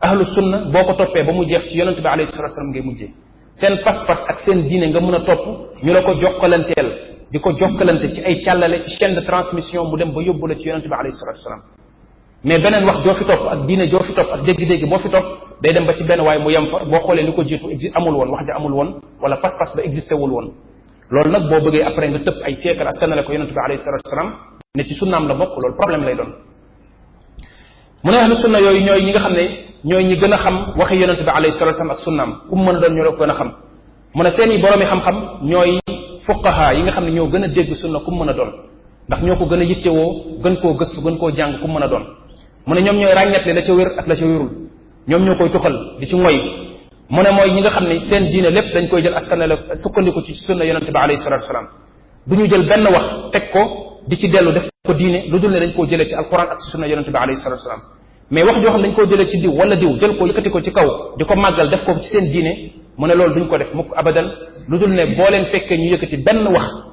ahlu sunna boo ko toppee ba mu jeex ci yonente bi alayhi salatu wasalam ngay mujjee seen pas-pas ak seen diine nga mun a topp ñu la ko jokkalanteel di ko jokkalante ci ay càllale ci chaîne de transmission bu dem ba yóbbu la ci yonente bi alayhi salatu mais beneen wax joo fi topp ak diine joo fi topp ak dégg-dégg boo fi day dem ba ci benn waaye mu yem fa boo xoolee li ko jiitu exi amul woon wax ja amul woon wala pas-pas ba existé wul woon loolu nag boo bëggee après nga tëpp ay siècle askanale ko yonent bi alayhi salatu wasalaam ne ci sunnaam la bokk loolu problème lay doon mu ne ahlu sunna yooyu ñooy ñi nga xam ne ñooy ñi gën a xam waxi yonent bi alayhi salatu wasalaam ak sunnaam ku mu mën a doon ñoo la ko gën a xam mu ne seeni boroomi xam-xam ñooy fuqaha yi nga xam ne ñoo gën a dégg sunna ku mu mën a doon ndax ñoo ko gën a yittewoo gën koo gëstu gën koo jàng ku mën a doon mu ne ñoom ñooy ràññetle la ca wér ak la ca wérul ñoom ñoo koy tuxal di ci moy mu ne mooy ñi nga xam ne seen diine lépp dañ koy jël askanale sukkandiku ci sunna yonente bi alayhi salatu wasalaam du ñu jël benn wax teg ko di ci dellu def ko diine lu dul ne dañ koo jëlee ci alquran ak sunna yonente bi alayhi salatu mais wax joo xam dañ koo jëlee ci diw wala diw jël ko yëkkati ko ci kaw di ko màggal def ko ci seen diine mu ne loolu duñ ko def mukk abadan lu dul ne boo leen fekkee ñu yëkkati benn wax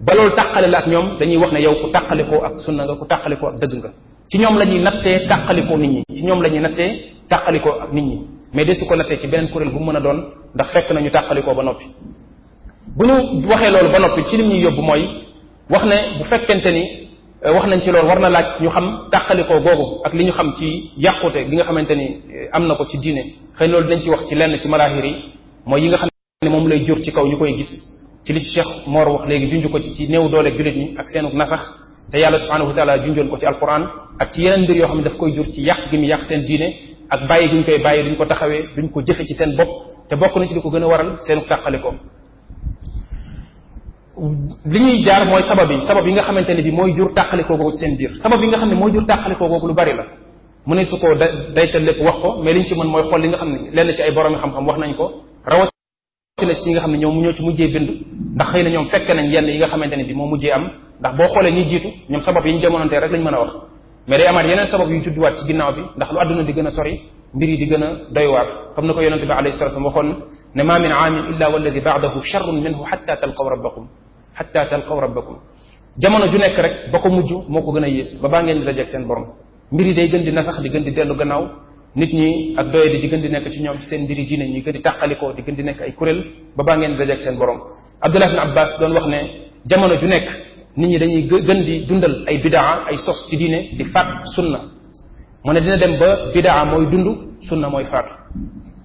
ba loolu tàqale la ak ñoom dañuy wax ne yow ku tàqalikoo ak sunna nga ku tàqalikoo ak dëgg nga ci ñoom la ñuy nattee tàqalikoo nit ñi ñoom la ñuy nattee tàqalikoo ak nit ñi mais de su ko nattee ci beneen kuréel gu mën a doon ndax fekk nañu tàqalikoo ba noppi bu ñu waxee loolu ba noppi ci lim ñuy yóbbu mooy wax ne bu fekkente ni euh, wax nañ ci lool war na laaj ñu xam tàqalikoo googu ak li ñu xam ci yàqute gi nga xamante ni euh, am na ko ci diine xëy loolu dañ ci wax ci lenn ci malaahir yi mooy yi nga xam ne moom lay jur ci kaw ñu koy gis ci li ci Cheikh Mor wax léegi junj ko ci ci néew doole jullit ñi ak seenu nasax te yàlla subhanahu wa taala ko ci alquran ak ci yeneen mbir yoo xam ne daf koy jur ci yàq gi mu yàq seen ak bàyyi duñ koy bàyyi duñ ko taxawee duñ ko jëfe ci seen bopp te bokk na ci li ko gën a waral seenu tàqaliko li ñuy jaar mooy sabab yi sabab yi nga xamante ne bi mooy jur tàqalikoo googu ci seen biir sabab yi nga xam ne mooy jur tàqalikoo googu lu bari la ko daytal lépp wax ko mais liñ ci mën mooy xool li nga xam ne lenn ci ay borom xam-xam wax nañ ko socialistes yi nga ne ñoom ñoo ci mujjee bind ndax xëy na ñoom fekke nañ yenn yi nga xamante ne bi moo mujjee am ndax boo xoolee ñi jiitu ñoom sabab yi ñu jamonoontee rek lañ mën a wax mais day amaat yeneen sabab yu tudduwaat ci ginnaaw bi ndax lu adduna di gën a sori mbir yi di gën a doy waar comme na ko yonente bi alayhi salatu waxoon ne ma min aamin illa walladi baadahu charrun minhu xatta talqaw rabbakum xatta talqaw rabbakum jamono ju nekk rek ba ko mujj moo ko gën a yées ba baa ngeen di dajeeg seen borom mbir yi day gën di nasax di gën di dellu gannaaw nit ñi ak doye di gën di nekk ci ñoom ci seen mbiri diine ñi gën di tàqalikoo di gën di nekk ay kuréel ba baa ngeen dajeeg seen borom Abdullah ibn Abbas doon ne jamono ju nekk nit ñi dañuy gën di dundal ay bidaa ay sos ci diine di faat sunna mu ne dina dem ba bidaa mooy dund sunna mooy faatu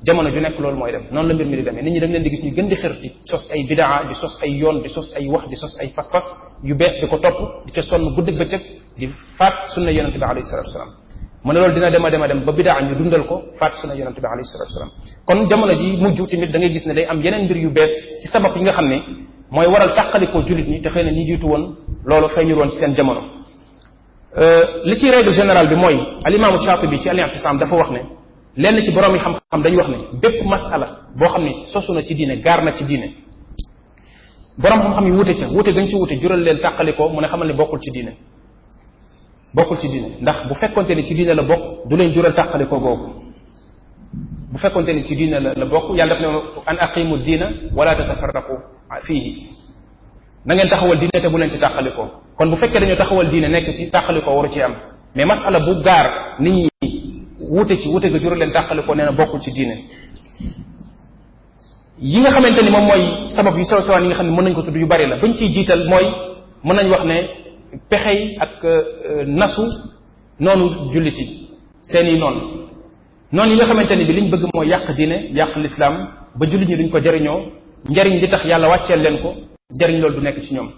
jamono ju nekk loolu mooy dem noonu la mbir mi di demee nit ñi dañ leen di gis ñu gën di xër di sos ay bidaa di sos ay yoon di sos ay wax di sos ay fas-fas yu bees di ko topp di ca sonn guddi bëccëg di faat sunna yonente bi alayhi salatu wasalaam mu ne loolu dina dem a dem a dem ba bidaa ñu dundal ko faat sunna yonente bi alayhi salatu kon jamono ji mujj tamit da ngay gis ne day am yeneen mbir yu bees ci sabab yi nga xam ne mooy waral tàqalikoo jullit ñi te xëy na ñi jiitu woon loolu feeñul woon ci seen jamono euh, li ci règle général bi mooy alimaamu Shaatibi ci al-I'tisaam dafa wax ne lenn ci borom yi xam-xam dañu wax ne bépp masala boo xam ne sosu na ci diine gaar na ci diine borom xam-xam yi wute ca wute gañ jural leen tàqalikoo mu ne xamal ne bokkul ci bokkul ci diine ndax bu fekkonte ni ci diine la bokk du leen jural tàqale ko googu bu fekkonte ni ci diine la la bokk yàlla daf ne an aqimu diina wala tatafarraqu fiihi na ngeen taxawal diine te bu leen ci tàqale ko kon bu fekkee dañoo taxawal diine nekk ci tàqale waru ci am mais masala bu gaar nit ñi wute ci wute ga jural leen tàqale ko nee na bokkul ci diine yi nga xamante ni moom mooy sabab yu sew sewaan yi nga xam ne mën nañ ko tudd yu bari la buñ ciy jiital mooy mën nañ wax ne pexe yi ak euh, nasu noonu jullit yi seen i noonu noonu yi nga xamante ni bi liñ bëgg mooy yàq diine yàq lislaam ba jullit ñi duñ ko jariñoo njariñ li tax yàlla wàcceel leen ko njariñ loolu du nekk ci ñoom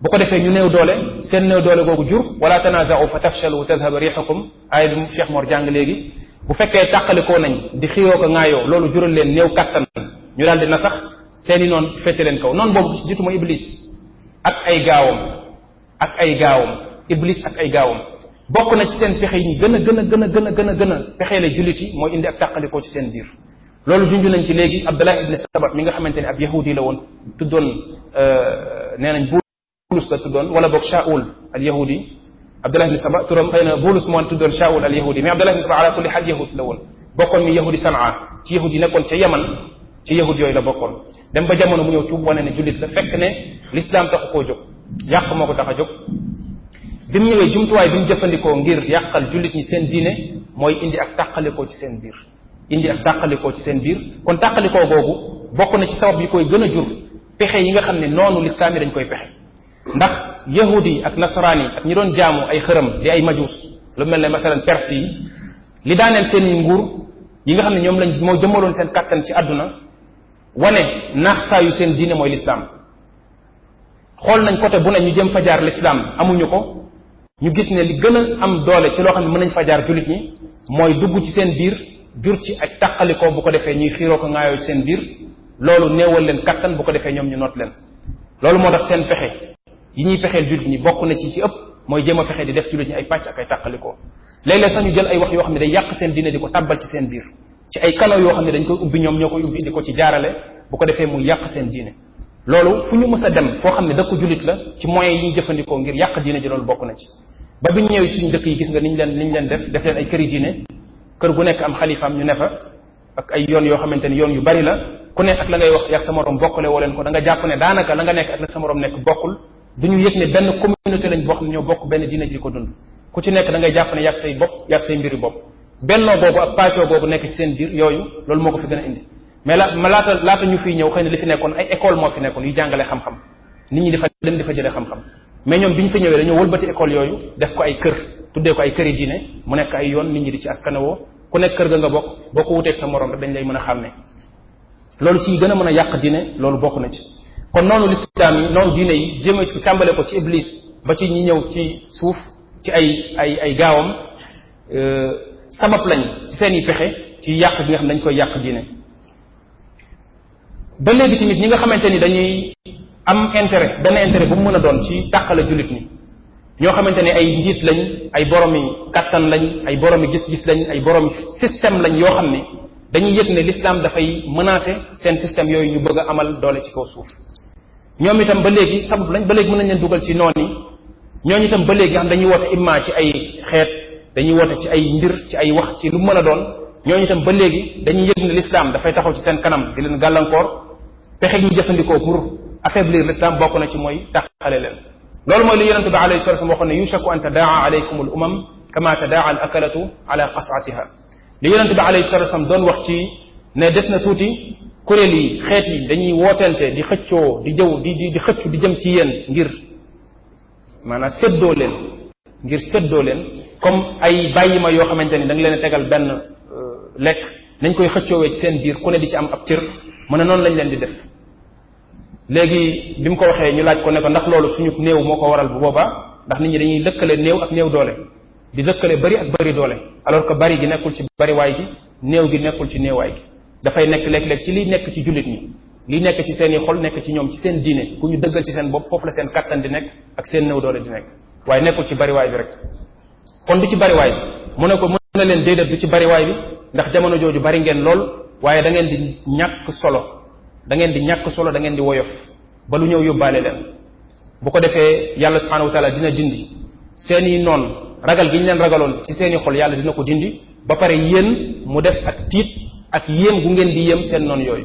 bu ko defee ñu néew doole seen néew doole googu jur wala tanazaau fa tafshalu wa tadhaba rixukum aaya bi Cheikh moor jàng léegi bu fekkee tàqalikoo nañ di xiyoo ko ŋaayoo loolu jural leen néew kàttan ñu daal di nasax seen i noonu fete leen kaw noonu boobu jiitu mooy iblis ak ay ak ay gaawam iblis ak ay gaawam bokk na ci seen pexe yi gën a gën a gën a gën a gën a gën a pexeele jullit yi mooy indi ak tàqalikoo ci seen biir loolu junj nañ ci léegi Abdallah ibni Sabat mi nga xamante ne ab yahudi la woon tuddoon euh, nee nañ Bulus la tuddoon wala boog Shaul al yahudi Abdallah ibni Sabat turam xëy na Bulus moo tuddoon Shaul al yahudi mais Abdallah ibni Sabat ala kulli xaal yahudi la woon bokkoon mi yahudi Sanaa ci yahudi nekkoon ca Yaman ci yahudi yooyu la bokkoon dem ba jamono mu ñëw cuub wane ne jullit la fekk ne l'islam taxu koo yàq moo ko tax a jóg bi mu ñëwee jumtuwaay bi mu jëfandikoo ngir yàqal jullit ñi seen diine mooy indi ak tàqalikoo ci seen biir indi ak tàqalikoo ci seen biir kon tàqalikoo googu bokk na ci sabab yi koy gën a jur pexe yi nga xam ne noonu lislaam yi dañ koy pexe ndax yahudi yi ak nasaraan yi ak ñi doon jaamu ay xërëm di ay majuus lu mel ne masalan perse yi li daaneel seen i nguur yi nga xam ne ñoom lañ moo jëmmaloon seen kàttan ci àdduna wane naax saa seen diine mooy lislaam xool nañ côté bu ne ñu jëm fa jaar lislaam amuñu ko ñu gis ne li gën a am doole ci loo xam ne mën nañ fajaar jaar jullit ñi mooy dugg ci seen biir jur ci ak tàqalikoo bu ko defee ñuy xiiroo ko ngaayoo seen biir loolu néewal leen kattan bu ko defee ñoom ñu noot leen loolu moo tax seen pexe yi ñuy pexeel jullit ñi bokk na ci ci ëpp mooy jéem a fexe di def jullit ñi ay pàcc ak ay tàqalikoo léeg-léeg sax ñu jël ay wax yoo xam ne day yàq seen diine di ko tàbbal ci seen biir ci ay kanaw yoo xam ne dañ koy ubbi ñoom ñoo koy ubbi di ko ci jaarale bu ko defee yàq seen diine loolu fu ñu mës a dem foo xam ne dëkku jullit la ci moyens yi ñuy jëfandikoo ngir yàq diine ji loolu bokk na ci ba bi ñu ñëwee suñu dëkk yi gis nga niñ leen niñ leen def def leen ay këri diine kër gu nekk am xalifaam ñu ne fa ak ay yoon yoo xamante ni yoon yu bari la ku ne ak la ngay wax yàq sa morom bokkale woo leen ko danga nga jàpp ne daanaka la nga nekk ak la sa morom nekk bokkul du ñu yëg ne benn communauté lañ boo xam ne bokk benn diine ji ko dund ku ci nekk da ngay yàq say bopp yàq say mbiri bopp bennoo boobu ak boobu nekk ci seen biir yooyu loolu moo ko fi gën a mais la ma laata laata ñu fi ñëw xëy na li fi nekkoon ay école moo fi nekkoon yu jàngale xam-xam nit ñi dafa dem di fa xam-xam mais ñoom bi ñu fa ñëwee dañoo wëlbati école yooyu def ko ay kër tuddee ko ay këri diine mu nekk ay yoon nit ñi di ci askanawoo ku nekk kër ga nga bokk boo ko wuteeg sa morom dañ lay mën a xàmmee loolu ci gën a mën a yàq diine loolu bokk na ci kon noonu lislaam yi noonu diine yi jéem ci tàmbale ko ci iblis ba ci ñi ñëw ci ci ay ay ay gaawam euh, sabab lañ seen i pexe ci yàq bi nga xam koy yàq diine ba léegi tamit ñi nga xamante ni dañuy am intérêt benn intérêt bu mu mën a doon ci tàqale jullit ni ñoo xamante ni ay njiit lañ ay boromi kattan lañ ay boromi gis-gis lañ ay boromi système lañ yoo xam ne dañuy yëg ne l'islam dafay menacer seen système yooyu ñu bëgg a amal doole ci suuf ñoom itam ba léegi sabab lañ ba léegi mën nañ leen dugal ci noon yi ñooñu itam ba léegi nga xam dañuy ci ay xeet dañuy woote ci ay mbir ci ay wax ci lu mën a doon ñooñu itam ba léegi dañuy yëg ne l'islam dafay taxaw ci seen kanam di leen gàllankoor pexe ñu jëfandikoo pour affaiblir l'islam bokk na ci mooy taxale leen loolu mooy li yonente bi alayhi salatu waxoon ne yushaku an tadaa alaykum al umam kama tadaa al akalatu ala qasatiha li yonente bi alayhi salatu doon wax ci ne des na tuuti kuréel yi xeet yi dañuy wootente di xëccoo di jëw di di xëccu di jëm ci yéen ngir maanaam séddoo leen ngir séddoo leen comme ay bàyyi ma yoo xamante ni da nga leen a tegal benn euh, lekk nañ koy xëccoowee ci seen biir ku di ci am ab cër mu ne noonu lañ leen di def léegi bi mu ko waxee ñu laaj ko ne ko ndax loolu suñu néew moo ko waral bu boobaa ndax nit ñi dañuy lëkkale néew ak néew doole di lëkkale bari ak bari doole alors que bari gi nekkul ci bariwaay gi néew gi nekkul ci néewaay gi dafay nekk léeg-léeg ci liy nekk ci jullit ñi li nekk ci seen i xol nekk ci ñoom ci seen diine ku ñu dëggal ci seen bopp foofu la seen kattan di nekk ak seen néew doole di nekk waaye nekkul ci bariwaay bi rek kon du ci bariwaay bi mu ne ko mu ne leen déedéet du ci bariwaay bi ndax jamono jooju bari ngeen lool waaye di ñàkk solo da ngeen di ñàkk solo da ngeen di woyof ba lu ñëw yóbbaale leen bu ko defee yàlla subhanahu wa dina dindi seeni noon ragal gi ñu leen ragaloon ci seeni xol yàlla dina ko dindi ba pare mu def ak tiit ak yéem gu ngeen di yéem seen noonu yooyu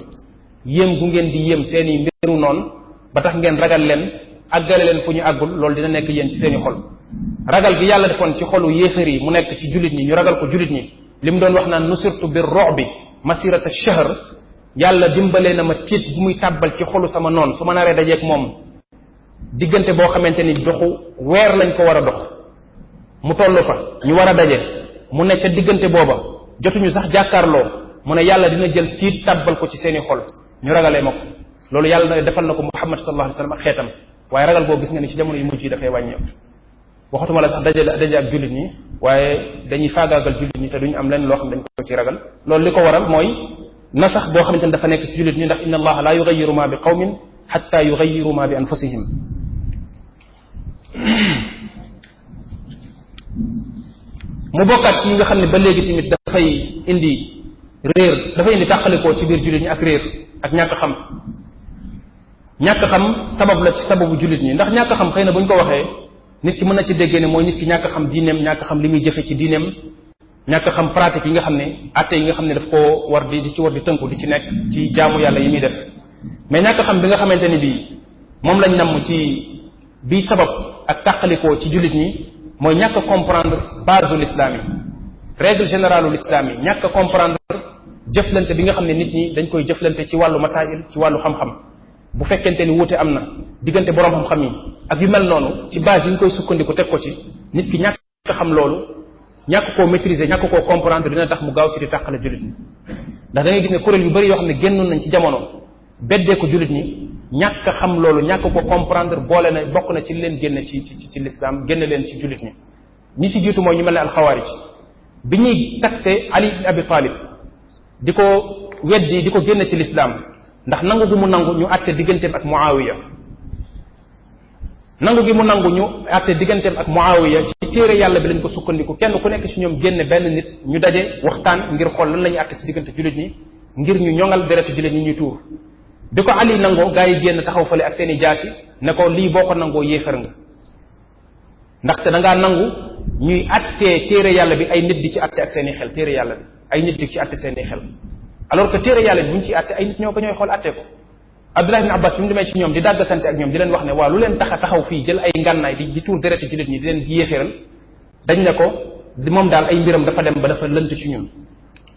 yéem gu ngeen di yéem seeni mbiru noonu ba tax ngeen ragal leen àggale leen fu ñu àggul loolu dina nekk yéen ci seeni xol ragal gi yàlla defoon ci xolu yéefar yi mu nekk ci jullit ñi ñu ragal ko jullit ñi li mu doon wax naan nusirtu bir ru'bi a shahr yàlla dimbalee na ma tiit bu muy tàbbal ci xolu sama noon su ma naree dajeek moom diggante boo xamante ni doxu weer lañ ko war a dox mu toll fa ñu war a daje mu ne ca diggante booba jotuñu sax jàkkaarloo mu ne yàlla dina jël tiit tàbbal ko ci seeni xol ñu ragalee ma ko loolu yàlla defal na ko Muhammad sallallahu alayhi wa sallam xeetam waaye ragal boo gis nga ni ci jamono yu mujj yi dafay wàññeeku waxatuma la sax daje daje ak jullit ñi waaye dañuy faagaagal jullit ñi te duñu am lenn loo xam dañ ci ragal li ko waral mooy nasax boo xamante ne dafa nekk ci jullit ñi ndax inna allaha la yugayiru ma bi qawmin xatta yugayiru ma bi anfusihim mu bokkaat ci yi nga xam ne ba léegi tamit dafay indi réer dafay indi tàqalikoo ci biir jullit ñi ak réer ak ñàkk xam ñàkk xam sabab la ci sababu jullit ñi ndax ñàkk xam xëy na bu ñu ko waxee nit ki mën na ci déggee ne mooy nit ki ñàkk xam diineem ñàkk xam li muy jëfe ci diineem ñàkk xam pratique yi nga xam ne atte yi nga xam ne daf koo war di di ci war di tënku di ci nekk ci jaamu yàlla yi muy def mais ñàkk xam bi nga xamante ni bii moom lañ namm ci bi sabab ak tàqalikoo ci jullit ñi mooy ñàkk comprendre base u l'islam yi règle générale u l'islam yi ñàkk comprendre jëflante bi nga xam ne nit ñi dañ koy jëflante ci wàllu masail ci wàllu xam-xam bu fekkente ni wuute am na diggante borom xam-xam yi ak yu mel noonu ci ba yi ñu koy sukkandiku teg ko nit ki ñàkk xam loolu ñàkk koo maîtriser ñàkk ko comprendre dina tax mu gaaw ci di tàqale jullit ñi ndax da ngay gis ne kuréel yu bëri yoo xam ne génnoon nañ ci jamono beddee ko jullit ñi ñàkk xam loolu ñàkk ko comprendre boole na bokk na ci leen génn ci ci ci l'islam génne leen ci jullit ñi ñi ci jiitu mooy ñu mel ne alxawaarij bi ñuy taxé Ali ibn Abi Talib di ko weddi di ko génne ci l'islam ndax nangu gu mu nangu ñu àtte digganteem ak Muawiya nangu gi mu nangu ñu àtte digganteem ak Muawiya ci téere yàlla bi lañ ko sukkandiku kenn ku nekk ci ñoom génne benn nit ñu daje waxtaan ngir xool lan la ñuy àtte ci diggante jullit ñi ngir ñu ñoŋal deretu jullit ñi ñuy tuur bi ko Ali nangoo gaa yi génn taxaw fale ak seeni i jaasi ne ko lii boo ko nangoo yéefar nga ndaxte da ngaa nangu ñuy àttee téere yàlla bi ay nit di ci àtte ak seen i xel téere yàlla bi ay nit di ci àtte seen i xel alors que téere yàlla bi bu ñu nit ñoo ko ñooy xool àtte Abdullah ibn Abbas bi mu demee ci ñoom di dàggasante ak ñoom di leen wax ne waa lu leen tax a taxaw fii jël ay ngànnaay di di tuur deret ci ñi di leen yéeféeral dañ ne ko moom daal ay mbiram dafa dem ba dafa lënt ci ñun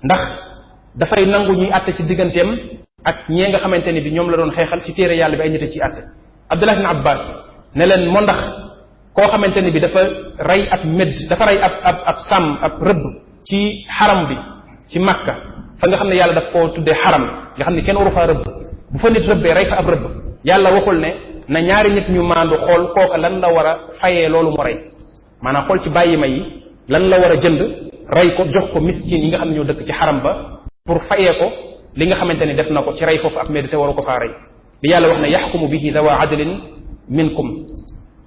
ndax dafay nangu ñuy àtte ci digganteem ak ñee nga xamante ni bi ñoom la doon xeexal ci téere yàlla bi ay nit a ciy àtte Abdullah ibn Abbas ne leen moo ndax koo xamante ni bi dafa rey ab médd dafa rey ab ab ab sàmm ab rëbb ci xaram bi ci Makka fa nga xam ne yàlla daf koo tuddee xaram nga xam ne kenn waru faa bu fa nit rëbbee rey fa ab rëbb yàlla waxul ne na ñaari nit ñu maandu xool kooka lan la war a fayee loolu mu rey maanaam xool ci bàyyi may lan la war a jënd rey ko jox ko miskin yi nga xam ne ñoo dëkk ci xaram ba pour fayee ko li nga xamante ni def na ko ci rey foofu ab médité waru ko faa rey li yàlla wax ne yaxkumu bihi dawa adlin minkum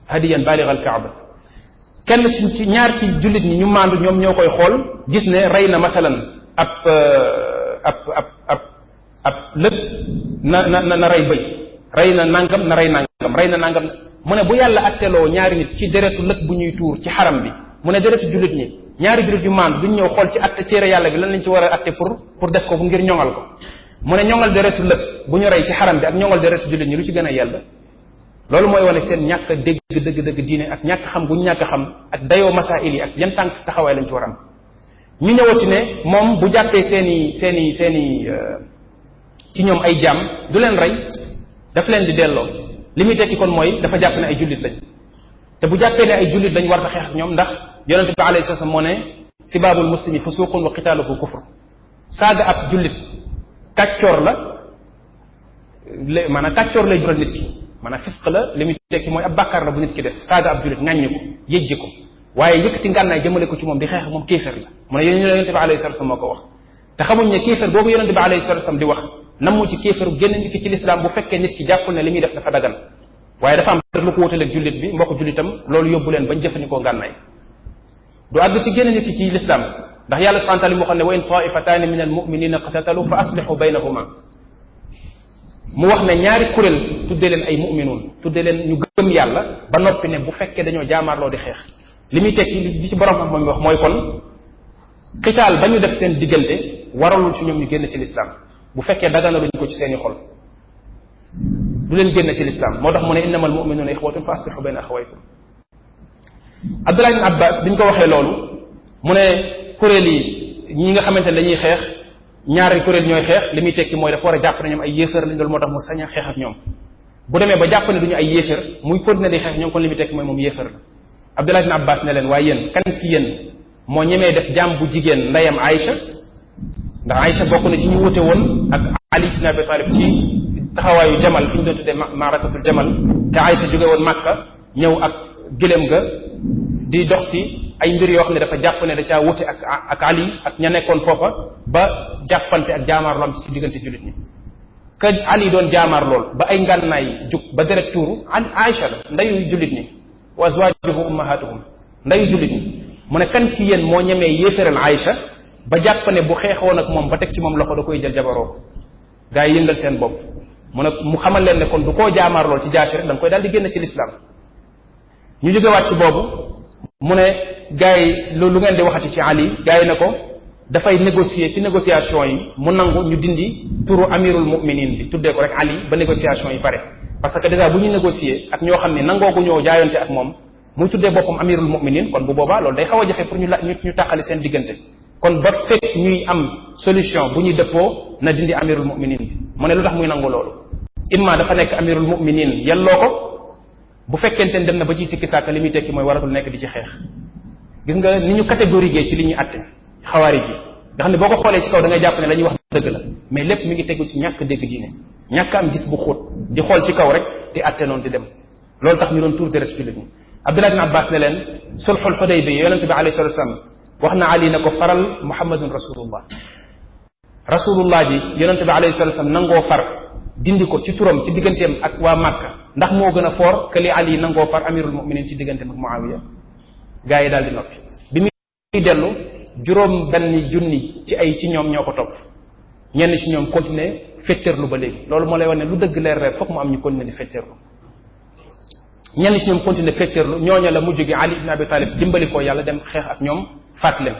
hadiyan baligha alkaaba kenn ci ñaar ci jullit ñi ñu maandu ñoom ñoo koy xool gis ne rey na masalan ab euh, ab ab ab ab lëg na na na rey bëy rey na nangam na rey nangam rey na nangam mu ne bu yàlla atteloo ñaari nit ci deretu lëg bu ñuy tuur ci xaram bi mu ne deretu jullit ñi ñaari jullit yu maan duñ ñëw xool ci atte téere yàlla bi lan lañ ci war a atte pour pour def ko ngir ñoŋal ko mu ne ñoŋal deretu lëg bu ñu rey ci xaram bi ak ñoŋal deretu jullit ñi lu ci gën a yàlla loolu mooy wane seen ñàkk a dégg dëgg dëgg diine ak ñàkk xam gu ñàkk xam ak dayoo masail yi ak yan tànk taxawaay lañ ci war am ñu seen i seen i ci ñoom ay jaam du leen rey daf leen di delloo li muy tekki kon mooy dafa jàpp ne ay jullit lañ te bu jàppee ne ay jullit lañ war a xeex ñoom ndax yonente bi alayhi salaam moo ne sibaabul muslimi fusuqun wa qitaaluhu kufr saaga ab jullit kàccoor la l maanaam kàccoor lay jural nit ki maanaam fisq la li muy tekki mooy ab bàkkaar la bu nit ki def saaga ab jullit ŋàññi ko yëjji ko waaye yëkkati ngànnaay jëmale ko ci moom di xeex moom kéeféer la mu ne yonente bi alayhi salaam moo ko wax te xamuñ ne kéeféer boobu yonente bi alayhi salaam di wax namm ci kéefar génn nit ki ci lislaam bu fekkee nit ki jàppul ne li muy def dafa dagan waaye dafa am lu ko wutaleeg jullit bi mbokk jullitam loolu yóbbu leen bañ jëfandikoo ngànnaay du àgg ci génn nit ki ci lislaam ndax yàlla subhanahu taala moo xam ne wa in taifataani min almuminina qatatalu fa aslihu baynahuma mu wax ne ñaari kuréel tuddee leen ay muminuun tuddee leen ñu gëm yàlla ba noppi ne bu fekkee dañoo jaamaarloo di xeex li muy tekki li ci borom xam-xam mi wax mooy kon xitaal ba def seen diggante waralul ci ñoom ñu génn ci lislaam bu fekkee dagana luñ ko ci seeni xol du leen génn ci lislaam moo tax mu ne innamal muminuuna ixwatun fa aslihu bayna axawaykum Abdullah ibn Abbas bi ñu ko waxee loolu mu ne kuréel yi ñi nga xamante ne dañuy xeex ñaari kuréel ñooy xeex li muy tekki mooy dafa war a jàpp ne ñoom ay yéefar lañ loolu moo tax mu sañ a xeex ak ñoom bu demee ba jàpp ne duñu ay yéefar muy continuer di xeex ñoom kon li muy tekki mooy moom yéefar la Abdullah ibn Abbas ne leen waaye yéen kan ci yéen moo ñemee def jaam jigéen ndeyam Aïcha ndax Aïcha bokk na ci ñu wute woon ak Ali ibn Abi Talib ci taxawaayu jamal bi ñu doon woon Makka ñëw ak gëléem ga di dox ay mbir yoo xam ne dafa jàpp ne da caa ak ak ak ña nekkoon foofa ba jàppante ak jaamaar ci diggante jullit ñi que Ali doon jaamaar lool ba ay ngànnaay ba deret tuuru Ali Aïcha jullit ñi wa azwaajuhu ummahatuhum ndeyu jullit ñi mu ne kan ci yéen moo ñemee yéeféral Aïcha ba jàpp ne bu xeexoon ak moom ba teg ci moom loxo da koy jël jabaroo ko gaa yi yëngal seen bopp mu ne mu xamal leen ne kon du koo jaamaar lool ci jaasi rek da nga koy daal di génn ci lislaam ñu jógewaat ci boobu mu ne gaa yi lu ngeen di waxati ci Ali gaa yi ne ko dafay négocier ci négociation yi mu nangu ñu dindi turu amirul mu'minin bi tuddee ko rek Ali ba négociation yi pare parce que déjà bu ñu négocier ak ñoo xam ne nangoogu ñoo jaayonte ak moom muy tuddee boppam amirul mu'minin kon bu boobaa loolu day xaw a ñu la ñu seen diggante kon ba fekk ñuy am solution bu ñu dëppoo na dindi amirul muminin bi mu ne lu tax muy nangu loolu imma dafa nekk amirul muminin yelloo ko bu fekkente ne dem na ba ci sikki sàkk li muy tekki mooy waratul nekk di ci xeex gis nga ni ñu catégorisé ci li ñuy atte xawaarij yi nga xam ne boo ko xoolee ci kaw da ngay jàpp ne la ñuy wax dëgg la mais lépp mu ngi tegu ci ñàkk dégg diine ñàkk am gis bu xóot di xool ci kaw rek di atte noonu di dem loolu tax ñu doon tuur deret jullit ñi Abdullah bin Abbas ne leen sulxul Xudaybiya yonente bi alayhi salatu wax na ali na ko faral muhammadun rasulullah rasulullah ji yonente bi alayhi salatu wasallam nangoo par dindi ko ci turam ci digganteem ak waa Màkka ndax moo gën a foor que li ali nangoo far amirul muminin ci digganteem ak muawiya gaa yi daal di noppi bi muy dellu juróom benn junni ci ay ci ñoom ñoo ko topp ñenn ci ñoom continuer fetteerlu ba léegi loolu moo lay wax ne lu dëgg leer leer foog mu am ñu continuer di fetteerlu ñenn ci ñoom continuer fetteerlu ñooña la mujj gi ali ibn abi talib dimbali dem xeex ñoom faat leen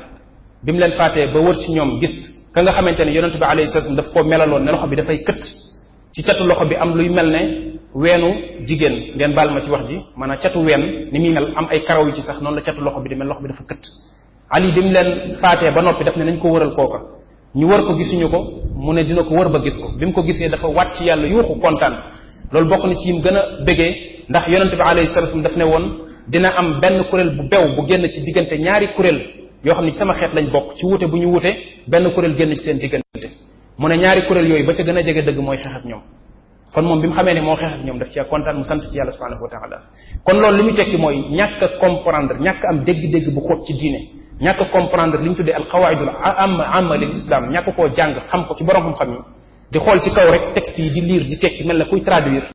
bi mu leen faatee ba wër ci ñoom gis ka nga xamante ne yonente bi alayhi salaam daf koo melaloon ne loxo bi dafay këtt ci catu loxo bi am luy mel ne weenu jigéen ngeen baal ma ci wax ji maanaam catu ween ni muy mel am ay karaw yu ci sax noonu la catu loxo bi di mel loxo bi dafa këtt ali bi mu leen faatee ba noppi daf ne nañ ko wëral kooka ñu wër ko gisuñu ko mu ne dina ko wër ba gis ko bi mu ko gisee dafa wàcc yàlla yuuxu kontaan loolu bokk na ci yim gën a bégee ndax yonente bi alayhi salaam daf ne woon dina am benn kuréel bu bew bu génn ci diggante ñaari kuréel yoo xam ne sama xeet lañ bokk ci wute bu ñu wute benn kuréel génn ci seen diggante mu ne ñaari kuréel yooyu ba ca gën a jege dëgg mooy xeex ñoom kon moom bi mu xamee ne moo xeex ak ñoom daf ci kontaan mu sant ci yàlla subhanahu wa taala kon loolu li muy tekki mooy ñàkk a comprendre ñàkk am dégg-dégg bu xóot ci diine ñàkk comprendre li ñu tuddee al qawaidul amma am lil islam ñàkk koo jàng xam ko ci borom xam-xam yi di xool ci kaw rek texte yi di lire mel na kuy traduire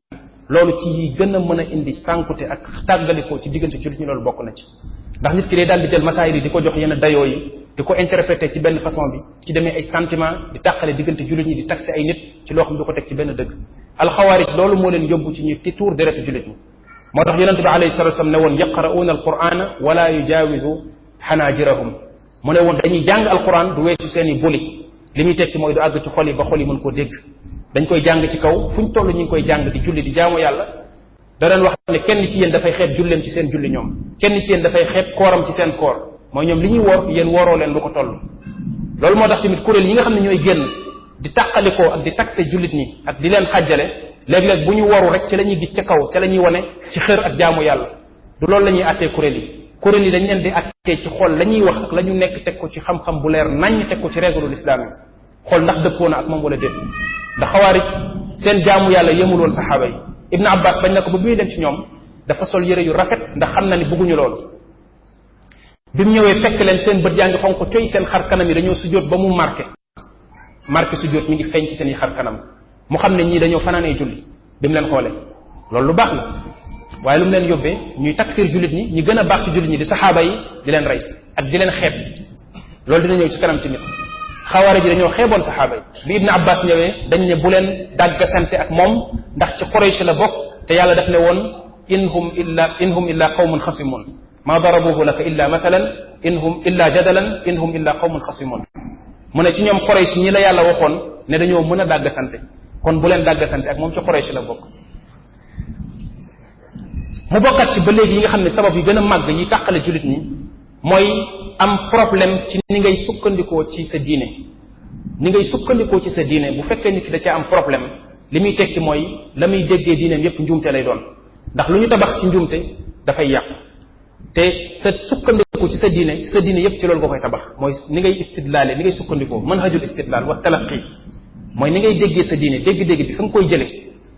loolu ci gën a mën a indi sànkute ak tàggalikoo ci diggante jullit ñu loolu bokk na ci ndax nit ki day daal di jël masaayir yi di ko jox yenn dayoo yi di ko interpréter ci benn façon bi ci demee ay sentiment di tàqale diggante jullit ñi di taxé ay nit ci loo xam du ko teg ci benn dëgg alxawaarij loolu moo leen yóbbu ci ñi ci tuur deret jullit ñi moo tax yonente bi alayhi salatu wasallam ne woon yaqra'uuna alqur'ana wala yujawisu xanaajirahum mu ne woon dañuy jàng alquran du weesu seen i buli li muy tekki mooy du àgg ci xol yi ba xol yi mën koo dégg dañ koy jàng ci kaw fu toll ñu ngi koy jàng di julli di yàlla da doon wax ne kenn ci yéen dafay xeeb julleem ci seen julli ñoom kenn ci yéen dafay xeeb kooram ci seen koor mooy ñoom li ñuy woor yéen wooroo leen lu ko toll loolu moo tax tamit kuréel yi nga xam ne ñooy génn di tàqalikoo ak di taxe jullit ñi ak di leen xàjjale léeg-léeg bu ñu waru rek ci la ñuy gis ci kaw ca la ñuy wane ci xër ak jaamu yàlla du loolu la ñuy àttee kuréel yi kuréel yi dañ leen di àttee ci xool la ñuy wax ak la ñu nekk teg ko ci xam-xam bu leer naññ teg ko ci règle l'islam yi xool ndax dëppoo na ak moom wala déet ndax xawaarij seen jaamu yàlla yemul woon saxaaba yi Ibn Abbas bañ na ko ba muy dem ci ñoom dafa sol yére yu rafet ndax xam na ni bëgguñu loolu bi mu ñëwee fekk leen seen bët yaa ngi xonk coy seen xar kanam yi dañoo sujjóot ba mu marqué marqué sujjóot mi ngi feeñ ci seen i xar kanam mu xam ne ñii dañoo fanaanee julli bi mu leen xoolee loolu lu baax na waaye lu mu leen yóbbee ñuy takfir jullit ñi ñi gën a baax ci jullit ñi di saxaaba yi di leen rey ak di leen xeeb loolu dina ñëw ci kanam tamit xawaari ji dañoo xeeboon saxaaba yi bi Ibn Abbas ñëwee dañ ne bu leen dàggasante ak moom ndax ci Quraysh la bokk te yàlla daf ne woon in hum illa in hum illa qawmun xasimun ma darabuhu laka illa mathalan in hum illa jadalan in hum illa qawmun xasimun mu ne ci ñoom Quraysh ñi la yàlla waxoon ne dañoo mën a dàggasante kon bu leen dàggasante ak moom ci Quraysh la bokk mu bokkat ci ba léegi yi nga xam ne sabab yi gën a màgg ñu tàqale jullit ñi am problème ci ni ngay sukkandikoo ci sa diine ni ngay sukkandikoo ci sa diine bu fekkee nit ki da cee am problème li muy tekki mooy la muy déggee diineem yépp njuumte lay doon ndax lu ñu tabax ci njuumte dafay yàq te sa sukkandiku ci sa diine ci sa diine yépp ci loolu nga koy tabax mooy ni ngay istidlaale ni ngay sukkandikoo manhajul istidlaal wa talaqi mooy ni ngay déggee sa diine dégg-dégg bi fa nga koy jële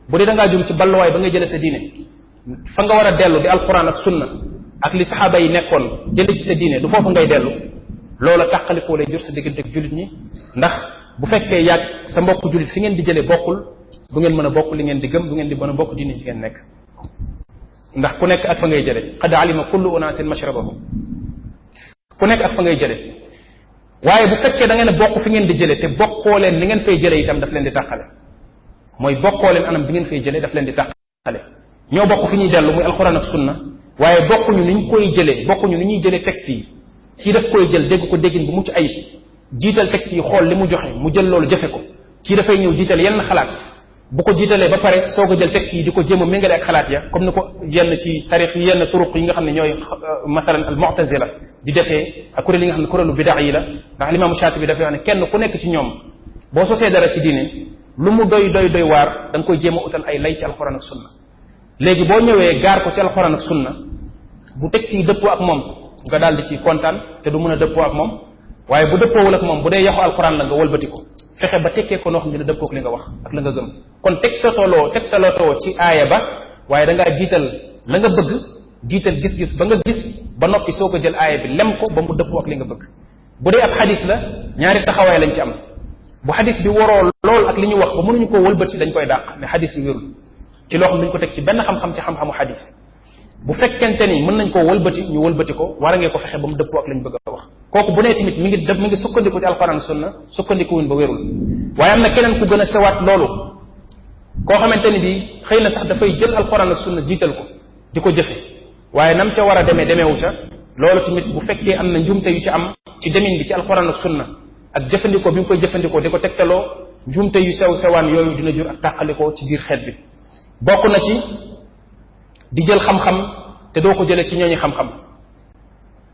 bu dee da ngaa jum ci balluwaay ba ngay jële sa diine fa nga war a dellu di alquran ak sunna ak li saxaaba yi nekkoon jële ci sa diine du foofu ngay dellu loola tàqalikoo lay jur sa diggante ak jullit ñi ndax bu fekkee yàgg sa mbokk jullit fi ngeen di jëlee bokkul du ngeen mën a bokk li ngeen di gëm du ngeen di mën a bokk diine ci ngeen nekk ndax ku nekk ak fa ngay jële qad alima kullu unaasin mashrabahum ku nekk ak fa ngay jële waaye bu fekkee da ngeen bokk fi ngeen di jële te bokkoo leen li ngeen fay jële itam daf leen di tàqale mooy bokkoo leen anam bi ngeen fay jële daf leen di tàqale ñoo bokk fi ñuy dellu muy alxuraan ak sunna waaye bokkuñu ni ñu koy jëlee bokkuñu ni ñuy jëlee texte yi kii daf koy jël dégg ko déggin bu mucc ay jiital texte yi xool li mu joxe mu jël loolu jafe ko kii dafay ñëw jiital yenn xalaat bu ko jiitalee ba pare soo ko jël texte yi di ko jéem a méngale xalaat ya comme ni ko yenn ci tarix yenn turuq yi nga xam ne ñooy euh, masalan al mu'tazila di defee ak kuréel yi nga xam ne kuréelu bidaa yi la ndax limaamu Shaatibi dafay wax ne kenn ku nekk ci ñoom boo sosee dara ci diine lu mu doy doy doy waar da nga koy jéem a utal ay lay ci alxuraan a sunna léegi boo ñëwee gaar ko ci alxuraan ak sunna bu texte yi dëppoo ak moom nga daal di ci kontaan te du mën a dëppoo ak moom waaye bu dëppoowul ak moom bu dee yaxu alxuraan nga wëlbati ko ba tekkee ko noo xam ne dina dëppoo ak li nga wax ak la nga gëm kon tegtaloo tegtaloo ci ba waaye da ngaa jiital la nga bëgg jiital gis-gis ba nga gis ba noppi soo ko jël aaya bi lem ko ba mu dëppoo li nga bëgg bu dee ab xadis la ñaari taxawaay lañ ci am bu xadis bi waroo lool ak li ñu wax ba mënuñu koo wëlbati dañ koy dàq ne xadis bi wérul ci loo xam ne ko teg ci benn xam-xam ci xam-xamu xadis bu fekkente ni mën nañ koo wëlbati ñu wëlbati ko war ngee ko fexe ba mu dëppoo ak lañ bëgg a wax kooku bu nee tamit mi ngi dëpp mi ngi sukkandiku ci alxuraan sunna sukkandikuwuñ ba wérul waaye am na keneen ku gën a sewaat loolu koo xamante ni bi xëy na sax dafay jël alxuraan ak sunna jiital ko di ko jëfe waaye nam ca war a demee demeewu ca loolu tamit bu fekkee am na njuumte yu ci am ci demin bi ci alxuraan ak sunna ak jëfandikoo bi mu koy jëfandikoo di ko tegtaloo njuumte yu sew sewaan yooyu dina jur ak tàqalikoo ci biir bi bokk na ci di jël xam-xam te doo ko jëlee ci ñooñu xam-xam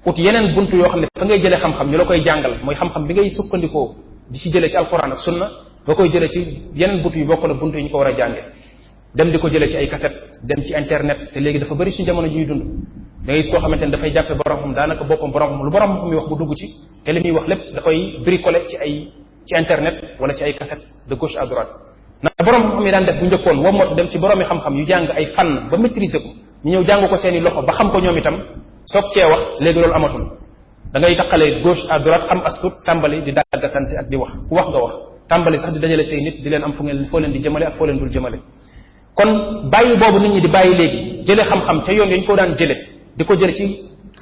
ut yeneen bunt yoo xam ne fa ngay jëlee xam-xam ñu la koy jàngal mooy xam-xam bi ngay sukkandikoo di ci jëlee ci alquran ak sunna doo koy jëlee ci yeneen bunt yu bokkul ak bunt yi ñu ko war a jànge dem di ko jële ci ay kaset dem ci internet te léegi dafa bari suñu jamono ji ñuy dund da gis koo xamante ne dafay jàppe borom xam daanaka boppam borom xam lu borom xam mi wax bu dugg ci te li muy wax lépp da koy bricoler ci ay ci internet wala ci ay kaset de gauche à droite ndax borom xam-xam yi daan def bu njëkkoon woo motu dem ci boroomi xam-xam yu jàng ay fànn ba maîtriser ko ñu ñëw jàng ko seeni loxo ba xam ko ñoom itam soog cee wax léegi loolu amatul da ngay taqalee gauche à droite xam astut tàmbali di dàggasante ak di wax ku wax nga wax tàmbali sax di dajale say nit di leen am fu ngeen foo leen di jëmale ak foo leen kon bàyyi boobu nit ñi di bàyyi léegi jële xam-xam ca yoon yañ ko daan jële di ko jële ci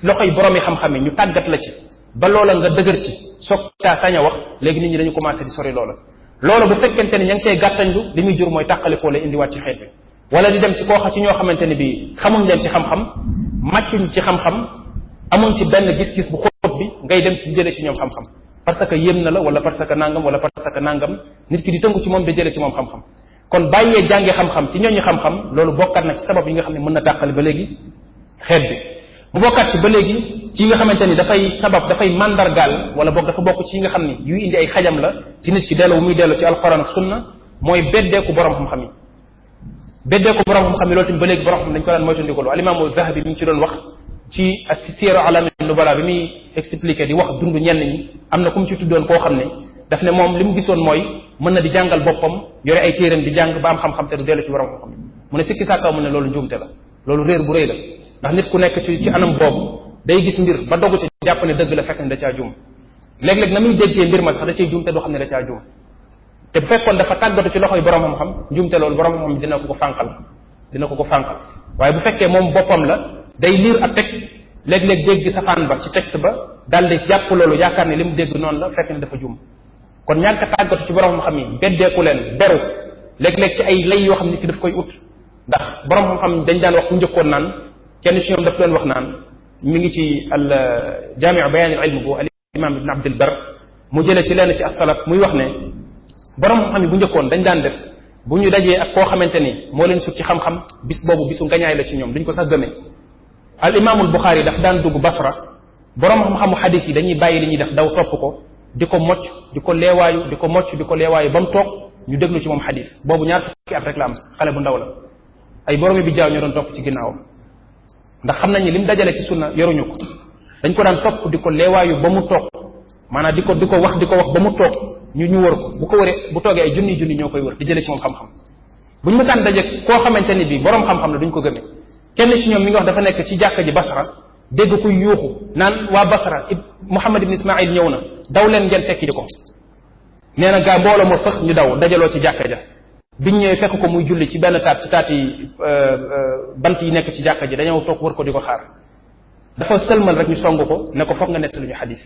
loxoy boroomi xam-xam yi ñu tàggat la ci ba loola nga dëgër ci soog saa sañ a wax léegi nit ñi dañu commencé di sori loola loolu bu fekkente ni ña ngi cay gàttandu li muy jur mooy tàqalikoo la indiwaat ci xeet bi wala di dem ci koo xa ci ñoo xamante ni bii xamuñ leen ci xam-xam màccuñ ci xam-xam amuñ ci benn gis-gis bu xóot bi ngay dem di jëlee ci ñoom xam-xam parce que yéem na la wala parce que nangam wala parce que nangam nit ki di tënku ci moom da jëlee ci moom xam-xam kon bàyyee jànge xam-xam ci ñooñu xam-xam loolu bokkaat na ci sabab yi nga xam ne mën na tàqali ba léegi xeet mu bokkaat ci ba léegi ci nga xamante ni dafay sabab dafay mandargaal wala boog dafa bokk ci yi nga xam ni yuy indi ay xajam la ci nit ki delloo muy delloo ci alxuraan ak sunna mooy beddeeku borom xam-xam yi beddeeku borom xam-xam yi loolu tamit ba léegi borom xam dañu ko daan moytandikoo alimaamu zahabi mi ngi ci doon wax ci siru alaami nubala bi muy expliqué di wax dund ñenn am na ku mu koo xam ne daf ne moom li mu gisoon mooy mën na di jàngal boppam yore ay téeram di jàng ba am xam-xam te du dellu ci borom xam-xam mu ne sikki sàkkaw mu ne loolu njuumte la loolu réer bu rëy la ndax nit ku nekk ci anam boobu day gis mbir ba dogu ci jàpp ne dëgg la fekk ne da caa juum léeg-léeg na muy déggee mbir ma sax da cay juum te du xam ne da caa juum te bu fekkoon dafa tàggatu ci loxo yi borom xam-xam juumte loolu borom xam-xam dina ko ko fànqal dina ko ko fànqal waaye bu fekkee moom boppam la day lire ab texte léeg-léeg dégg safaan ba ci texte ba daal di jàpp loolu yaakaar ne li mu dégg noonu la fekk ne dafa jum kon ñàkk a tàggatu ci borom xam-xam yi beddeeku leen beru léeg-léeg ci ay lay yoo xam ne ki daf koy ut ndax borom xam-xam dañ daan wax njëkkoon naan kenn ci ñoom daf doon wax naan mu ngi ci al euh, jaamiu bayaanil ilm bu al imam ibn abdul bar mu jëlee ci lenn ci as-salaf muy wax ne borom xam-xam bu njëkkoon dañ daan def bu ñu dajee ak koo xamante ni moo leen sut ci xam-xam bis boobu bisu ngañaay la ci ñoom duñ ko sax gëmee al imaamul buxaari daf daan dugg basra borom xam-xamu xadis yi dañuy bàyyi li ñuy def daw topp ko di ko mocc di ko leewaayu di ko mocc di ko leewaayu ba mu toog ñu déglu ci moom xadis boobu ñaar fukki at rek la am xale bu ndaw la ay borom yi bi jaaw ñoo doon ci ginnaawam ndax xam nañ ne lim dajale ci sunna yoruñu ko dañ ko daan topp di ko leewaayu ba mu toog maanaam di ko di ko wax di ko wax ba mu toog ñu ñu wër ko bu ko wëree bu toogee ay junni junni ñoo koy wër di jëlee ci moom xam-xam bu ñu mësaan daje koo xamante ni bii borom xam-xam la duñ ko gëmee kenn ci ñoom mi ngi wax dafa nekk ci jàkka ji Basra dégg ku yuuxu naan waa Basra Muhammad ibn Ismail ñëw na daw leen ngeen fekki ko nee na gaa mbooloo ma fëx ñu daw dajaloo ci jàkka ja biñ ñëwee fekk ko muy julli ci benn taat ci taat yi euh, euh, bant yi nekk ci jàkka ji dañoo toog wër ko di ko xaar dafa sëlmal rek ñu song ko ne ko foog nga nett lu ñu xadis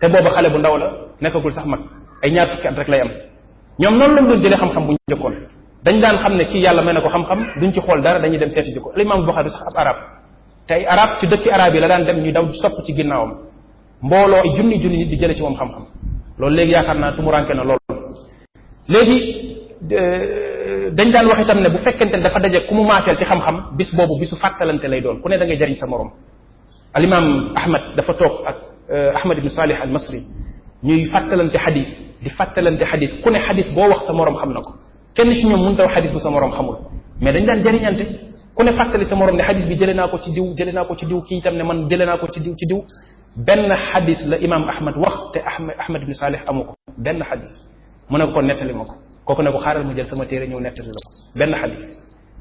te booba xale bu ndaw la nekkagul sax mag ay ñaar fukki at rek lay am ñoom noonu lañ doon jëlee xam-xam bu ñu njëkkoon dañ daan xam ne kii yàlla may ne ko xam-xam duñ ci xool dara dañuy dem seeti ji ko alimaamu Buxaari sax ab arab te ay arab ci dëkki arab yi la daan dem ñu daw topp ci ginnaawam mbooloo ay junni junni jëlee ci moom xam-xam loolu léegi yaakaar naa tumuranke na loolu dañ daan wax itam ne bu fekkente ne dafa daje ku mu maaseel ci xam-xam bis boobu bisu fàttalante lay doon ku ne da jariñ sa morom alimaam ahmad dafa toog ak euh, ahmad ibn salih al masri ñuy fàttalante xadis di fàttalante xadis ku ne xadis boo wax sa morom xam na ko kenn ci ñoom mënut a wax xadis sa morom xamul mais dañ daan jariñante ku ne fàttali sa morom ne xadis bi jëlee naa ko ci diw jëlee ko ci diw kii tam ne man jëlee naa ko ci diw ci diw benn xadis la imaam ahmad wax te ahmad ahmad ibn salih amu ko benn xadis mu ne ko nettali ma kooku ne ko xaaral ma jël sama téere ñëw nettali la ko benn xadis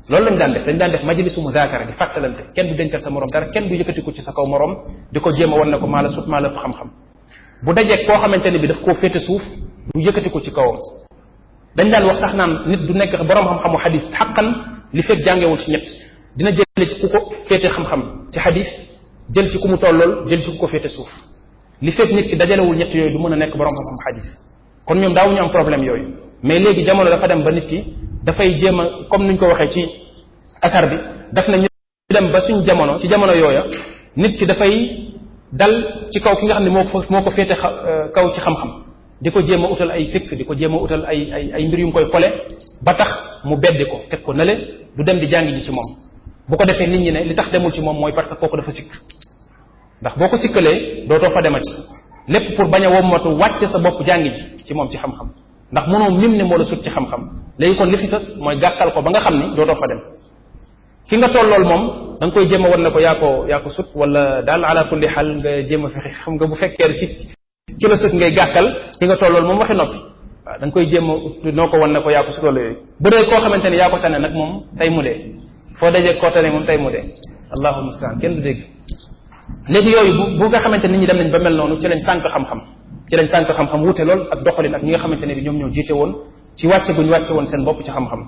loolu dañ daan def majlisu muzaakara di fàttalante kenn du dencal sa morom dara kenn du yëkkatiku ci sa kaw morom di ko jéem a wan ne ko maa la sut maa la xam-xam bu dajee koo xamante ne bi daf koo féete suuf du ko ci kawam dañ daan wax sax naan nit du nekk borom xam-xamu xadis xaqan li fekk jàngewul ci ñett dina jële ci ku ko féete xam-xam ci xadis jël ci ku mu tollool jël ci ku ko féete suuf li fekk nit ki dajalewul yooyu du mën a nekk borom xam-xam xadis kon ñoom yooyu mais léegi jamono dafa dem ba nit ki dafay jéem a comme nuñ ko waxee ci asar bi daf na ñu dem ba suñ jamono ci jamono yooya nit ki dafay dal ci kaw ki nga xam ne moo ko moo ko féete euh, kaw ci xam-xam di ko jéem a utal ay sikk di ko jéem a utal ay ay ay mbir yu mu koy kole ba tax mu beddi ko teg na le du dem di jàng ji ci moom bu ko defee nit ñi ne li tax demul ci moom mooy parce que kooku dafa sikk ndax boo ko sikkalee dootoo fa demati lépp pour bañ a wommatu wàcce sa bopp jàng ji ci moom ci xam ndax mënoo mim ne moo la sut ci xam-xam léegi kon li fi sës mooy gàkkal ko ba nga xam ni dootoo fa dem ki nga tollool moom da koy jéem a wan ko yaa ko yaa wala daal ala kulli xaal nga jéem a fexe xam nga bu fekkee ci ci la sut ngay gàkkal ki nga tollool moom waxi noppi waaw koy jëmma a noo ko wan ne ko yaa ko sut wala yooyu bu dee koo xamante ni yaa ko tane nag moom tey mu dee foo dajee koo tane moom tey mu dee allahu mustaan kenn du dégg léegi yooyu bu bu nga xamante ni ñi dem nañ ba mel noonu ci lañ sànq xam-xam ci lañ sànq xam-xam wute lool ak doxalin ak ñi nga xamante ne bi ñoom ñoo jiite woon ci wàcce guñ wàcce woon seen bopp ci xam-xam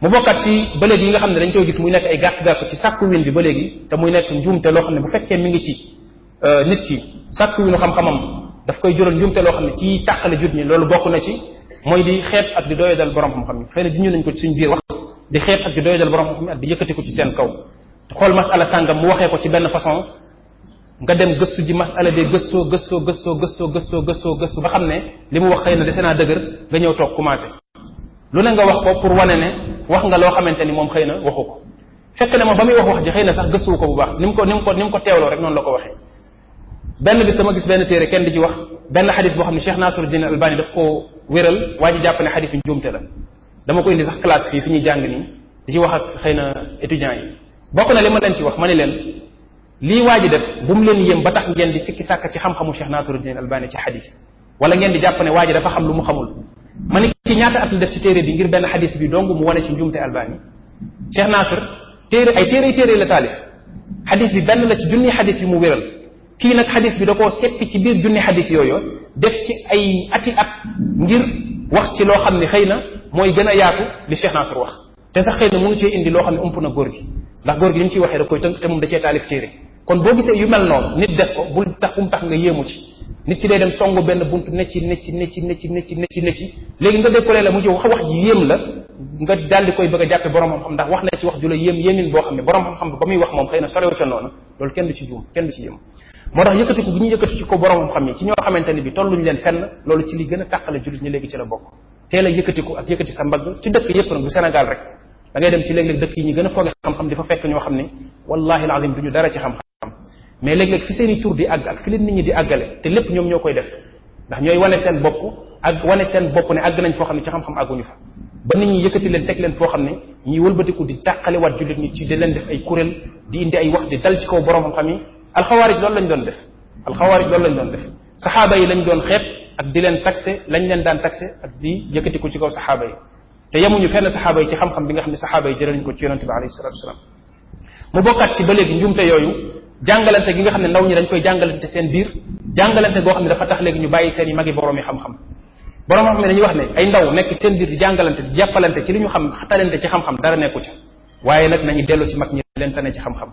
mu bokkaat ci ba léegi ne dañ koy gis nekk ay gàkk-gàkk ci sàkku bi ba léegi te muy loo xam ne bu fekkee ngi ci euh, nit ki sàkku winu xam-xamam daf koy jural njuumte loo xam ne ci tàqale jut ñi loolu bokk na ci mooy di xeet ak di doyo dal borom xam-xam yi xëy na junñu nañ ko ci suñ biir wax di xeet ak di doyo dal borom xam-xam yi ak di yëkkati ko ci seen kaw xool masala sàngam mu waxee ko ci benn façon nga dem gëstu ji masala de gëstoo gëstoo gëstoo gëstoo gëstoo gëstoo gëstu ba xam ne li mu wax xëy na dese naa dëgër nga ñëw toog commencé lu ne nga wax ko pour wane ne wax nga loo xamante ni moom xëy na waxu ko fekk ne moom ba muy wax wax ji xëy na sax gëstuwu ko bu baax ni mu ko ni mu ko ni mu ko teewloo rek noonu la ko waxee benn bis dama gis benn téere kenn di ci wax benn xadis boo xam ne Cheikh Nasiruddin Albani daf ko wéral waa ji jàpp ne xadis bi njuumte la dama ko indi sax classe fii fi ñuy jàng nii ci wax ak xëy na étudiants yi bokk na li ma leen ci wax ma ne leen lii waa ji def bu mu leen yéem ba tax ngeen di sikki sàkk ci xam-xamu Cheikh Nasiruddin Albani ci xadis wala ngeen di jàpp ne waa ji dafa xam lu mu xamul ma ni ci ñaata at def ci téere bi ngir benn xadis bi dong mu wane ci njuumte Albani Cheikh Nasir téere ay téere téere la taalif xadis bi benn la ci junni xadis yu mu wéral kii nag xadis bi da koo seppi ci biir junni xadis yooyu def ci ay ati at ngir wax ci loo xam ne xëy na mooy gën a yaatu li Cheikh Nasir wax te sax xëy na mënu cee indi loo xam ne ump na góor gi ndax góor gi li mu ciy waxee da koy te moom da cee taalif téere kon boo gisee yu mel noonu nit def ko bul tax bu mu tax nga yéemu ci nit ki day dem songu benn buntu ne ci ne ci ne ci ne ci ne ci ne ci ne ci léegi nga décoller la mu ci wax wax ji yéem la nga daal koy bëgg a jàppe borom xam-xam ndax wax na ci wax ju yéem yéemin boo xam ne borom xam-xam ba muy wax moom xëy na sorewutal noonu loolu kenn du ci juum kenn du ci yéem moo tax yëkkatiku gi ñu yëkkati ko borom xam-xam yi ci ñoo xamante ni bi tolluñ leen fenn loolu ci li gën a tàqale jullit yi ñu gën a fooge xam-xam xam ne wallahi alazim duñu dara mais léeg-léeg fi seen i tur di àgg ak fi leen nit ñi di àggale te lépp ñoom ñoo koy def ndax ñooy wane seen bopp ak wane seen bopp ne àgg nañ foo xam ne ci xam-xam àgguñu fa ba nit ñi leen teg xam ne ñiy wëlbatiku di tàqaliwaat jullit ñi ci di leen def ay kuréel di indi ay wax di dal ci kaw yi lañ doon def alxawaarij loolu yi lañ doon ak di leen taxé lañ leen daan taxé ak di yëkkatiku ci kaw saxaaba yi te yemuñu fenn saxaaba yi ci xam-xam bi nga xam ne saxaaba yi jëlee nañ ko ci yonente bi alayhi salatu wasalam mu bokkaat ci ba léegi njuumte yooyu jàngalante gi nga xam ne ndaw ñi dañ koy jàngalante seen biir jàngalante goo xam ne dafa tax léegi ñu bàyyi seen i magi borom yi xam-xam borom xam ne dañuy wax ne ay ndaw nekk seen biir di jàngalante di jàppalante ci li ñu xam talente ci xam-xam dara nekku ca waaye nag na nañu dellu ci mag ñi leen tane ci xam-xam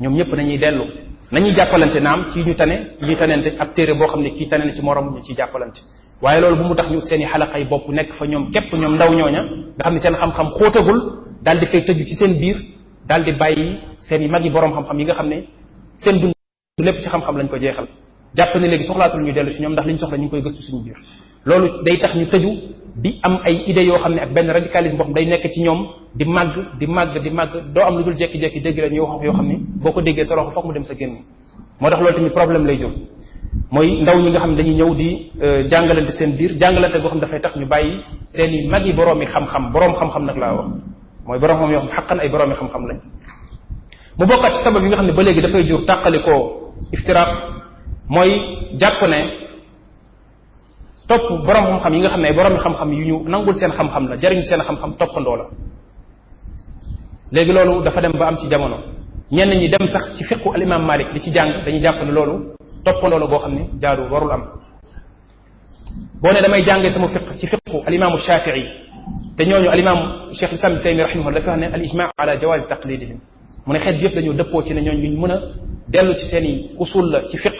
ñoom ñëpp nañuy dellu nañuy jàppalante naam ci ñu tane ñuy tanente ak téere boo xam ne kii tane na ci moroom ñu ciy jàppalante waaye loolu bu mu tax ñu seen i xalaqay bopp nekk fa ñoom képp ñoom ndaw ñooña nga xam ne seen xam-xam xóotagul di fay tëju ci seen daal di bàyyi seen i mag yi borom xam yi nga xam ne seen dund lépp ci xam-xam lañ ko jeexal jàpp ne léegi soxlaatul ñu dellu si ñoom ndax liñ soxla ñu ngi koy gëstu suñu biir loolu day tax ñu tëju di am ay idées yoo xam ne ak benn radicalisme boo xam day nekk ci ñoom di màgg di màgg di màgg doo am lu dul jekki-jekki dégg la ñuy yoo xam ne boo ko déggee sa loxo foog mu dem sa génn moo tax loolu tamit problème lay jur mooy ndaw ñi nga xam ne dañuy ñëw di euh, jàngalante seen biir jàngalante goo xam dafay tax ñu bàyyi seen i mag yi xam-xam boroom xam-xam nag laa wax mooy boroom xam yoo xam xaqan ay boroomi xam-xam lañ mu bokkaat ci sabab yi nga xam ne ba léegi dafay jur tàqalikoo iftiraaq mooy jàpp ne topp borom xam-xam yi nga xam ne ay borom xam-xam yu ñu nangul seen xam-xam la jariñu seen xam-xam toppandoo la léegi loolu dafa dem ba am ci jamono ñenn ñi dem sax ci fiqu al imam malik di ci jàng dañuy jàpp ne loolu toppandoo la boo xam ne jaaru warul am boo ne damay jàngee sama fiq ci fiqu al imaamu shafii te ñooñu al imaamu cheikh lislam bi taymi rahimahullah dafa wax ne al ijma ala jawazi mu ne xeet yëpp dañoo dëppoo ci ne ñooñ ñu mën a dellu ci seen i usul la ci fiq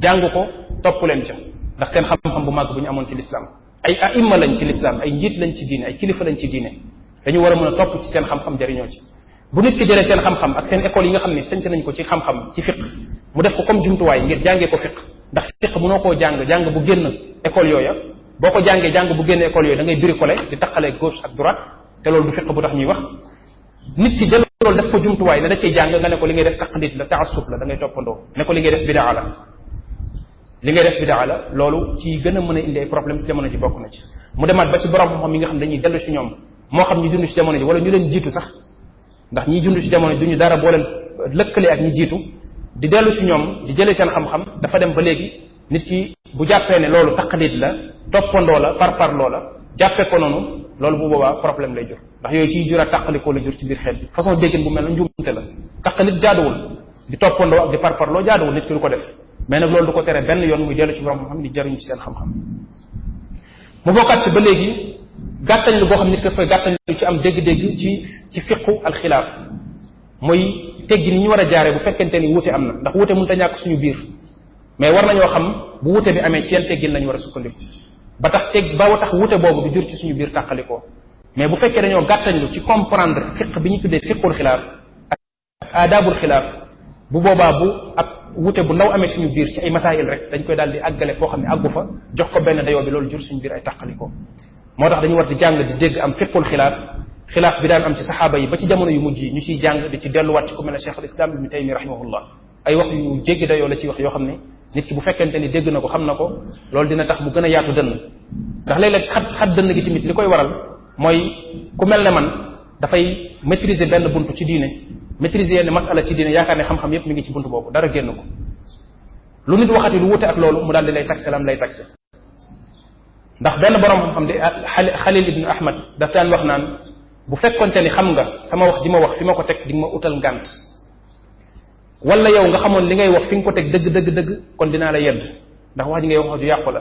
jàng ko topp leen ca ndax seen xam-xam bu màgg bu ñu amoon ci lislaam ay aima lañ ci lislaam ay njiit lañ ci diine ay kilifa lañ ci diine dañu war a mën a topp ci seen xam-xam jariñoo ci bu nit ki jëlee seen xam-xam ak seen école yi nga xam ne sañte nañ ko ci xam-xam ci fiq mu def ko comme jumtuwaay ngir jàngee ko fiq ndax fiq mënoo koo jàng jàng bu génn école yooya boo ko jàngee jàng bu génn école yooyu da ngay bricoler di taqalee gauche ak droite te loolu du fiq bu tax ñuy wax loolu def ko jumtuwaay na def cee jàng nga ne ko li ngay def taqlid la taasub la da ngay toppandoo ne ko li la li ngay def bidaa la loolu ci gën a mën a indi ay problème ci bokk na ci mu demaat ba ci borom xam yi nga xam dañuy dellu ñoom moo xam ñu dund ci jamono ji wala ñu sax ndax ñi dund ci jamono ji duñu dara boo lëkkale ak ñi jiitu di dellu ci ñoom di jëlee seen xam-xam dafa dem ba léegi nit ki bu jàppee ne loolu taqlid la toppandoo la parparloo la jàppee ko noonu loolu bu boobaa problème lay jur ndax yooyu ciy jur a tàqalikoo la jur ci biir xeet bi façon déggin bu mel na njuumte la tàqalit jaaduwul di toppandoo ak di parparloo jaaduwul nit ki du ko def mais nag loolu du ko tere benn yoon muy dellu ci borom xam ni jaruñu ci seen xam-xam mu bokkaat ci ba léegi gàttañ lu boo xam nit ki dafay gàttañ lu ci am dégg-dégg ci ci fiqu alxilaaf mooy teggi ni ñu war a jaare bu fekkente ni wuute am na ndax wuute mënut a ñàkk suñu biir mais war nañoo xam bu wuute bi amee ci yan teggin lañu war a sukkandiku ba tax teg ba tax wute boobu du jur ci suñu biir tàqalikoo mais bu fekkee dañoo gàttañlu ci comprendre fiq bi ñu tuddee fiqul xilaaf ak aadaabul xilaaf bu boobaa bu ab wute bu ndaw amee suñu biir ci ay masaayil rek dañ koy daal di àggale foo xam ne àggu fa jox ko benn dayoo bi loolu jur suñu biir ay tàqalikoo moo tax dañu war di jàng di dégg am fiqul xilaaf xilaaf bi daan am ci saxaaba yi ba ci jamono yu mujj yi ñu ciy jàng di ci delluwaat ci ku mel al islam ibnu taymi rahimahullah wax yu jéggi dayoo la ciy wax yoo xam ne nit ki bu fekkente ni dégg na ko xam na ko loolu dina tax mu gën a yaatu dënn ndax léeg-léeg xat xat dënn gi tamit li koy waral mooy ku mel ne man dafay maîtriser benn bunt ci diine maîtriser yenn masala ci diine yaakaar ne xam-xam yépp mi ngi ci bunt boobu dara génn ko lu nit waxati lu wute ak loolu mu daal di lay taxe lam lay taxe ndax benn borom xam-xam di Xalil ibnu Ahmad daf daan wax naan bu fekkonte ni xam nga sama wax di ma wax fi ma ko teg di ma utal ngànt wala yow nga xamoon li ngay wax fi nga ko teg dëgg dëgg dëgg kon dinaa la yedd ndax wax ji ngay wax ju yàqu la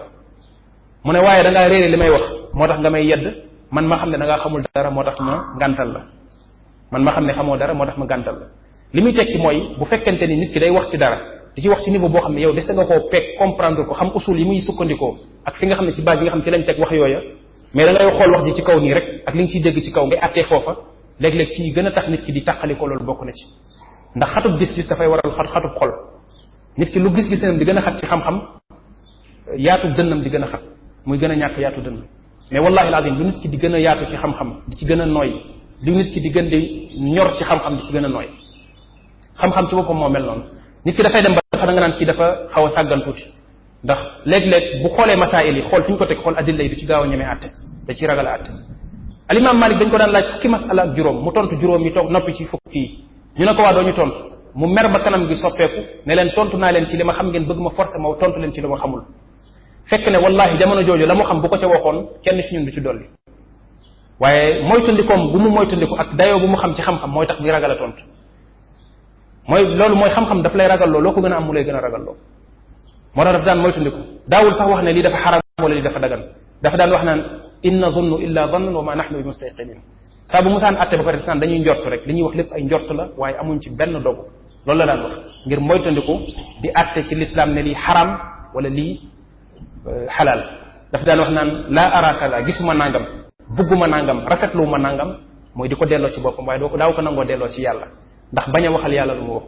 mu ne waaye da ngaa réere li may wax moo tax nga may yedd man ma xam ne da ngaa xamul dara moo tax ma gàntal la man ma xam ne xamoo dara moo tax ma gàntal la li muy tekki mooy bu fekkente ni nit ki day wax ci dara di ci wax ci niveau boo xam ne yow dese nga koo peeg comprendre ko xam usul yi muy sukkandikoo ak fi nga xam ne ci base yi nga xam ne ci lañ teg wax yooya mais da ngay xool wax ci kaw nii rek ak li nga ciy ci kaw ngay attee foofa léeg-léeg ci gën a tax nit ki di tàqaliko loolu bokk na ci ndax xatub gis-gis dafay waral xat xatub xol nit ki lu gis-gisam di gën a xat ci xam-xam yaatu dënnam di gën a xat muy gën a ñàkk yaatu dënn mais wallahi alazim lu nit ki di gën a yaatu ci xam-xam di ci gën a nooy lu nit ki di ñor ci xam-xam di ci gën a nooy xam-xam ci boppam moo mel noonu nit ki dafay dem ba sax da nga naan kii dafa xaw a sàggan tuuti ndax léeg-léeg bu xoolee masaayil yi xool fi ñu ko teg xool adilla yi du ci gaaw a ñemee àtte da ci ragal a àtte alimaam Malik dañ ko daan laaj fukki masala ak juróom mu tontu juróom yi toog noppi ci fukki ñu ne ko waa doo ñu tontu mu mer ba kanam gi soppeeku ne leen tontu naa leen ci li ma xam ngeen bëgg ma forcé ma tontu leen ci li ma xamul fekk ne wallahi jamono jooju la mu xam bu ko ca waxoon kenn ci ñun du ci dolli waaye moytandikoom bu mu moytandiku ak dayoo bu mu xam ci xam mooy tax muy ragal a tontu mooy loolu mooy xam-xam daf lay ragal loo loo ko gën a am mu lay gën a ragal loo moo tax daf daan moytandiku daawul sax wax ne lii dafa xaram wala lii dafa dagan dafa daan wax naan inna zunnu illa zannan wa ma nahnu bu mustayqinin saa bu musaan atte ba pare naan dañuy njort rek li ñuy wax lépp ay njort la waaye amuñ ci benn dogu loolu la daan wax ngir moytandiku di atte ci lislaam ne lii xaram wala lii euh, xalaal dafa daan wax naan laa araaka la gisuma nangam bugguma nangam ma nangam mooy di ko delloo ci boppam waaye doo ko daaw ko nangoo delloo ci yàlla ndax bañ a waxal yàlla lu mu wax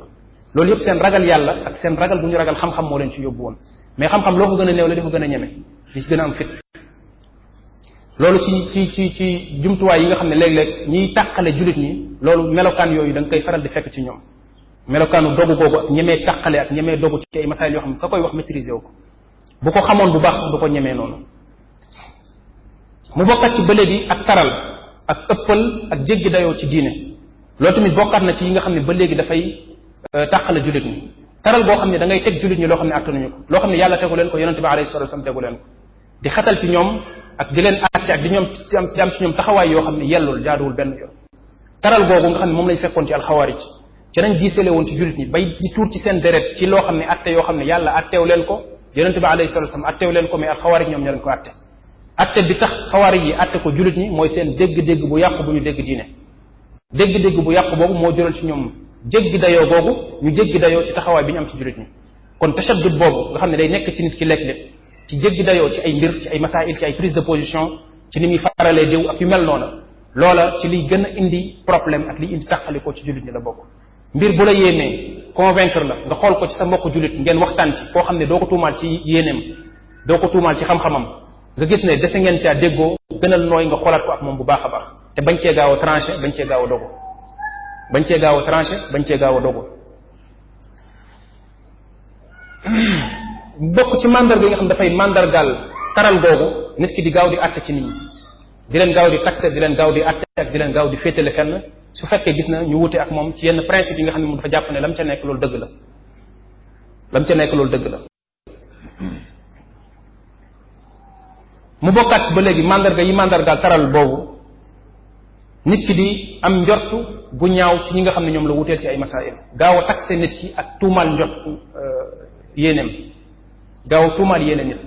loolu yëpp seen ragal yàlla ak seen ragal bu ñu ragal xam-xam moo leen ci yóbbu woon mais xam-xam loo ko gën a la di gën a ñeme loolu ci ci ci ci jumtuwaay yi nga xam ne léeg-léeg ñiy tàqale jullit ñi loolu melokaan yooyu da koy faral di fekk ci ñoom melokaanu dogu googu ak ñemee tàqale ak ñemee dogu ci ay masaayil yoo xam ne ka koy wax maîtriser wu ko bu ko xamoon bu baax sax ko ñemee noonu mu bokkat ci ba léegi ak taral ak ëppal ak jéggi dayoo ci diine loolu tamit bokkaat na ci yi nga xam ne ba léegi dafay euh, tàqale jullit ñi taral boo xam ne da teg jullit ñi loo xam ne attanuñu ko loo xam ne yàlla tegu leen ko yonente bi alayhi salatu tegu leen ko di xatal ci ñoom ak di leen àtte ak di ñoom di am ci ñoom taxawaay yoo xam ne yellul jaaduwul benn yoon taral googu nga xam ne moom lañ fekkoon ci alxawaarij ci nañ diisale woon ci jullit ñi bay di tuur ci seen deret ci loo xam ne atte yoo xam ne yàlla atteew leen ko yonente bi alayhi salatu wasallam atteew leen ko mais alxawaarij ñoom ñoo leen ko atte atte bi tax xawaarij yi atte ko jullit ñi mooy seen dégg-dégg bu yàqu bu ñu dégg diine dégg-dégg bu yàqu boobu moo jural ci ñoom jéggi dayoo googu ñu jéggi dayoo ci taxawaay bi ñu am ci jullit ñi kon tashaddud boobu nga xam ne day nekk ci nit ki ci jéggi dayoo ci ay mbir ci ay masail ci ay prise de position ci ni muy faralee diw ak yu mel noona loola ci liy gën a indi problème ak liy indi tàqalikoo ci jullit ñi la bokk mbir bu la yéenee convaincre la nga xool ko ci sa mbokk jullit ngeen waxtaan ci koo xam ne doo ko tuumaal ci yéeneem doo ko tuumaal ci xam-xamam nga gis ne dese ngeen caa déggoo gënal nooy nga xoolaat ko ak moom bu baax a baax te bañ cee gaaw a tranché bañ cee gaaw a dogo cee gaaw a tranché bañ cee gaaw a dogo bokk ci mandarga yi nga xam dafay mandargaal taral googu nit ki di gaaw di àtte ci gaaw di taxe di leen gaaw di ak di leen gaaw di féetale fenn su fekkee gis na ñu wute ak moom ci yenn principe yi nga xam ne moom dafa jàpp ne lam ca nekk loolu dëgg nekk loolu dëgg la mu ba léegi mandarga yi mandargaal taral boobu nit ki di am njort bu ñaaw ci ñi nga xam ne ñoom la wuteel ci ay masail gaaw a taxe nit ki ak tuumaal njort euh, yéeneem gaaw tuumaal yéene nit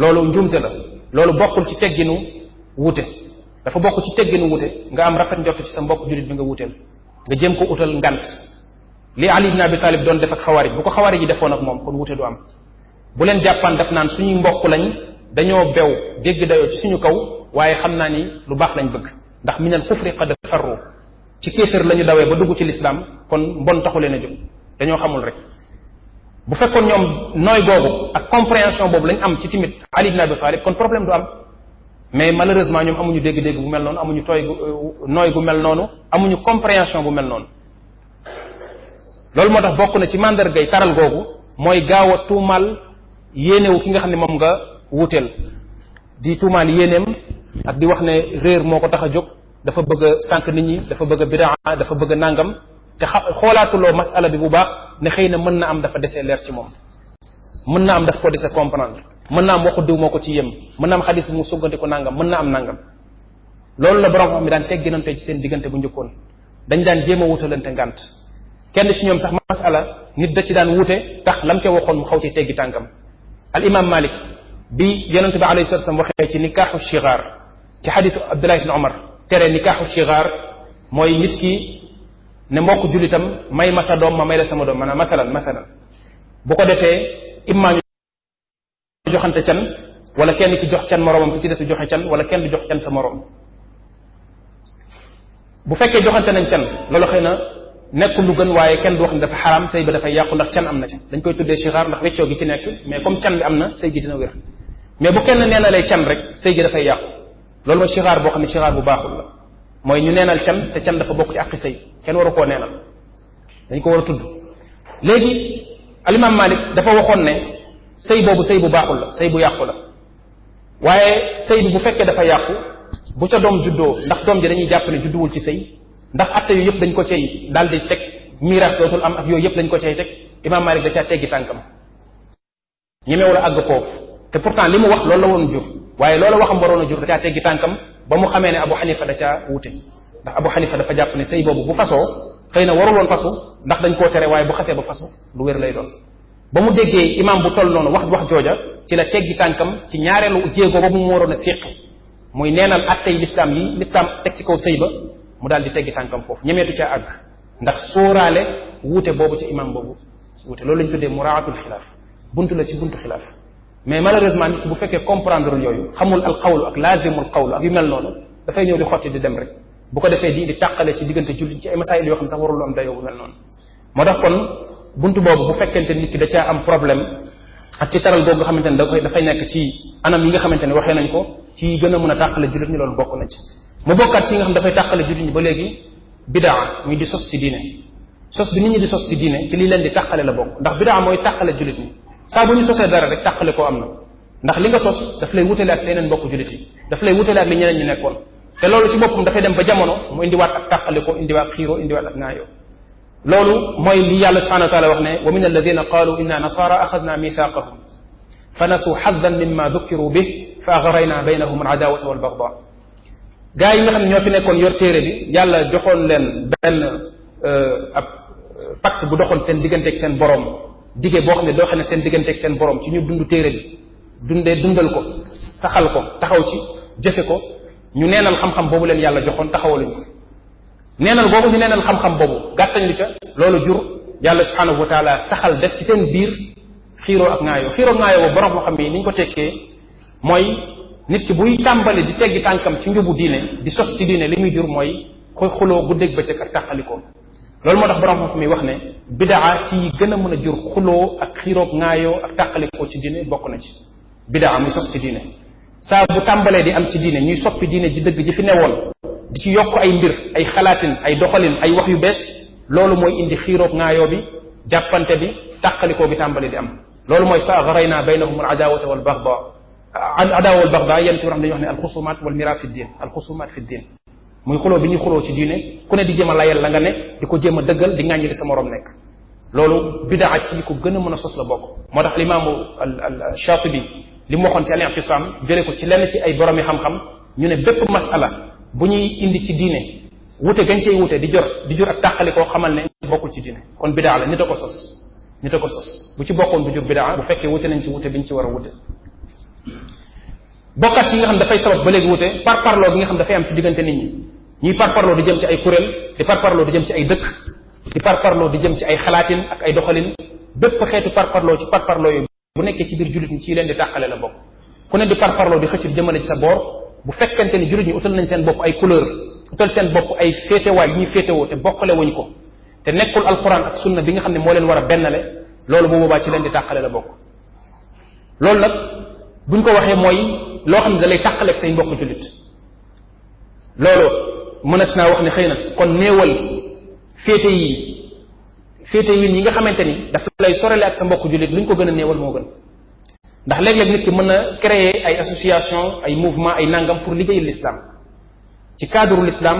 loolu njuumte la loolu bokkul ci tegginu wute dafa bokk ci tegginu wute nga am rafet njort ci sa mbokk jullit bi nga wuteel nga jéem ko utal ngant li bi ibn Abi Talib doon def ak xawaarij bu ko xawaarij yi defoon ak moom kon wute du am bu leen jàppaan daf naan suñuy mbokk lañ dañoo bew jégg dayoo ci suñu kaw waaye xam naa ni lu baax lañ bëgg ndax minal kufri qad farru ci kéeféer la ñu dawee ba dugg ci lislaam kon mbon taxu leen a dañoo xamul rek bu fekkoon ñoom nooy googu ak compréhension boobu lañ am ci timit Ali ibn Abi Talib kon problème du am mais malheureusement ñoom amuñu dégg-dégg bu mel noonu amuñu tooy gu euh, nooy gu mel noonu amuñu compréhension bu mel noonu loolu moo tax bokk na ci mandargay taral googu mooy gaaw a tuumaal yéenewu ki nga xam ne moom nga wuteel di tuumaal yéeneem ak di wax ne réer moo ko tax a jóg dafa bëgg a sànq nit ñi dafa bëgg a bidaa dafa bëgg a nàngam te xa xoolaatuloo masala bi bu baax ne xëy na mën na am dafa dese leer ci moom mën na am daf ko desee comprendre mën na am waxu diw moo ko ci yem mën na am xadis bi mu suggandiku nangam mën na am nangam loolu la borom xam mi daan tegg tegginante ci seen diggante bu njëkkoon dañ daan jéem a wutalante ngànt kenn ci ñoom sax masala nit da ci daan wuute tax lam ca waxoon mu xaw ci teggi tànkam al imam malik bi yonente bi alayhi salatu wasallam waxee ci nikaaxu shigar ci xadisu abdullah ibn omar tere nikaaxu shigar mooy nit ki ne mbokk jullitam may ma sa doom ma may la sama doom a masalan masalan bu ko defee immaa ñu joxante can wala kenn ki jox can moroomam ki ci des joxe can wala kenn di jox can sa moroom bu fekkee joxante nañ can loolu xëy na nekkul lu gën waaye kenn du wax ne dafa xaraam sëy ba dafay yàqu ndax can am na ci dañ koy tuddee sixaar ndax weccoo gi ci nekk mais comme can bi am na sëy gi dina wér mais bu kenn nee lay can rek sëy gi dafay yàqu loolu boo xam ne sixaar bu baaxul mooy ñu neenal can te can dafa bokk ci àqi sëy kenn waru koo neenal dañ ko war a tudd léegi alimaam Malik dafa waxoon ne sëy boobu sëy bu baaxul la sëy bu yàqu la waaye sëy bi bu fekkee dafa yàqu bu ca doom juddoo ndax doom ji dañuy jàpp ne judduwul ci sëy ndax atte yooyu yëpp dañ ko cay daal di teg miraas dootul am ak yooyu yëpp dañ ko cay teg imaam Malik da caa teggi tànkam ñemewu la àgg foofu te pourtant li mu wax loolu la woon jur waaye loola waxam waroon a jur da tànkam ba mu xamee ne Abu Xanifa da caa wute ndax Abu Xanifa dafa jàpp ne sëy boobu bu fasoo xëy na waruloon fasu ndax dañ koo tere waaye bu xasee ba fasu lu wér lay doon ba mu déggee imaam bu toll noonu wax wax jooja ci la teggi tànkam ci ñaareelu jéego ba mu waroon a séqi muy neenal attey lislaam yi listam teg ci kaw sëy ba mu daal di teggi tànkam foofu ñemeetu caa àgg ndax sóoraale wuute boobu ci imaam boobu wuute loolu lañ tuddee muraatul xilaaf buntu la ci buntu xilaaf mais malheureusement nit bu fekkee comprendre yooyu xamul al qawlu ak laazimul qawlu ak yu mel noonu dafay ñëw di xotti di dem rek bu ko defee di di tàqale ci diggante jullit ci ay masaayil yoo xam sax warul am dayoo bu mel noonu moo tax kon bunt boobu bu fekkente nit ki da caa am problème ak ci taral boobu nga xamante ne da koy dafay nekk ci anam yi nga xamante ne waxee nañ ko ci gën a mën a tàqale jullit ñi loolu bokk na ci mu bokkaat ci yi nga xam dafay tàqale ba léegi bidaa muy di sos ci diine sos bi nit ñi di sos ci diine di tàqale la bokk ndax bidaa mooy tàqale jullit ñi saa bu ñu sosee dara rek tàqale koo am na ndax li nga sos daf lay wutale ak seeneen mbokk jullit yi daf lay wutale ak li ñeneen ñu nekkoon te loolu ci boppam dafay dem ba jamono mu indiwaat ak tàqale ko indiwaat xiiroo indiwaat ak naayoo loolu mooy li yàlla subhanahu wa taala wax ne wa min alladina qalu inna nasara axadna mithaqahum fa nasu xaddan mimma dukkiru bi fa agrayna baynahum aladaawata walbagda gaa yi nga xam ne ñoo fi nekkoon yor téere bi yàlla joxoon leen benn euh, ab euh, pacte bu doxoon seen digganteeg seen borom diggee boo xam ne doo xam ne seen diggante ak seen borom ci ñu dund téere bi dundee dundal ko saxal ko taxaw ci jëfe ko ñu neenal xam-xam boobu leen yàlla joxoon taxawaluñ ko neenal boobu ñu neenal xam-xam boobu gàttañ li ca loolu jur yàlla subhanahu wa taala saxal def ci seen biir xiiroo ak ŋaayoo xiiroo ak ŋaayoo boobu borom moo xam ni ñu ko tekkee mooy nit ki buy tàmbali di teggi tànkam ci njubu diine di sos ci diine li muy jur mooy xuloo guddeeg bëccëg ak tàqalikoo loolu moo tax borom xam-xam wax ne bidaa ci yi gën a mën a jur xuloo ak xiroog ŋaayoo ak tàqalikoo ci diine bokk na ci bidaa muy sos ci diine saa bu tàmbalee di am ci diine ñuy soppi diine ji dëgg ji fi newoon di ci yokk ay mbir ay xalaatin ay doxalin ay wax yu bees loolu mooy indi xiiroog ŋaayoo bi jàppante bi tàqalikoo bi tàmbali di am loolu mooy fa aghrayna baynahum al adawata wal bagda al adawa wal bagda yenn ci wax dañuy wax ne alxusumaat wal mira fi ddin alxusumaat fi ddin muy xuloo bi ñuy xuloo ci diine ku ne di jéem a layal la nga ne di ko jéem a dëggal di ŋàññi li sa morom nekk loolu bidaa ci ko gën a mën a sos la bokk moo tax limaamu al bi li mu waxoon ci al I'tisaam jëlee ko ci lenn ci ay boromi xam-xam ñu ne bépp masala bu ñuy indi ci diine wute gañ cey wute di jor di jur ak tàqali koo xamal ne bokkul ci diine kon bidaa la nit a ko sos nit a ko sos bu ci bokkoon bu jur bidaa bu fekkee wute nañ ci wute biñ ci war a wute bokkaat yi nga xam dafay sabab ba léegi wute par parloo bi nga xam dafay am diggante nit ñi ñuy parparloo di jëm ci ay kuréel di parparloo di jëm ci ay dëkk di parparloo di jëm ci ay xalaatin ak ay doxalin bépp xeetu parparloo ci parparloo yooyu bu nekkee ci biir jullit ñi ci leen di tàqale la bokk ku ne di parparloo di xëcc jëmale ci sa boor bu fekkente ni jullit ñi utal nañ seen bopp ay couleur utal seen bopp ay féetewaay yu ñuy féetewoo te bokkale wuñ ko te nekkul al alquran ak sunna bi nga xam ne moo leen war a bennale loolu bu boobaa ci leen di tàqale la bokk buñ ko waxee mooy loo xam ne da lay say mbokk jullit mënees naa wax ne xëy na kon néewal féete yi féete yi nga xamante ni dafa lay sorale ak sa mbokk jullit luñ ko gën a néewal moo gën ndax léeg-léeg nit mën na créer ay association ay mouvement ay nangam pour liggéeyal l'islam ci cadre l'islam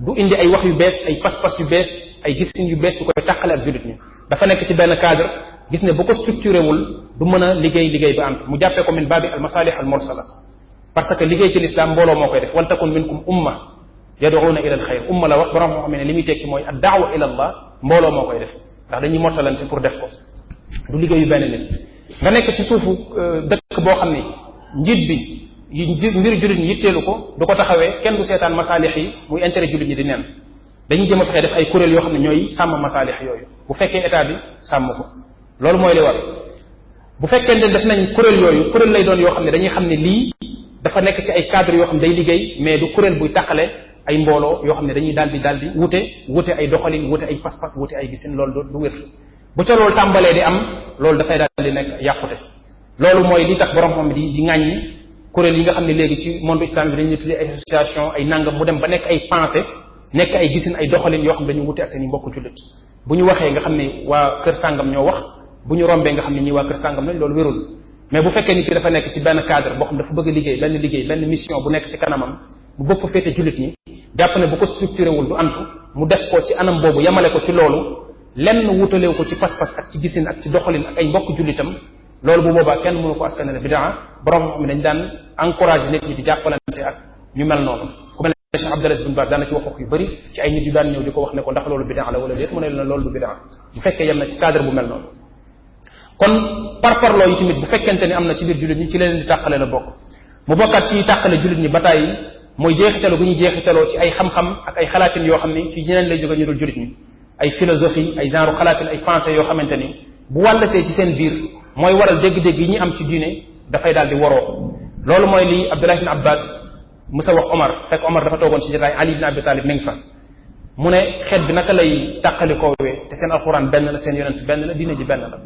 du indi ay wax yu bees ay pas-pas yu bees ay gisin yu bees yu koy tàqale ak jullit ñi dafa nekk ci benn cadre gis ne bu ko structuré wul du mën a liggéey liggéey ba ànd mu jàppee ko min baabi al masalih moo koy def wal takun yaduuna ila al xayr umma la wax borom moo xam ne li muy tekki mooy ad daawa ila allah mbooloo moo koy def ndax dañuy mottalante pour def ko du liggéeyu benn nit nga nekk ci suufu euh, dëkk boo xam ne njiit bi mbir jullit ñi yitteelu ko du ko taxawee kenn du seetaan masaalix yi muy intérêt jullit ñi di neen dañuy jëm a fexee def ay kuréel yoo xam ne ñooy sàmm masaalix yooyu bu fekkee état bi sàmm ko loolu mooy li war bu fekkee ne def nañ kuréel yooyu kuréel lay doon yoo xam ne dañuy xam ne lii dafa nekk ci ay cadre yoo xam ne day liggéey mais du kuréel buy tàqale ay mbooloo yoo xam ne dañuy daal di daal di wute wute ay doxalin wute ay pas-pas wute ay gisin loolu du du wér bu ca loolu tàmbalee di am loolu dafay daal di nekk yàqute loolu mooy li tax borom xam di di ŋàññi kuréel yi nga xam ne léegi ci monde islamique dañuy tuddee ay nangam mu dem ba nekk ay pensée nekk ay gisin ay doxalin yoo xam ne dañu wute ak seen i mbokku jullit bu ñu waxee nga xam ne waa kër sàngam ñoo wax bu ñu rombee nga xam ne ñii waa kër sàngam loolu wérul mais bu fekkee nit ki dafa nekk ci benn cadre boo xam dafa bëgg liggéey benn liggéey benn mission bu nekk ci kanamam bu bopp féete jullit jàpp ne bu ko structuré wul du antu mu def ko ci anam boobu yamale ko ci loolu lenn wutalew ko ci pas-pas ak ci gisin ak ci doxalin ak ay mbokk jullitam loolu bu boobaa kenn mënu ko askanale ne dañ daan encouragé di jàppalante ak ñu mel noonu ku mel ne Cheikh Abdelaziz bin Baz daana ci wax wax yu bëri ci ay nit yu loolu bidaa bu fekkee yem na ci cadre bu mel noonu kon parparloo yi tamit bu fekkente ni am na ci biir jullit ñi ci leneen di tàqale la bokk mu bokkaat ci tàqale jullit ñi ba mooy jeexitalu gu ñu jeexitaloo ci ay xam-xam ak ay xalaatin yoo xam ne ci ñeneen lay jóge ñu dul jullit ñi ay philosophie ay genre xalaatin ay pensées yoo xamante ni bu wàllasee ci seen biir mooy waral dégg-dégg yi ñu am ci diine dafay daal di waroo loolu mooy li Abdullah ibn mu sa wax Omar fekk Omar dafa toogoon ci jotaay Ali ibn Abi Talib mi ngi fa mu ne xeet bi naka lay tàqalikoowee te seen alxuraan benn la seen yonent benn la diine ji benn la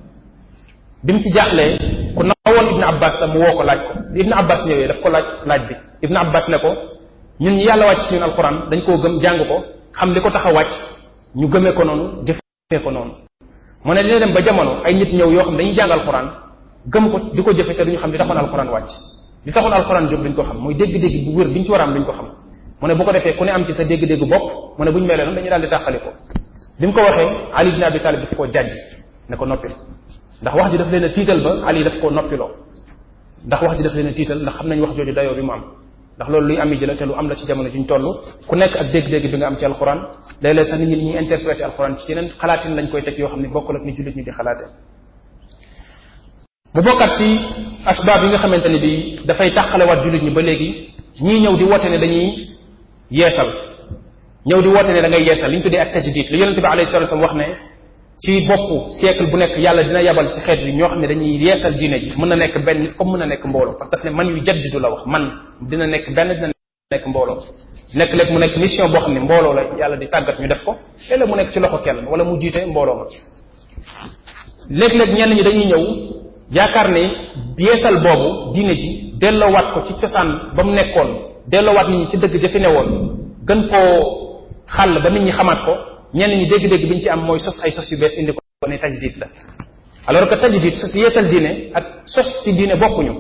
bi mu ci jaaxlee ku nawoon Ibn Abbas la mu woo ko laaj ko Ibn Abbas ñëwee daf ko laaj laaj bi Ibn Abbas ne ko ñun ñi yàlla wàcc ci ñun alxuraan dañ koo gëm jàng ko xam li ko tax a wàcc ñu gëmee ko noonu jëfee ko noonu mu ne dina dem ba jamono ay nit ñëw yoo xam dañuy jàng alxuraan gëm ko di ko jëfe te ñu xam li taxoon alxuraan wàcc li taxoon alxuraan jóg duñ ko xam mooy dégg-dégg bu wér bi ñu ci a am ko xam mu ne bu ko defee ku ne am ci sa dégg-dégg bopp mu ne bu ñu melee noonu dañuy daal di tàqali ko bi mu ko waxee Ali ibn Abi Talib daf koo jàjj ne ko noppil ndax wax ji daf leen a tiital ba Ali daf koo noppiloo ndax wax ji daf leen a tiital ndax xam nañ wax jooju dayoo bi mu am ndax loolu luy am ji la te lu am la ci jamono ji ñu toll ku nekk ak dégg-dégg bi nga am ci alxuraan léeg-léeg sax nit ñi ñuy interpréter alxuraan ci yeneen xalaatin lañ koy teg yoo xam ne bokkul ak ni jullit ñi di xalaate mu bokkaat ci asbaab yi nga xamante ni bi dafay tàqalewaat jullit ñi ba léegi ñii ñëw di woote ne dañuy yeesal ñëw di woote ne da ngay yeesal li ñu tuddee ak tajdid li yonente bi alayhi salatu wasallam wax ne ci boppu siècle bu nekk yàlla dina yabal ci xeet bi ñoo xam ne dañuy yeesal diine ji mën na nekk benn nit comme mën na nekk mbooloo parce que daf ne man yu jaddidu la wax man dina nekk benn dina nekk mbooloo nekk léeg mu nekk mission boo xam ne mbooloo la yàlla di tàggat ñu def ko léeg mu nekk ci loxo kenn wala mu jiite mbooloo ma léeg-léeg ñenn ñi dañuy ñëw yaakaar ne yeesal boobu diine ji delloowaat ko ci cosaan ba mu nekkoon dellowaat nit ñi ci dëgg ja fi newoon gën koo xàll ba nit ñi xamaat ko ñenn ñi dégg-dégg bi ñu ci am mooy sos ay sos yu bees indi ko ne tajdid la alors que tajdid sos yeesal diine ak sos ci diine bokkuñu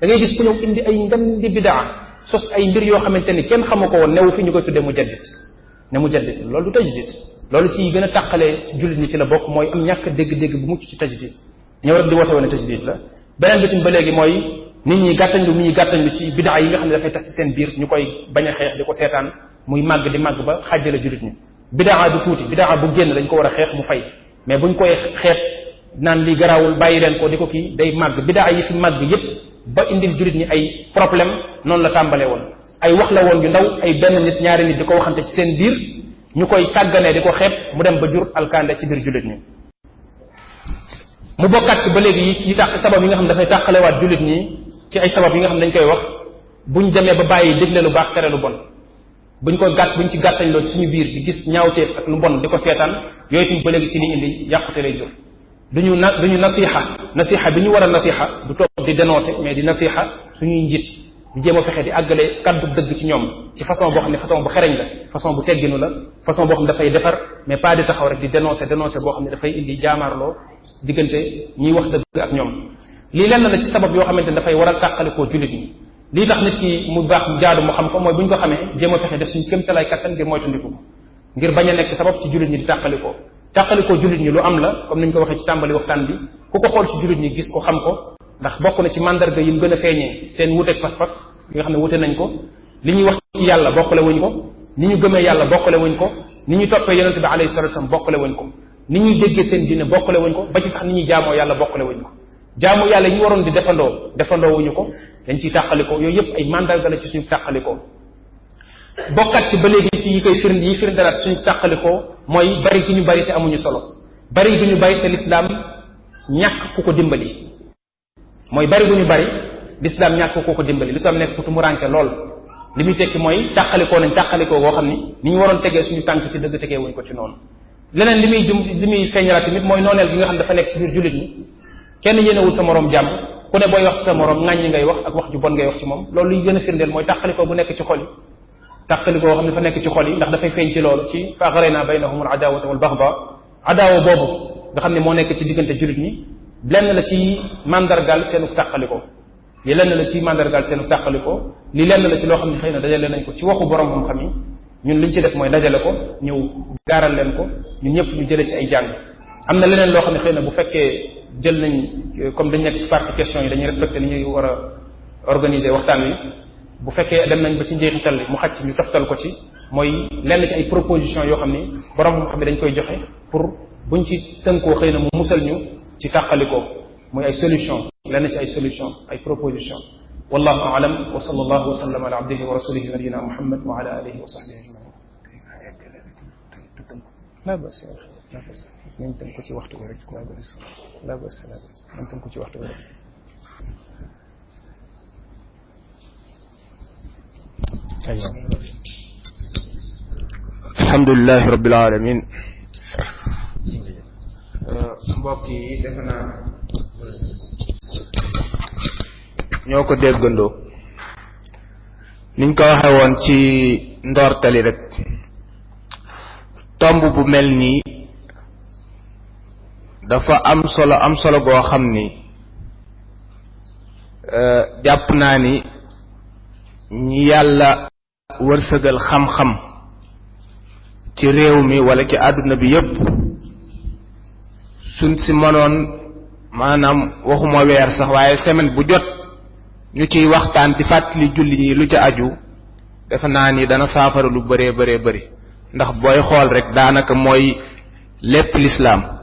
da ngay gis ku ñëw indi ay ngandi bidaa sos ay mbir yoo xamante ni kenn xamu ko woon newu fi ñu koy tuddee mu jaddit ne mu jaddit loolu du tajdid loolu ci gën a tàqalee ci jullit ñi ci la bokk mooy am ñàkk dégg-dégg bu mucc ci tajdid ñëw rek di woote woon ne tajdid la beneen bi ci ba léegi mooy nit ñi gàttañlu mi ñuy gàttañlu ci bidaa yi nga xam ne dafay tas ci seen ñu koy bañ a xeex di ko seetaan muy màgg di màgg ba xàjjale jullit ñi bidaa du tuuti bidaa bu génn dañ ko war a xeex mu fay mais bu ñu koy xeet naan lii garaawul bàyyi leen ko di ko kii day màgg bidaa yi fi màgg yëpp ba indi jullit ñi ay problème noonu la tàmbalee woon ay wax la woon yu ndaw ay benn nit ñaari nit di ko waxante ci seen biir ñu koy sàgganee di ko xeeb mu dem ba jur alkande ci biir jullit ñi mu bokkaat ci ba léegi yi tax sabab yi nga xam ne dafay tàqalewaat jullit ñi ci ay sabab yi nga xam ne dañ koy wax buñ demee ba bàyyi digle lu baax tere lu bon buñ ko gàtt ñu ci gàttañ loolu suñu biir di gis ñaawteef ak lu bon di ko seetaan yooyu tamit ba léegi ci li indi yàqute lay jur duñu na duñu nasiha nasiha bi ñu war a nasiha du toog di dénoncer mais di nasiha suñuy njiit di jéem a fexe di àggale kaddu dëgg ci ñoom ci façon boo xam ne façon bu xereñ la façon bu tegginu la façon boo xam ne dafay defar mais pas di taxaw rek di dénoncer dénoncer boo xam ne dafay indi jaamaarloo diggante ñiy wax dëgg ak ñoom lii lenn sabab yoo xamante ne dafay war a tàqalikoo jullit ñi lii tax nit ki mu baax mu jaadu mu xam ko mooy bu ñu ko xamee jéem a fexe def suñu kéemtalaay kattan ngir moytandiku ko ngir bañ a nekk sabab ci jullit ñi di tàqalikoo tàqalikoo jullit ñi lu am la comme ni ñu ko waxee ci tàmbali waxtaan bi ku ko xool ci jullit ñi gis ko xam ko ndax bokk na ci mandarga yi mu gën a feeñee seen wuteeg pas-pas yi nga xam ne wute nañ ko li ñuy wax ci yàlla bokkale wuñ ko ni ñu gëmee yàlla bokkale wuñ ko ni ñu toppee yonente bi alayhi salatu wasallam bokkale wuñ ko ni ñuy déggee seen wuñ ko ba ci sax ni ñuy yàlla bokkale wuñ ko jaamu yàlla yi waroon di defandoo defandoo wuñu ko dañ ciy tàqalikoo yooyu yëpp ay mandarga la ci suñu tàqalikoo bokkat ci ba léegi ci yi koy firnde yi firndalaat suñu tàqalikoo mooy bari gi ñu bari amuñu solo bari gi ñu bari te lislaam ñàkk ku ko dimbali mooy bari gu ñu bari lislaam ñàkk ku ko dimbali lislaam nekk ku tumuranke lool li muy tekki mooy tàqalikoo nañ tàqalikoo goo xam ni ni ñu waroon tegee suñu tànk ci dëgg tegee wuñ ko ci noonu leneen li muy jum li muy feeñalaat tamit mooy nooneel gi nga xam dafa nekk ci kenn yéenewul sa moroom jàmm ku ne booy wax sa moroom ŋàññi ngay wax ak wax ju bon ngay wax ci moom loolu li gën a firndeel mooy tàqalikoo bu nekk ci xol yi tàqalikoo xam ne dafa nekk ci xol yi ndax dafay feeñ ci loolu ci fa axrayna baynahum al adawata wal baxda boobu nga xam ne moo nekk ci diggante jullit ñi lenn la ci mandargal seenu tàqalikoo li lenn la ci mandargal seenu tàqalikoo li lenn la ci loo xam ne xëy na dajale nañ ko ci waxu borom xam-xam yi ñun liñ ci def mooy dajale ko ñëw gaaral leen ko ñun ñëpp ñu jëlee ci ay jàng am na leneen loo xam ne xëy na bu fekkee jël nañ comme dañ nekk ci question yi dañuy respecté ni ñuy war a waxtaan wi bu fekkee dem nañ ba ci njeexital mu xaj ñu toftal ko ci mooy lenn ci ay proposition yoo xam ni borom xam ne dañ koy joxe pour buñ ci tënkoo xëy na mu musal ñu ci tàqalikoo muy ay solution lenn ci ay solution ay proposition wallahu aalam wa sallallahu wa sallam ala abdihi wa rasulihi nabiyina muhammad wa ala alihi wa sahbihi ajmain laa bas waxtu ko ci alamin euh, mbokk yi ñoo ko déggandoo niñ ko waxee ci ndoortali rek tomb bu mel nii dafa am solo am solo goo xam ni euh, jàpp naa ni ñu yàlla wërsëgal xam-xam ci réew mi wala ci àdduna bi yépp suñ si mënoon maanaam waxuma weer sax waaye semaine bu jot ñu ciy waxtaan di fàttali julli ñi lu ci aju defe naa ni dana saafara lu bëree bëree bari ndax booy xool rek daanaka mooy lépp lislaam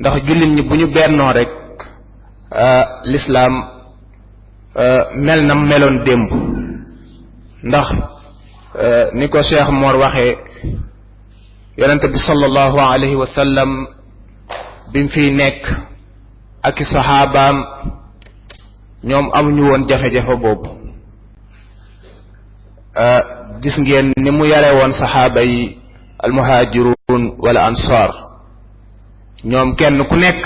ndax jullit ñi bu ñu bennoo rek euh, lislaam euh, mel na meloon démb ndax euh, ni ko Cheikh moor waxee yonente bi sallallahu alayhi wa sallam bi fi nekk ak i saxaabaam ñoom amuñu woon jafe-jafe boobu gis ngeen ni mu yare woon saxaaba yi almuhaajiruun wala ansaar ñoom kenn ku nekk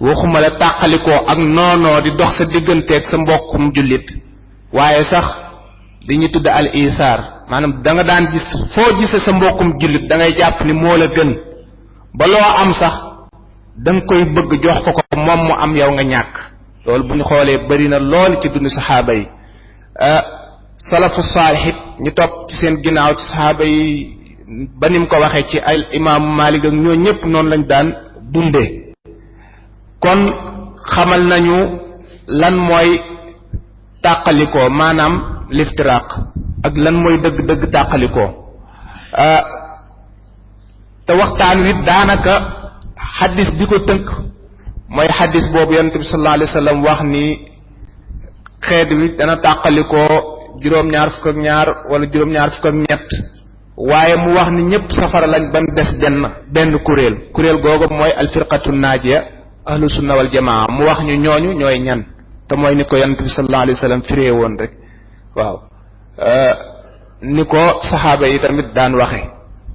waxuma la tàqalikoo ak noonoo di dox sa digganteeg sa mbokkum jullit waaye sax li ñu tudd al isaar maanaam danga daan gis foo gise sa mbokkum jullit da ngay jàpp ni moo la gën ba loo am sax da nga koy bëgg jox ko ko moom mu am yow nga ñàkk loolu bu ñu xoolee bari na lool ci dund saxaaba yi ah, salafu saalix ñu topp ci seen ginnaaw ci saxaaba yi ba nim ko waxee ci ay imaamu Maalik ak ñoo ñëpp noonu lañu daan dundee kon xamal nañu lan mooy tàqalikoo maanaam liftiraq ak lan mooy dëgg-dëgg tàqalikoo euh, te waxtaan wi daanaka xaddis bi ko tënk mooy xaddis boobu yonent bi sallallahu alayhi wa sallam wax ni xeet wi dana tàqalikoo juróom-ñaar fukk ak ñaar wala juróom-ñaar fukk ak ñett waaye mu wax ni ñëpp safara lañ ba mu des benn kuréel kuréel googu mooy alfirqatu naajiya ahlu sunna wal jamaa mu wax ñu ñooñu ñooy ñan te mooy ni ko yonent bi sa alayhi wa sallam firee woon rek waaw euh, ni ko saxaaba yi tamit daan waxe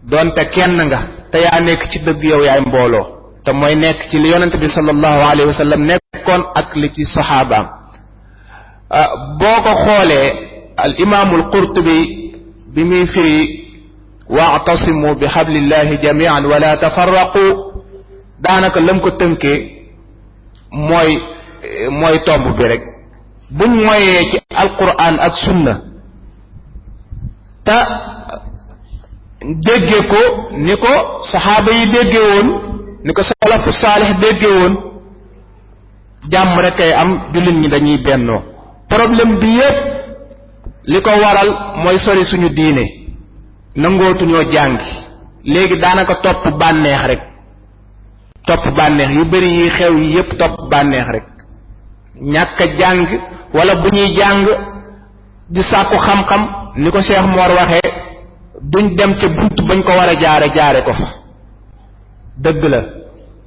doonte kenn nga te yaa nekk ci dëgg yow yaay mbooloo te mooy nekk ci li yonent bi sallallahu alayhi wa sallam nekkoon ak li ci saxaabaam euh, boo ko xoolee al imaamul qurtubi bi muy firi waatasimu bi xablillahi jamian wala tafarraqu daanaka lam ko tënkee mooy tomb bi rek buñ moyee ci alquran ak sunna ta dégge ko ni ko saxaaba yi dégge woon ni ko salafu saalix dégge woon jàmm rek ay am jullit ñi dañuy bennoo problème bi yépp li ko waral mooy sori suñu diine nangootuñoo jàngi léegi daanaka topp bànneex rek topp bànneex yu bari yi xew yi yépp topp bànneex rek ñàkk jàng wala bu ñuy jàng di sàkku xam-xam ni ko Cheikh Mor waxee duñ dem ca bunt bañ ko war a jaare jaare ko fa dëgg la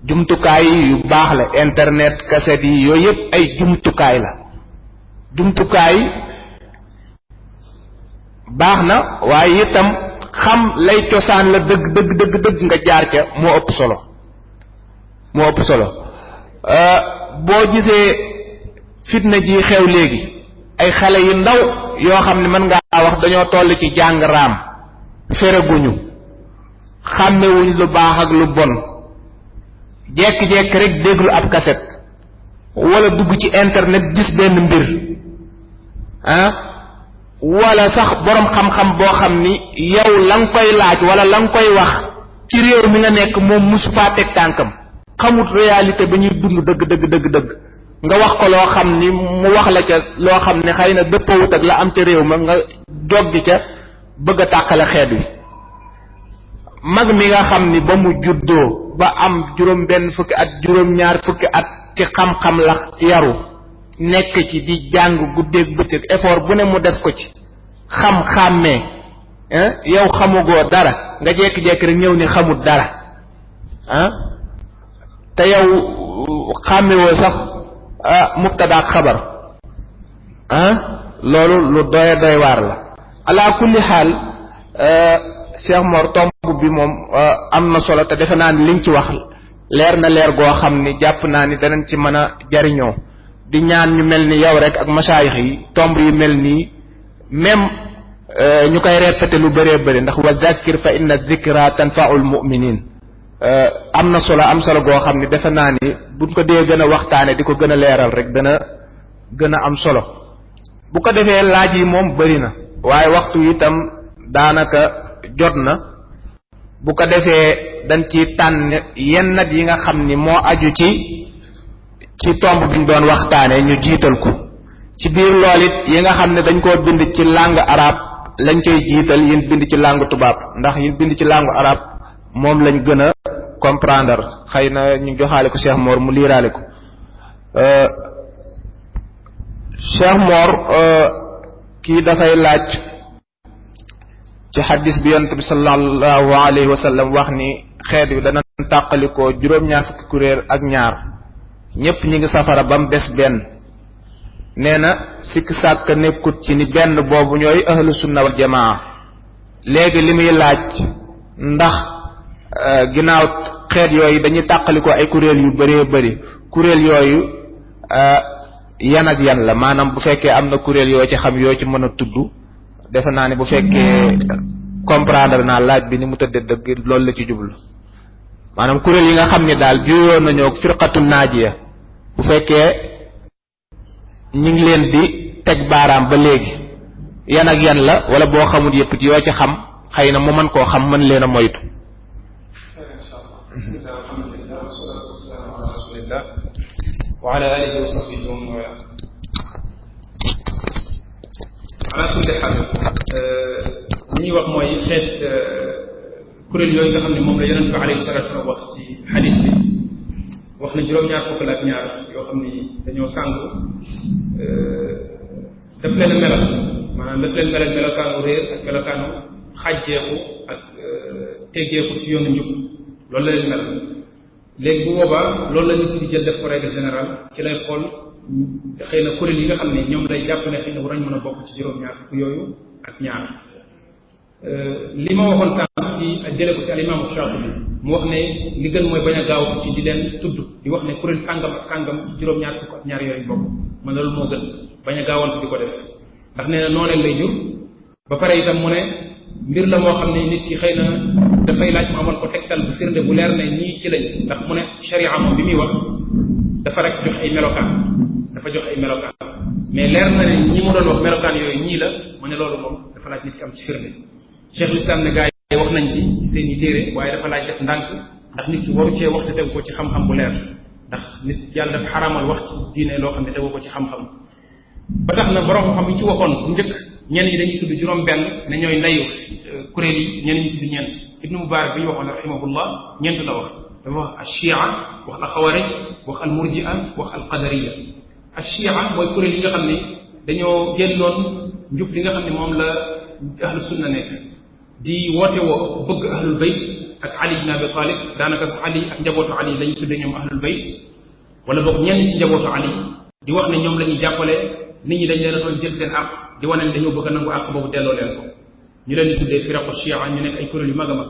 jumtukaay yu baax la internet cassette yi yooyu yépp ay jumtukaay la jumtukaay baax na waaye itam xam lay cosaan la dëgg dëgg dëgg dëgg nga jaar ca moo ëpp solo moo ëpp solo euh, boo gisee fitna ji xew léegi ay xale yu ndaw yoo xam ne mën ngaa wax dañoo toll ci jàng raam fereguñu xàmmewuñ lu baax ak lu bon jekk-jekk rek déglu ab kaset wala dugg ci internet gis benn mbir ah wala sax boroom xam-xam boo xam ni yow la nga koy laaj wala la nga koy wax ci réew mi nga nekk moom musu faa teg tànkam xamut réalité ba ñuy dund dëgg dëgg dëgg nga wax ko loo xam ni mu wax la ca loo xam ne xëy na dëppawut ak la am ca réew ma nga joggi ca bëgg a tàqale xeet wi mag mi nga xam ni ba mu juddoo ba am juróom benn fukki at juróom ñaar fukki at ci xam-xam la yaru nekk ci di jàng guddeeg bëccëg effort bu ne mu def ko ci xam xàmmee yow xamugoo dara nga jékki-jékki rek ñëw ni xamut dara ah te yow xàmmewoo sax ah mubtadaak xabar ah loolu lu doy waar la ala kulli xaal euh, Cheikh Mor tomb bi moom euh, am na solo te defe naa ni liñ ci wax leer na leer goo xam ni jàpp naa ni danañ ci mën a jariñoo di ñaan ñu mel ni yow rek ak masaayix yi tomb yu mel nii même euh, ñu koy répété lu bëree bëri ndax wa zakkir fa inna zikra tanfaul muminin euh, am na solo am solo goo xam ne defe naa ni buñ ko dee gën a waxtaane di ko gën a leeral rek dana gën a am solo bu ko defee laaj yi moom bëri na waaye waxtu itam daanaka jot na bu ko defee dañ ci tànn yenn nag yi nga xam ni moo aju ci ci tomb bi ñu doon waxtaanee ñu jiital ko ci biir lool it yi nga xam ne dañ koo bind ci langue arabe lañ koy jiital yin bind ci langue tubaab ndax yin bind ci langue arabe moom lañ gën a comprendre xëy na ñu joxaale ko Cheikh Mor mu liiraale ko euh, Cheikh Mor euh, kii dafay laaj ci xaddis bi yonent bi sallallahu alayhi wa wax ni xeet wi dana tàqalikoo juróom-ñaar fukki kuréel ak ñaar ñépp ñu ngi safara ba mu des benn nee na sikk sàkk nekkut ci ni benn boobu ñooy ahlu sunna wal jamaa léegi li muy laaj ndax euh, ginnaaw xeet yooyu dañuy tàqaliko ay kuréel yu bëree bëri kuréel yooyu euh, yan ak yan la maanaam bu fekkee am na kuréel yoo ci xam yoo ci mën a tudd defe naa ni bu fekkee mm-hmm. comprendre naa laaj bi ni mu tëddee dëgg loolu la ci jublu maanaam kuréel yi nga xam ne daal juyoo nañoo ak firqatu naajiya bu fekkee ñi leen di teg baaraam ba léegi yan ak yan la wala boo xamul yëpp yoo ci xam xëy na mu man koo xam mën leen a moytu. kuréel yooyu nga xam ne moom la yonent bi alayhi salatu wasallam wax ci xadis bi wax na juróom-ñaar fukk la ak ñaar yoo xam ni dañoo sànku euh, daf leen melal maanaam daf leen melal melokaanu réer ak melokaanu xàjjeeku ak euh, teggeeku ci yoonu njub loolu la leen melal léegi bu boobaa loolu la nit di jël def ko règle générale ci lay xool xëy na kuréel yi nga xam ne ñoom lay jàpp ne xëy na war nañ mën a bokk ci juróom-ñaar fukk yooyu ak ñaar Euh, li ma waxoon sànq ci jële ko ci alimaamu bi mu wax ne li gën mooy bañ a gaaw ci di leen tudd di wax ne kuréel sàngam ak sàngam juróom-ñaar fukk yooyu bokk man loolu moo a gaawantu di ko def ndax na nooneel lay jur ba pare itam mu ne mbir la moo xam ne nit xëy na dafay laaj mu ko tegtal bu firnde bu leer ne ñii ci lañ ndax mu ne sharia moom bi muy wax dafa rek jox ay melokaan dafa jox ay melokaan mais leer na ne ñi mu doon wax melokaan yooyu ñii la mu ne loolu moom dafa laaj nit ki am ci firnde Cheikhul Islam ne gaa yi wax nañ ci seen i téere waaye dafa laaj def ndànk ndax nit ki waru cee wax te ko ci xam-xam bu leer ndax nit yàlla dafa xaraamal wax ci diine loo xam ne tegu ko ci xam-xam ba tax na borom xam yi ci waxoon bu njëkk ñenn ñi dañuy tudd juróom-benn ne ñooy euh, kuréel yi ñenn ñi tudd ñeent ibnu Mubarak bi ñu waxoon rahimahullah ñeent la wax dafa wax al chia wax al xawarij wax al murjia wax al qadariya al chia mooy kuréel yi nga xam ne dañoo génnoon njub li nga xam ne moom la ahlu sunna nekk di woote woo bëgg ahlul bayt ak ali ibn abi talib daanaka sax ali ak njabootu ali lañu tudde ñoom ahlul bayt wala boog ñenn ci njabootu ali di wax ne ñoom la ñuy jàppale nit ñi dañ leen a jël seen àq di wane ne dañoo bëgg a nangu àq boobu delloo leen ko ñu leen di tuddee firaqu chia ñu nekk ay kuréel yu mag a mag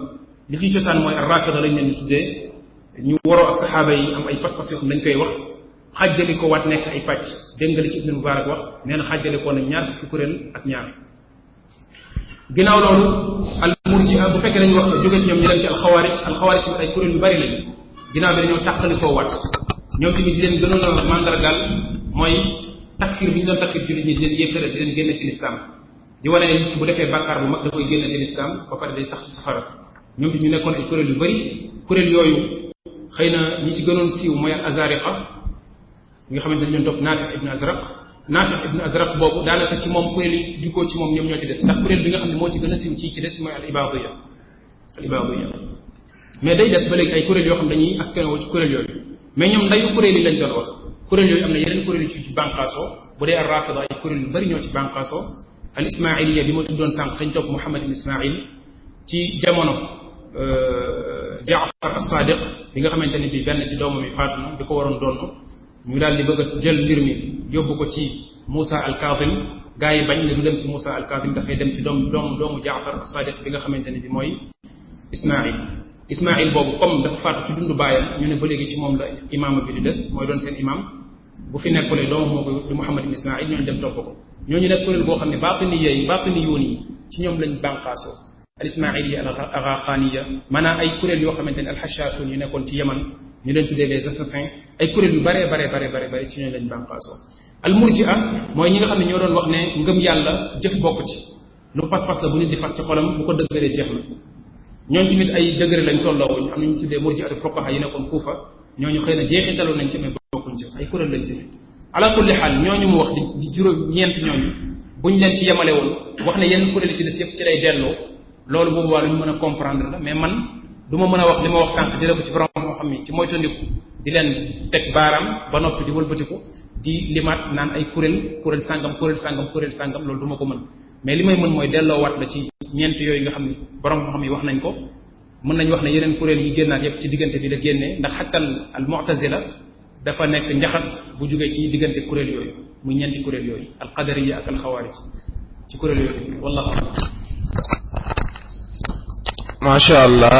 li ciy cosaan mooy ak rafida lañ leen di tuddee ñu waroo ak saxaaba yi am ay pas-pas yoo dañ koy wax xaajale ko waat nekk ay pàcc dégg nga li ci ibnu mubarak wax nee na xaajale ko ñaar fukki kuréel ak ginnaaw loolu al murji'a bu fekkee dañu wax jóge ci ñoom ñu dem ci alxawaarij alxawaarij ay kuréel yu bari lañu ginnaaw bi dañoo tàqalikoo waat ñoom tamit di leen gënoon a mooy takfir bi ñu doon takfir jullit ñi di leen yéefare di leen génne ci lislaam di wane ne nit bu defee bàkkaar bu mag da koy génne ci lislaam ba pare day sax ci safara ñoom ñu nekkoon ay kuréel yu bari kuréel yooyu xëy na ñi si gënoon siiw mooy al azariqa nga xamante ne ñoon topp Naafi ibn Azraq Naafi' ibnu Azraq boobu daanaka ci moom kuréel yi jukkoo ci moom ñoom ñoo ci des ndax kuréel bi nga xam ne moo ci gën a siiw ci des mooy mais day des ba ay kuréel yoo xam dañuy askanoo ci kuréel yooyu mais ñoom ndayu kuréel yi lañ doon wax kuréel yooyu am na yeneen kuréel yu ci ci bànqaasoo bu dee al rafida ay kuréel yu bari ñoo ci bànqaasoo al ismailiya bi ma tuddoon sànq dañ topp Muhammad ibn Ismail ci jamono euh, Jaafar as-Sadiq bi nga xamante ne bii benn ci doomam yi faatu na di ko waroon doon ñu daal di bëgg jël mbir mi yóbbu ko ci Moussa al-Kazim gaa yi bañ ne du dem ci Moussa al-Kazim dafay dem ci doom doomu doomu Jaafar as-Sadiq bi nga xamante ne bi mooy Ismaïl Ismaïl boobu comme dafa faatu ci dundu baayam ñu ne ba léegi ci moom la imaam bi di des mooy doon seen imaam bu fi nekkulee doomu moo ko di Muhammad ibn Ismaïl ñooñu dem topp ko ñooñu nekk kuréel boo xam ne baatini yeey baatini yoon yi ci ñoom lañ bànqaasoo al ismailiya al araxaaniya maanaam ay kuréel yoo xamante ne alxashaashoon yu nekkoon ci yaman ñu leen tuddee les assassins ay kuréel yu baree baree baree baree bare ci ñooñu lañ bànqaasoo al murji'a mooy ñi nga xam ne ñoo doon wax ne ngëm yàlla jëf bokk ci lu pas-pas la bu nit di fas ci xolam bu ko dëgëree jeex na ñooñu tamit ay dëgëre lañ tolloowuñ am nañu tuddee murji'a ak fuqaha yi nekkoon Kuufa ñooñu xëy na jeexitalu nañ ci mais bokkuñ ci ay kuréel lañ tamit ala kulli xaal ñooñu mu wax di juróom ñeent ñooñu buñ leen ci woon wax ne yenn kuréel loolu boobu waa lu ñu mën la mais man du ma mën a wax li ma wax sànq di la ko ci borom moo xam ni ci moytandiku di leen teg baaraam ba noppi di wëlbatiku di limaat naan ay kuréel kuréel sàngam kuréel sàngam kuréel sàngam loolu du ma ko mën mais li may mën mooy delloowaat la ci ñeent yooyu nga xam ni borom moo xam yi wax nañ ko mën nañ wax na yeneen kuréel yi génnaat yépp ci diggante bi la génnee ndax xattal al mu'tazila dafa nekk njaxas bu jógee ci diggante kuréel yooyu muy ñeenti kuréel yooyu al qadariya ak al xawaarij ci kuréel yooyu wallahu macha allah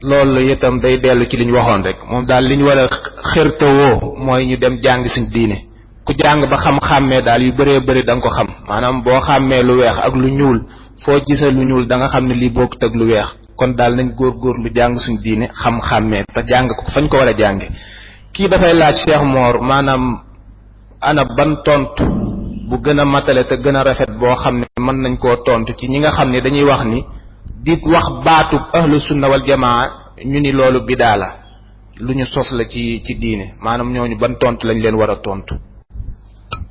loolu tam day dellu ci li ñu waxoon rek moom daal li ñu war a xërtawoo mooy ñu dem jàng suñ diine ku jàng ba xam-xàmmee daal yu bëree bëri da ko xam maanaam boo xàmmee lu weex ak lu ñuul foo gisee lu ñuul danga xam ne lii bokkut ak lu weex kon daal góor góor lu jàng suñ diine xam-xàmmee te jàng ko fañ ko war a jànge kii dafay laaj Cheikh Mor maanaam ana ban tont bu gën a matale te gën rafet boo xam ne mën nañ koo tontu ci di wax baatub ahlu sunna jamaa ñu ni loolu bidaa la lu ñu sos la ci ci diine maanaam ñooñu ban tontu lañ leen war a tontu.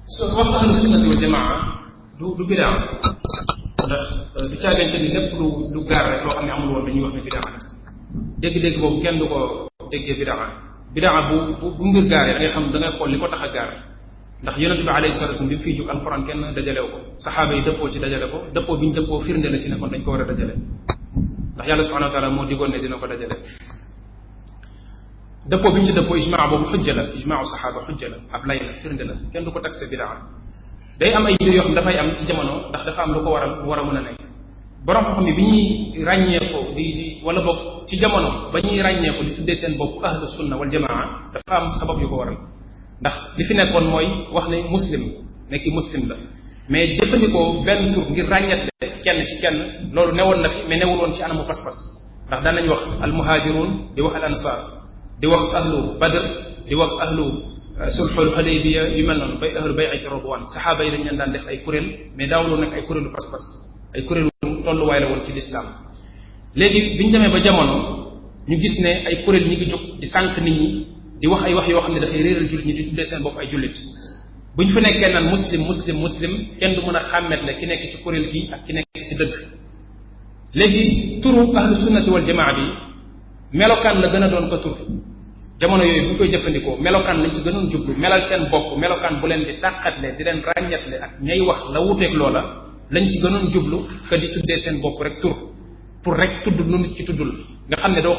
sos du du ndax euh, du caagante ni lépp lu lu gaar rek loo xam ne amul dañuy wax ne bidaa la dégg-dégg boobu kenn du ko déggee bidaa bidaa bu bu mbir gaaree da ngay xam da ngay xool li ko tax a gaar. ndax yonente bi alayhi salatu wasallam bi mu fiy jóg alxuraan kenn dajalew ko saxaaba yi dëppoo ci dajale ko dëppoo bi ñu dëppoo firnde la ci ne kon ko war a dajale ndax yàlla subhanahu wa taala moo digoon ne dina ko dajale dëppoo bi ñu ci dëppoo ijmaa boobu xujja la ijmaa saxaaba xujja la ab lay la firnde la kenn du ko taxe bidaa day am ay mbir yoo xam dafay am ci jamono ndax dafa am lu ko waral war a mën a nekk borom xam ne bi ñuy ràññee wala boog ci jamono ba ñuy ràññee ko di tuddee seen bopp ahlu sunna wal jamaa dafa am sabab yu ko waral ndax li fi nekkoon mooy wax ne muslim ne ki muslim la mais jëfandikoo benn tur ngir ràññat kenn ci kenn loolu ne woon na fi mais newul woon ci anamu pas-pas ndax daan nañu wax almuhaajiruun di wax al ansaar di wax ahlu badr di wax ahlu euh, sulxul xudaybiya yu mel noonu bay ahlu bay'ati ridwaan saxaaba yi dañ leen daan def ay kuréel mais daawuloon nag ay kuréelu pas-pas ay kuréelu tolluwaay la woon ci lislaam léegi bi ñu demee ba jamono ñu gis ne ay kuréel ñi ngi jóg di sànq nit ñi li wax ay wax yoo xam ne dafay réeral jullit ñi di tuddee seen bopp ay jullit bu ñu fa nekkee naan muslim muslim muslim kenn du mën a xàmmet ne ki nekk ci kuréel gi ak ki nekk ci dëgg léegi turu ahlu sunnati wal bi melokaan la gën a doon ko tur jamono yooyu bu koy jëfandikoo melokaan lañ ci gënoon jublu melal seen bopp melokaan bu leen di tàqatle di leen ràññatle ak ñay wax la wuteeg loola lañ ci gënoon jublu que di tuddee seen bopp rek tur pour rek tudd nga xam ne doo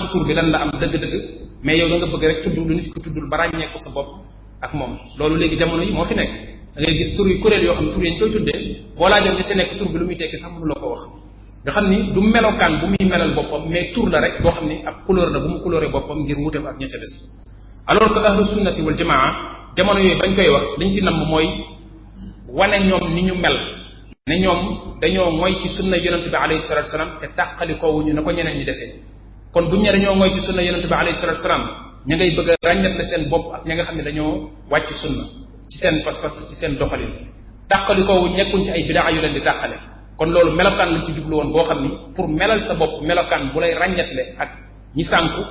xool bi lan la am dëgg mais yow da nga bëgg rek tudd lu nit ko tuddul ba ràññee sa bopp ak moom loolu léegi jamono yi moo fi nekk da ngay gis tur yu kuréel yoo xam tur yañ koy tuddee boo laajoon ñi si nekk tur muy tekki sax mënu la ko wax nga xam ni du melokaan bu muy melal boppam mais tur la boo xam ni ab couleur la bu mu couleur boppam ngir wuute ak ña ca des alors que ahlu sunnati jamono yooyu bañ koy wax dañ ci namm mooy wane ñoom ni ñu mel ne ñoom dañoo mooy ci sunna yonente bi alayhi salatu wasalam te tàqalikoo wuñu na ko ñeneen ñi defee kon buñu ne dañoo mooy ci sunna yonente bi alayhi salatu salaam ña ngay bëgg a ràññat la seen bopp ak ña nga xam ne dañoo wàcc sunna ci seen pas-pas ci seen doxalin tàqalikoowu nekkuñ ci ay bidaa yu leen di tàqale kon loolu melokaan lañ ci jublu woon boo xam ni pour melal sa bopp melokaan bu lay ràññatle ak ñi sànku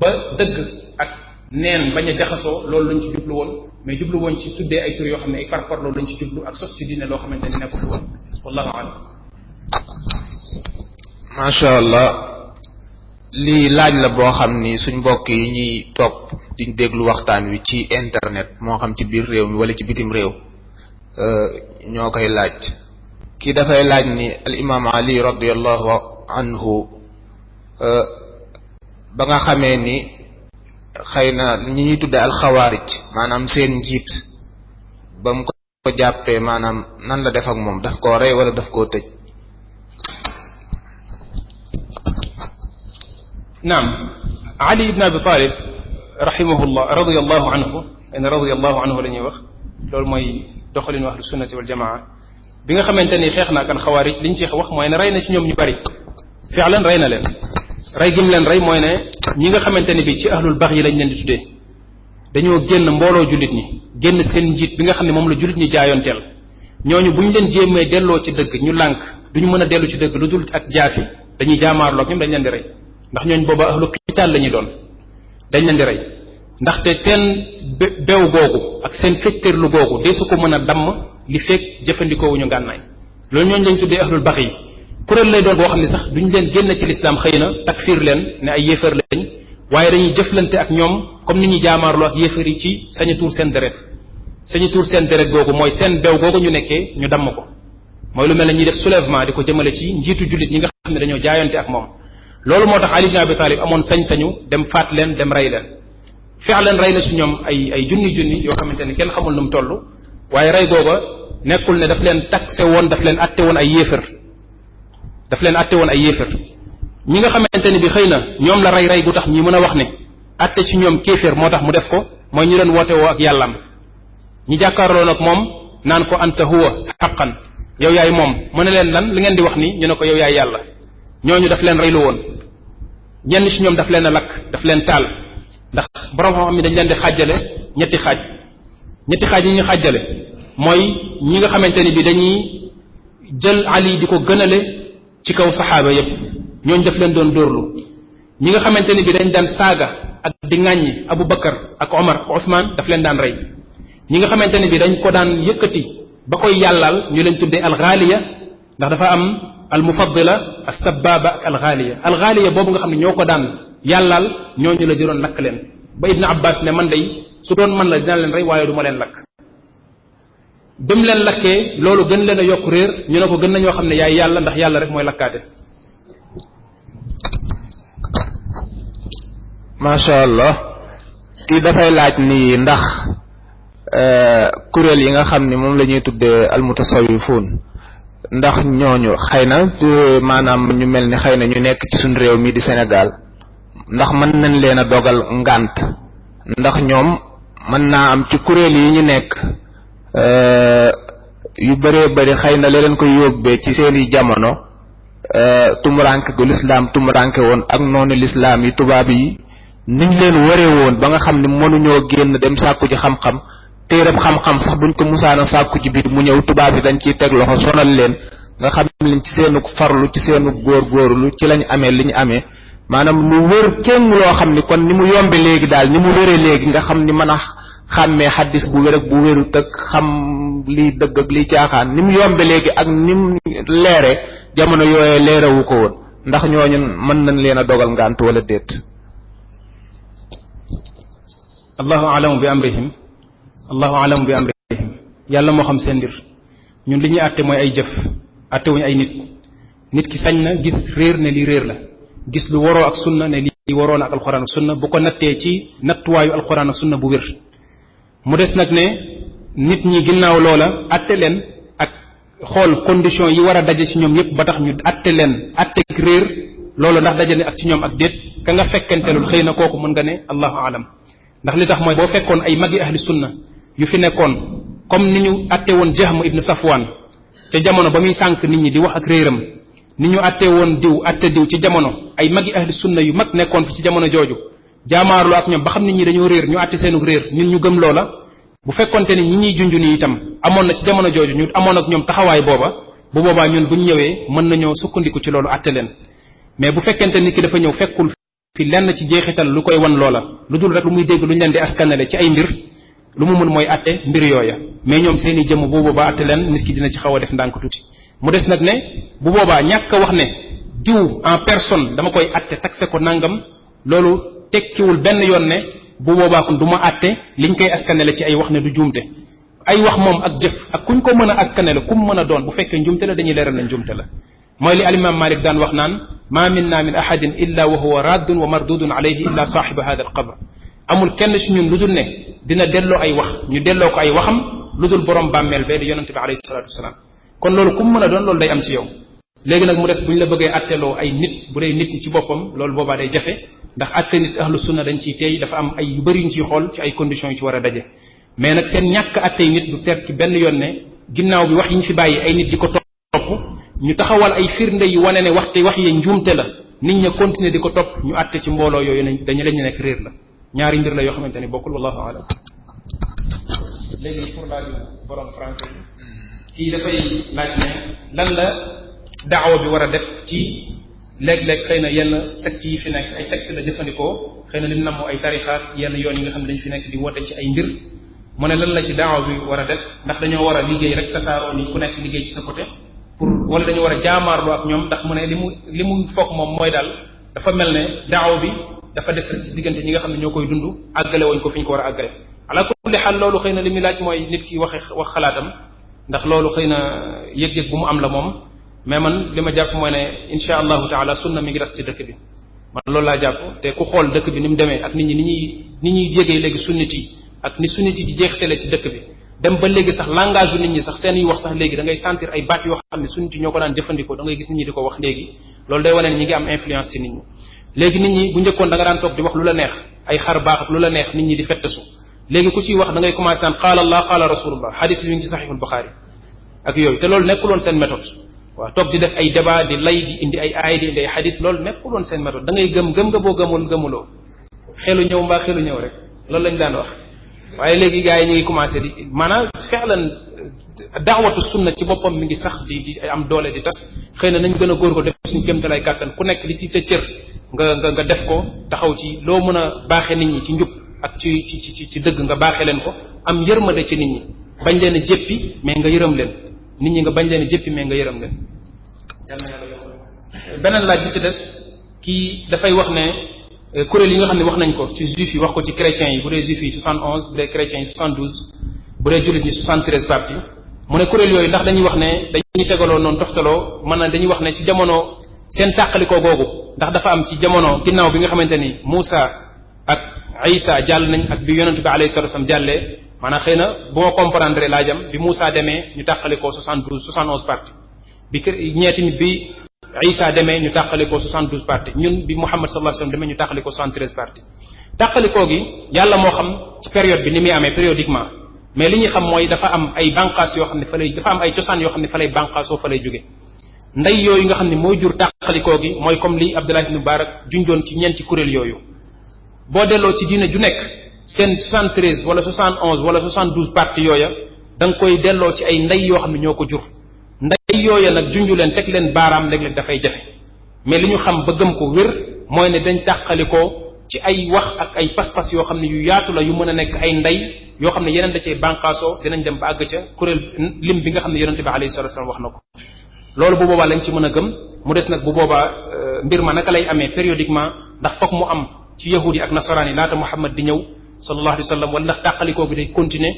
ba dëgg ak neen bañ a jaxasoo loolu lañ ci jublu woon mais jublu woon ci tuddee ay tur yoo xam ne ay par par loolu lañ ci jublu ak sos ci diine loo xamante ne nekkul woon wallahu alam macha allah lii laaj la boo xam ni suñ mbokk yi ñuy topp diñ déglu waxtaan wi ci internet moo xam ci biir réew mi wala ci bitim réew euh, ñoo koy laaj kii dafay laaj ni al imaam ali radiallahu anhu euh, ba nga xamee ni xëy na ñi ñuy tudde alxawaarij maanaam seen njiit ba mu ko jàppee maanaam nan la def ak moom daf koo rey wala daf koo tëj نعم علي بن Abi Talib rahimahullah radiyallahu anhu en radiyallahu anhu la ñuy wax loolu mooy doxalin ahlu sunnati wal jamaa bi nga xamante ni xeex na ak xawaarij li ñu ci wax mooy ne rey na ci ñoom ñu bari fi'lan rey na leen rey gim leen rey mooy ne ñi nga xamante ne bi ci ahlul bax yi lañ leen di tuddee dañoo génn mbooloo jullit ñi génn seen njiit bi nga xam ne moom la jullit ñi jaayoonteel ñooñu bu ñu leen jéemee delloo ci dëgg ñu lànk ñu mën a dellu ci dëgg lu dul ak jaasi dañuy jaamaarloo ak ñoom dañ leen di ndax ñooñ booba ahlu qitaal la ñuy doon dañ leen di rey ndaxte seen bew googu ak seen lu googu deesu ko mën a damm li fekk jëfandikoo wu ñu gànnaay loolu ñooñ lañ tuddee ahlul bax yi kuréel lay doon boo xam ne sax duñ leen génn ci lislaam xëy na takfiir leen ne ay yéefar lañ waaye dañuy jëflante ak ñoom comme ni ñuy jaamaarloo ak yéefar yi ci sañu tuur seen deret sañu tuur seen deret googu mooy seen bew googu ñu nekkee ñu damm ko mooy lu mel ne ñuy def soulèvement di ko jëmale ci njiitu ñi nga xam ne dañoo ak moom loolu moo tax Ali ibn Abi Talib amoon sañ-sañu dem faat leen dem rey leen feex leen rey na si ñoom ay ay junni junni yoo xamante ni kenn xamul nu mu toll waaye rey googa nekkul ne daf leen taxe woon daf leen atte woon ay yéefar daf leen atte woon ay yéefar ñi nga xamante ni bi xëy na ñoom la rey rey gu tax ñi mën a wax ne atte su ñoom kéeféer moo tax mu def ko mooy ñu leen woote woo ak yàllaam ñi jàkkaarloon ak moom naan ko anta huwa xaqan yow yaay moom mu ne leen lan li ngeen di wax ni ñu ne ko yow yaay yàlla ñooñu daf leen reylu woon ñenn ci ñoom daf leen a lakk daf leen taal ndax borom xam-xam yi dañ leen di xàjjale ñetti xaaj ñetti xaaj yi ñu xàjjale mooy ñi nga xamante ni bi dañuy jël ali di ko gënale ci kaw saxaaba yépp ñooñu daf leen doon dóorlu ñi nga xamante ni bi dañ daan saaga ak di ŋàññi abu bakar ak omar ak osman daf leen daan rey ñi nga xamante ni bi dañ ko daan yëkkati ba koy yàllaal ñu leen tuddee alxaaliya ndax dafa am al mufaddila as sababa ak al xaaliya al xaaliya boobu nga xam ne ñoo ko daan yàllaal ñooñu la jëloon lakk leen ba ibnu abbas ne man day su doon man la dinaa leen rey waaye duma leen lakk bi mu leen lakkee loolu gën leen a yokk réer ñu ne ko gën nañoo xam ne yaay yàlla ndax yàlla rek mooy lakkaate macha allah kii dafay laaj ni ndax euh, kuréel yi nga xam ne moom la ñuy tuddee almutasawifun ndax ñooñu xëy na maanaam ñu mel ni xëy na ñu nekk ci suñu réew mii di Sénégal ndax mën nañ leen a dogal ngànt ndax ñoom mën naa am ci kuréel yi ñu nekk eh, yu bëree bëri xëy na leen ko yóbbee ci seeni jamono eh, tumuranke gu lislaam tumuranke woon ak noonu lislaam yi tubaab yi niñ leen waree woon ba nga xam ne mënuñoo génn dem sàkku ci xam-xam téerab xam-xam sax buñ ko musaana sàkku ci biir mu ñëw tubaab yi dañ ciy teg loxo sonal leen nga xam leen ci seenu farlu ci seenu góorgóorlu ci lañ amee li ñu amee maanaam lu wër kenn loo xam ni kon ni mu yombe léegi daal ni mu wéree léegi nga xam ni mën a xàmmee xaddis bu wér bu wéru tëg xam liy dëgg ak liy caaxaan ni mu yombe léegi ak ni mu leere jamono yooyee leerewu ko woon ndax ñooñu mën nañ leen a dogal ngànt wala déet allahu alamu bi amrihim allahu alam bi amrihim yàlla moo xam seen mbir ñun li ñuy àtte mooy ay jëf àttewuñu ay nit nit ki sañ na gis réer ne lii réer la gis lu waroo ak sunna ne lii waroo na ak alxuraan ak sunna bu nattee ci nattuwaayu alxuraan ak sunna bu wér mu des nag ne nit ñi ginnaaw loola àtte leen ak xool condition yi war a daje ci ñoom yépp ba tax ñu àtte leen àtte ak réer loolu ndax dajale ak ci ñoom ak déet ka nga fekkentelul xëy na kooku mën nga ne allahu alam ndax li tax mooy boo fekkoon ay mag magi ahli sunna yu fi nekkoon comme ni ñu atte woon jeex Jahm ibn Safwan ca jamono ba muy sànq nit ñi di wax ak réeram ni ñu atte woon diw atte diw ci jamono ay magi ahli sunna yu mag nekkoon fi ci jamono jooju jaamaarloo ak ñoom ba xam nit ñi dañoo réer ñu atte seenu réer ñu ñu gëm loola bu fekkonte ni ñi ñuy junj nii itam amoon na ci jamono jooju ñu amoon ak ñoom taxawaay booba bu boobaa ñun buñ ñëwee mën nañoo sukkandiku ci loolu atte leen mais bu fekkente nit ki dafa ñëw fekkul fi lenn ci jeexital lu koy wan loola lu dul rek lu muy dégg lu ñu leen di askanale ci ay mbir lu mu mën mooy atte mbir yooya mais ñoom seeni i jëmm bu boobaa atte leen nit ki dina ci xaw a def ndànk tuuti mu des nag ne bu boobaa ñàkk a wax ne diw en personne dama koy atte taxe ko nangam loolu tekkiwul benn yoon ne bu boobaa kon du ma atte liñ koy askanele ci ay wax ne du jumte ay wax moom ak jëf ak kuñ ko mën a askanele kum mën a doon bu fekkee njumte la dañuy leeral ne njumte la mooy li alimaam Malik daan wax naan ma minna min ahadin illa wa huwa raddun wa mardudun alayhi illa saaxiba hada alqabr amul kenn si ñun lu dul ne dina delloo ay wax ñu delloo ko ay waxam lu dul borom bàmmeel bee di yonente bi alayhi salaatu wasalaam kon loolu ku mu mën a doon loolu day am ci yow léegi nag mu des bu ñu la bëggee atteloo ay nit bu dee nit ñi ci boppam loolu boobaa day jafe ndax atte nit ahlu sunna dañ ciy teey dafa am ay yu bëri ñu ciy xool ci ay conditions yi ci war a daje mais nag seen ñàkk attey nit du ter ci benn yoon ne ginnaaw bi wax yi ñu fi bàyyi ay nit di ko topp ñu taxawal ay firnde yu wane ne waxte wax ye njuumte la nit ña continuer di ko topp ñu atte ci mbooloo yooyu nañ dañu lañu nekk réer la ñaari mbir la yoo xamante ni bokkul wallahu alam léegi pour laaju borom français kii la daawa bi war a def ci léeg-léeg xëy na yenn secte yi fi nekk ay secte la jëfandikoo xëy na li mu namm ay tarixaat yenn yoon yi nga xam ne dañu fi nekk di woote ci ay mbir mu ne lan la ci daawa bi war a def ndax dañoo war a liggéey rek tasaaroo ni ku nekk liggéey ci sa côté pour wala dañu war a jaamaarloo ak ñoom ndax mu ne li mu li mu foog moom mooy daal dafa mel ne daaw bi dafa des ci diggante ñi nga xam ne ñoo koy dund àggale woñ ko fi ñu ko war a àggale ala kulli xaal loolu xëy na li muy laaj mooy nit ki waxe wax xalaatam ndax loolu xëy na yëg-yëg bu mu am la moom mais man li ma jàpp mooy ne insha allahu taala sunna mi ngi ras ci dëkk bi man loolu laa jàpp te ku xool dëkk bi ni mu demee ak nit ñi ni ñuy ni ñuy jégee léegi sunnit yi ak ni sunnit yi di jeextale ci dëkk bi dem ba léegi sax langage u nit ñi sax seen yi wax sax léegi da ngay sentir ay baat yoo xam ne sunnit yi ñoo daan jëfandikoo da gis nit ñi di ko loolu day wane ngi am influence ci léegi nit ñi bu njëkkoon da daan toog di wax lu la neex ay xar baax lu la neex nit ñi di fettesu léegi ku ciy wax dangay ngay commencé naan qaala allah qaala rasulullah xadis bi mi ngi ci saxiixul ak yooyu te loolu nekkuloon seen méthode waaw toog di def ay débat di lay di indi ay aay di indi ay xadis loolu nekkuloon seen méthode da ngay gëm gëm nga boo gëmul gëmuloo xelu ñëw mbaa xelu ñëw rek loolu lañ daan wax waaye léegi gars yi ñu ngi commencé di maanaam fexlan daawatu sunna ci boppam mi ngi sax di am doole di tas xëy na nañ gën a góor ko def suñ kémtalaay kàttan ku nekk li si sa cër nga nga nga def ko taxaw ci loo mën a baaxe nit ñi ci njub ak ci ci ci ci dëgg nga baaxe leen ko am yërmande ci nit ñi bañ leen a mais nga yërëm leen nit ñi nga bañ leen a jéppi mais nga yërëm leen beneen laaj bi ci des kii dafay wax ne euh, kuréel yi nga xam ne wax nañ ko ci juif yi wax ko ci chrétiens yi bu dee juif yi 71 bu dee chrétiens yi 72 bu dee jullit ñi 73 parti mu ne kuréel yooyu ndax dañuy wax ne dañuy tegaloo noonu toxtaloo mën na dañuy wax ne ci jamono seen tàqalikoo googu ndax dafa am ci jamono ginnaaw bi nga xamante ni Moussa ak Isa jàll nañ ak bi yonent bi alayhi salatu wasallam jàllee maanaam xëy na boo comprendre laajam bi Moussa demee ñu tàqalikoo soixante douze soixante onze parti bi ñeeti bi Isa demee ñu tàqalikoo soixante douze parti ñun bi Muhammad sallallahu alayhi wasallam demee ñu tàqalikoo soixante treize parti tàqalikoo gi yàlla moo xam ci période bi ni muy amee périodiquement mais li ñu xam mooy dafa am ay bànqaas yoo xam ne fa lay dafa am ay cosaan yoo xam ne fa lay bànqaasoo fa lay jóge ndey yooyu nga xam ne mooy jur tàqalikoo gi mooy comme li Abdullah ibn Mubarak junjoon ci ñeenti kuréel yooyu boo delloo ci diine ju nekk seen 73 wala 71 wala 72 parti yooya da nga koy delloo ci ay nday yoo xam ne ñoo ko jur ndey yooya nag junju leen teg leen baaraam léeg-léeg dafay jafe mais li ñu xam ba gëm ko wér mooy ne dañ tàqalikoo ci ay wax ak ay pas-pas yoo xam ne yu yaatu la yu mën a nekk ay nday yoo xam ne yeneen da cee bànqaasoo dinañ dem àgg ca kuréel lim bi nga xam ne yonente bi alayhi salatu wasallam wax na ko loolu bu boobaa lañu ci mën a gëm mu des nag bu boobaa euh, mbir ma naka lay amee périodiquement ndax fokk mu am ci yahudi ak nasaraan yi laata Muhammad di ñëw sallallahu alayhi wa sallam wala ndax tàqalikoo gi day continuer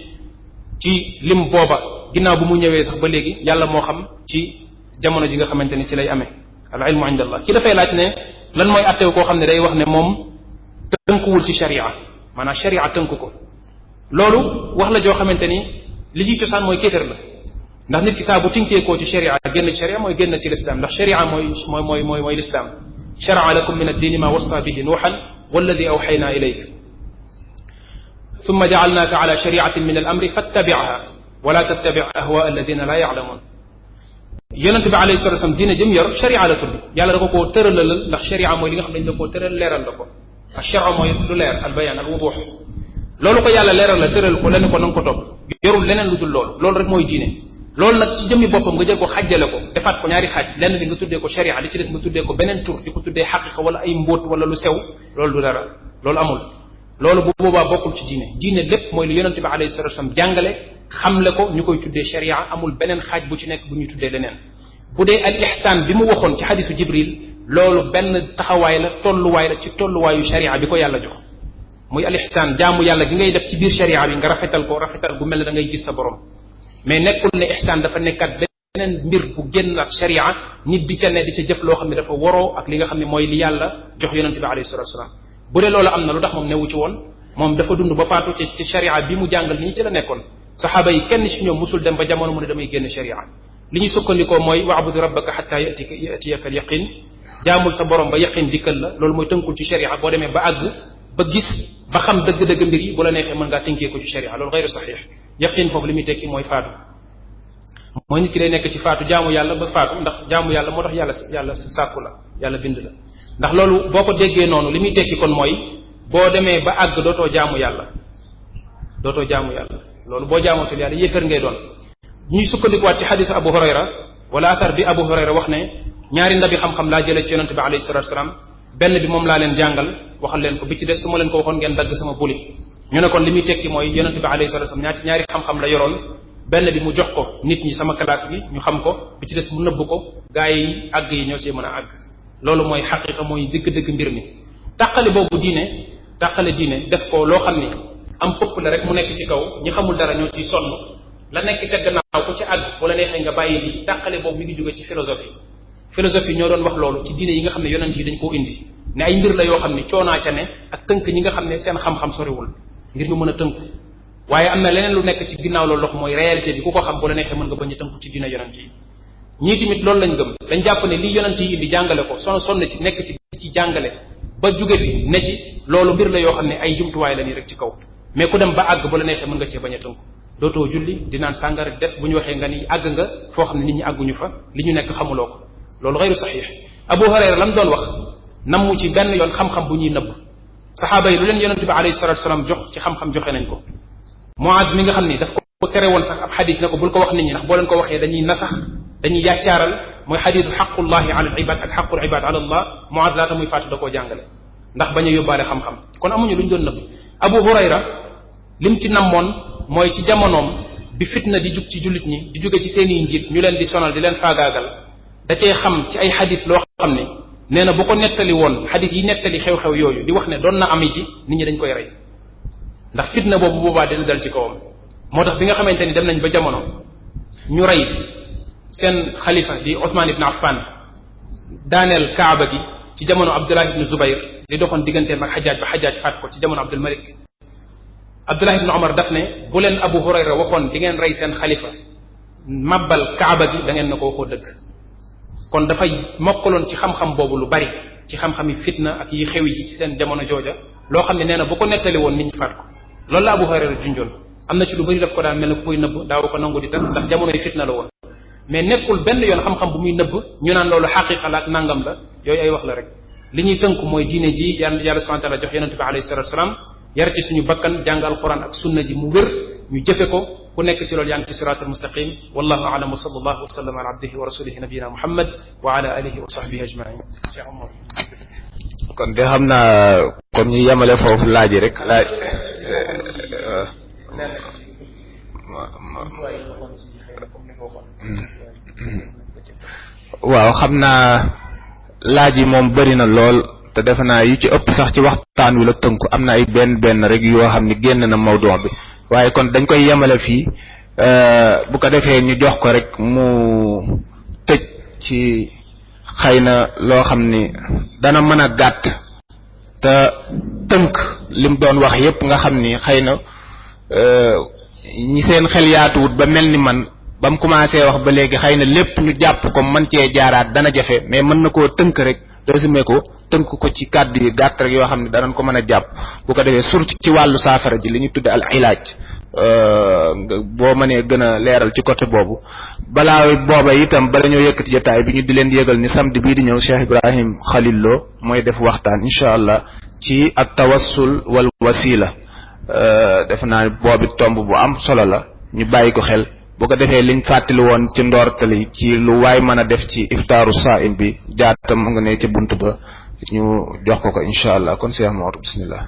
ci lim booba ginnaaw bu mu ñëwee sax ba léegi yàlla moo xam ci jamono ji nga xamante ni ci lay amee al ilmu inda allah ki dafay laaj ne lan mooy attew koo xam ne day wax ne moom tënkuwul ci sharia maanaam sharia tënk ko loolu wax la joo xamante ni li ciy cosaan mooy kéefér la ndax nit ki saa bu tinkeekoo ci sharia génn ci sharia mooy génn ci lislaam ndax sharia mooy mooy mooy mooy mooy lislaam sharaa lakum min addiini ma wasa bihi nuuxan walladi awxaynaa ilayk summa jacalnaaka ala shariatin min al amri fattabicaha wala tattabic ahwa alladina laa yaclamuun yonent bi alayhi salatu wasalam diine jëm yor sharia la tudd yàlla da ko koo tëralalal ndax sharia mooy li nga xam ne dañ la koo tëral leeral la ko ak sharia mooy lu leer al bayaan al wuduux loolu ko yàlla leeral la tëral ko lenn ko na nga ko topp yorul leneen lu dul loolu loolu rek mooy diine loolu nag ci jëmmi boppam nga jël ko xajjale ko defaat ko ñaari xaaj lenn li nga tuddee ko sharia li ci des nga tuddee ko beneen tur di ko tuddee xaqiqa wala ay mbóot wala lu sew loolu du dara loolu amul loolu bu boobaa bokkul ci diine diine lépp mooy lu yonente bi alayhi salatu wasallam jàngale xamle ko ñu koy tuddee sharia amul beneen xaaj bu ci nekk bu ñuy tuddee leneen bu dee al bi mu waxoon ci xadisu jibril loolu benn taxawaay la tolluwaay la ci tolluwaayu sharia bi ko yàlla jox muy al ihsaan jaamu yàlla gi ngay def ci biir sharia bi nga rafetal ko rafetal gu mel ne da ngay gis sa borom mais nekkul ne ihsaan dafa nekkat beneen mbir bu génn ak sharia nit di ca ne di ca jëf loo xam ne dafa waroo ak li nga xam ne mooy li yàlla jox yonente bi alayhi salatu wasalaam bu dee loolu am na lu tax moom newu ci woon moom dafa dund ba faatu ci ci bi mu jàngal ni la nekkoon saxaaba kenn ci ñoom musul dem ba jamono mu ne damay génn sharia li ñu sukkandikoo mooy waabudu rabbaka xatta yatika yatiyaka al yaqin jaamul sa borom ba yaqin dikkal la loolu mooy tënkul ci sharia boo demee ba àgg ba gis ba xam dëgg-dëgg mbir yi bu la neexee mën ngaa tënkee ko ci sharia loolu xeyru saxiix yaqin foofu li muy tekki mooy faatu mooy nit ki day nekk ci faatu jaamu yàlla ba faatu ndax jaamu yàlla moo tax yàlla yàlla sàkku la yàlla bind la ndax loolu boo ko déggee noonu li muy tekki kon mooy boo demee ba àgg dootoo jaamu yàlla dootoo jaamu yàlla loolu boo jaamootul yàlla yéefar ngay doon ñuy sukkandikuwaat ci xadisu abu hurayra wala asar bi abu hurayra wax ne ñaari ndabi xam-xam laa jëlee ci yonente bi alayhi salatu wasalaam benn bi moom laa leen jàngal waxal leen ko ci des su ma leen ngeen dagg sama buli ñu ne kon li muy tekki mooy yonent bi alayhi salatu wasallam ñaati ñaari xam-xam la yoroon benn bi mu jox ko nit ñi sama classe bi ñu xam ko bi ci des mu nëbb ko gaa yi àgg yi ñoo see mën a àgg loolu mooy xaqiqa mooy dëgg-dëgg mbir mi tàqale boobu diine tàqale diine def ko loo xam ne am pëpp la rek mu nekk ci kaw ñi xamul dara ñoo ciy sonn la nekk ca gannaaw ko ci àgg wala neexee nga bàyyi li tàqale boobu mi ngi jóge ci philosophie philosophie ñoo doon wax loolu ci diine yi nga xam ne yonent yi dañ koo indi ne ay mbir la yoo xam ne coonaa ca ne ak tënk ñi nga xam ne seen xam-xam ngir ñu mën a tënku waaye am na leneen lu nekk ci ginnaaw loolu lox mooy réalité bi ku ko xam bu la neexee mën nga bañ a tënku ci dina yonent yi ñii tamit loolu lañ gëm dañ jàpp ne li yonent yi indi jàngale ko son sonn ci nekk ci ci jàngale ba jóge fi ne ci loolu mbir la yoo xam ne ay jumtuwaay la nii rek ci kaw mais ku dem ba àgg bu la neexee mën nga cee bañ a tënku dootoo julli di naan sàngara def bu ñu waxee nga ni àgg nga foo xam ne nit ñi àgguñu fa li ñu nekk xamuloo ko loolu xeyru saxiix Abu Hurayra lam doon wax namu ci benn yoon xam bu ñuy nëbb saxaaba yi lu leen yonente bi alayhi salatu salaam jox ci xam-xam joxe nañ ko Muaad mi nga xam ni daf ko tere woon sax ab xadis ne ko bul ko wax nit ñi ndax boo leen ko waxee dañuy nasax dañuy yàccaaral mooy xadisu xaqullahi ala al ibad ak xaqul ibad ala allah Muaad laata muy faatu da koo jàngale ndax bañ a yóbbaale xam-xam kon amuñu lu ñu doon nëbb Abu Hurayra lim ci namoon mooy ci jamonoom bi fitna di jug ci jullit ñi di juge ci seeni njiit ñu leen di sonal di leen faagaagal da cee xam ci ay xadis loo xam ni nee na bu ko nettali woon xadis yi nettali xew-xew yooyu di wax ne doon na ami ji nit ñi dañ koy rey ndax fitna boobu boobaa dina dal ci kawam moo tax bi nga xamante ni dem nañ ba jamono ñu rey seen xalifa di Ousmane ibn Affan daaneel kaaba gi jamono Abdullah ibn Zubayr li doxoon digganteem ak xajaaj ba xajaaj faat ko ci jamono Abdul Malik Abdullah ibn Omar daf ne bu leen Abu Hurayra waxoon di ngeen rey seen xalifa mabbal kaaba gi da ngeen na ko waxoo dëgg kon dafay mokkaloon ci xam-xam boobu lu bari ci xam-xami fitna ak yi xew yi ci seen jamono jooja loo xam ne nee na bu ko nettali woon nit ñi faat ko loolu la Abu Hurayra junjoon am na ci lu bari daf ko daan mel ne ko koy nëbb daaw ko nangu di tas ndax jamonoy fitna la woon mais nekkul benn yoon xam-xam bu muy nëbb ñu naan loolu xaqiqa la ak nangam la yooyu ay wax la rek li ñuy tënk mooy diine ji yàlla yàlla subhanahu wa taala jox yonente bi alayhi salatu wasalaam yar ci suñu bakkan jàng alquran ak sunna ji mu wér ñu jëfe ko ku nekk ci loolu yaa ngi ci siraatal mustaqim wallahu a'lam wa sallallahu wa sallam ala abdihi wa rasulihi nabiyina muhammad wa ala alihi wa sahbihi ajmain Cheikh Omar kon de xam naa kon ñu yemale foofu laaj rek laaj eh, waaw xam naa laaj yi moom bëri na lool te defe naa yu ci ëpp sax ci waxtaan wi la tënku am na ay benn benn rek yoo xam ne génn na mawduu bi waaye kon dañ koy yemale fii euh, bu ko defee ñu jox ko rek mu tëj ci xëy na loo xam ni dana mën a gàtt te tënk mu doon wax yépp nga xam ni xëy na euh, ñi seen xel yaatuwut ba mel ni man ba mu commencé wax ba léegi xëy na lépp ñu jàpp ko mën cee jaaraat dana jafe mais mën na koo tënk rek résumé ko tënk ko ci kàddu yi gàtt rek yoo xam ne danañ ko mën a jàpp bu ko defee surtout ci wàllu saafara ji li ñu tudde al ilaaj euh, boo mënee gën a leeral ci côté boobu balaa booba itam bala ñoo yëkk jotaay bi ñu di leen yëgal ni samedi bii di ñëw Cheikh Ibrahim Khalil Lo mooy def waxtaan incha allah ci at tawassul wal wasila euh, def naa boobi tomb bu am solo la ñu bàyyi ko xel boo ko defee liñ fàttali woon ci ndoortali ci lu waaye mën a def ci iftaaru saaim bi jaatam mu nga ne ca bunt ba ñu jox ko ko incha allah kon Cheikh Mor bismillah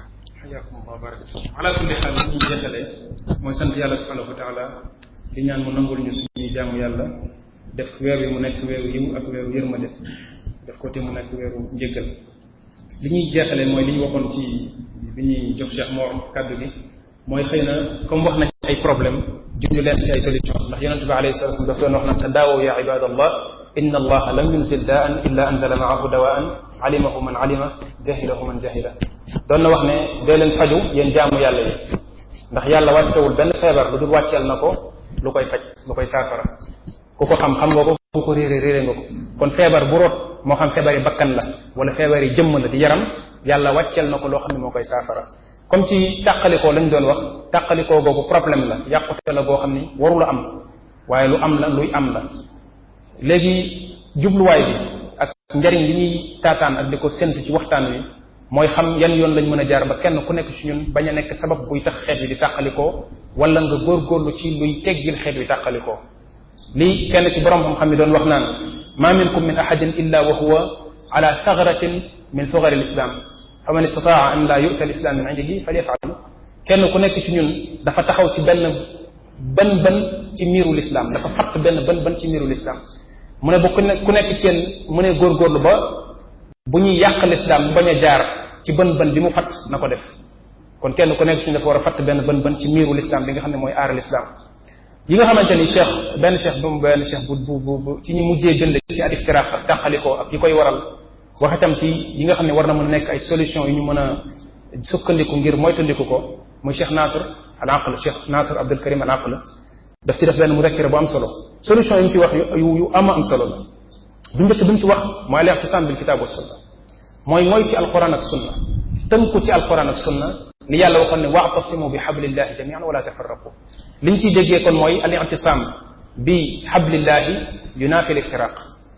mooy sant yàlla subhanahu wa taala ñaan mu nangul ñu suñuy jaamu yàlla def weer wi mu nekk weeru yiw ak weeru yërmande def ko te mu nekk weeru njëggal li ñuy jeexalee mooy li ñu waxoon ci bi ñuy jox Cheikh Mor kàddu gi mooy xëy na comme wax na ay problème junj leen ci ay solution ndax yonente bi alayhi salatu daf doon wax naan tadaawaw ya ibadallah inna allaha lam yunzil daan illa anzala maahu dawaan alimahu man alima jahilahu man jahila doon na wax ne dee leen faju yéen jaamu yàlla yi ndax yàlla wul benn feebar lu dul wàcceel na ko lu koy faj lu koy saafara ku ko xam xam nga ko ku ko réere réere nga ko kon feebar bu root moo xam feebar yi bakkan la wala feebar yi jëmm la di yaram yàlla wàcceel na ko loo xam ne moo koy saafara comme ci tàqalikoo lañ doon wax tàqalikoo googu problème la yàqute la goo xam ni warula am waaye lu am la luy am la léegi jubluwaay bi ak njariñ li ñuy taataan ak di ko séntu ci waxtaan wi mooy xam yan yoon lañ mën a jaar ba kenn ku nekk ci ñun bañ a nekk sabab buy tax xeet wi di tàqalikoo wala nga góor góorgóorlu ci luy teggil xeet wi tàqalikoo li kenn ci borom xam-xam yi doon wax naan ma minkum min ahadin illa wa huwa ala sagratin min sugari l islam fa man istataa an laa yuta lislaam min indihi falyafal kenn ku nekk ci ñun dafa taxaw ci benn bën bën ci miiru lislaam dafa fatt benn bën bën ci miiru mu ne bu ku ku nekk ci mu ne góorgóorlu ba bu ñuy yàq lislaam bañ a jaar ci bën bën bi mu fatt na ko def kon kenn ku nekk ci dafa war a fatt benn bën bën ci miiru lislaam bi nga xam ne mooy aar lislaam yi nga xamante ni cheikh benn cheikh bu benn cheikh bu bu ci ñu mujjee bind ci al iftiraq ak tàqalikoo ak yi koy waral wax itam ci yi nga xam ne war na mën a nekk ay solution yu ñu mën a sukkandiku ngir moytandiku ko muy Cheikh Nasr al aql Cheikh Nasr Abdul Karim al aql daf ci def benn mu rekkere bu am solo solution yi mu ci wax yu yu ama am solo la bu njëkk bi mu ci wax mooy al-i'tisam bil kitab wa sunna mooy mooy ci alquran ak sunna tënku ci alquran ak sunna li yàlla waxoon ne wa'tasimu bi hablillahi jami'an wala tafarraqu li ñu ciy déggee kon mooy al-i'tisam bi hablillahi yunaafi al-iftiraq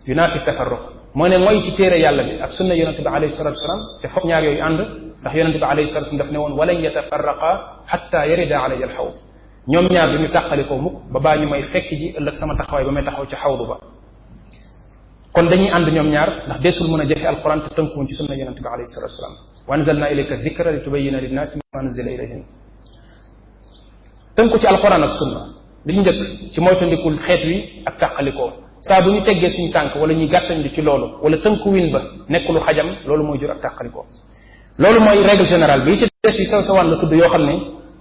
yunaafi tafarruq moo ne mooy ci téere yàlla bi ak sunna yonente bi alayhi salatu wasalaam te foog ñaar yooyu ànd ndax yonente bi alayhi salatu wasalaam daf ne woon walan yatafarraqa xatta yarida alayya alxawd ñoom ñaar du ñu tàqali ko mukk ba baa ñu may fekk ji ëllëg sama taxawaay ba may taxaw ci xawdu ba kon dañuy ànd ñoom ñaar ndax deesul mën a jëfe alquran te tënkuwuñ ci sunna yonente bi alayhi salatu wasalaam wa anzalna ilayka dikra li tubayina linnaasi ma nuzila ilayhim tënku ci alquran ak sunna li ñu njëkk ci moytandikul xeet wi ak tàqalikoo saa bu ñu teggee suñu tànk wala ñu gàttandi ci loolu wala tënkuwin ba nekk lu xajam loolu mooy jur ak tàqalikoo loolu mooy règle générale bi yi ci des yu sew sewaan la tudd yoo xam ne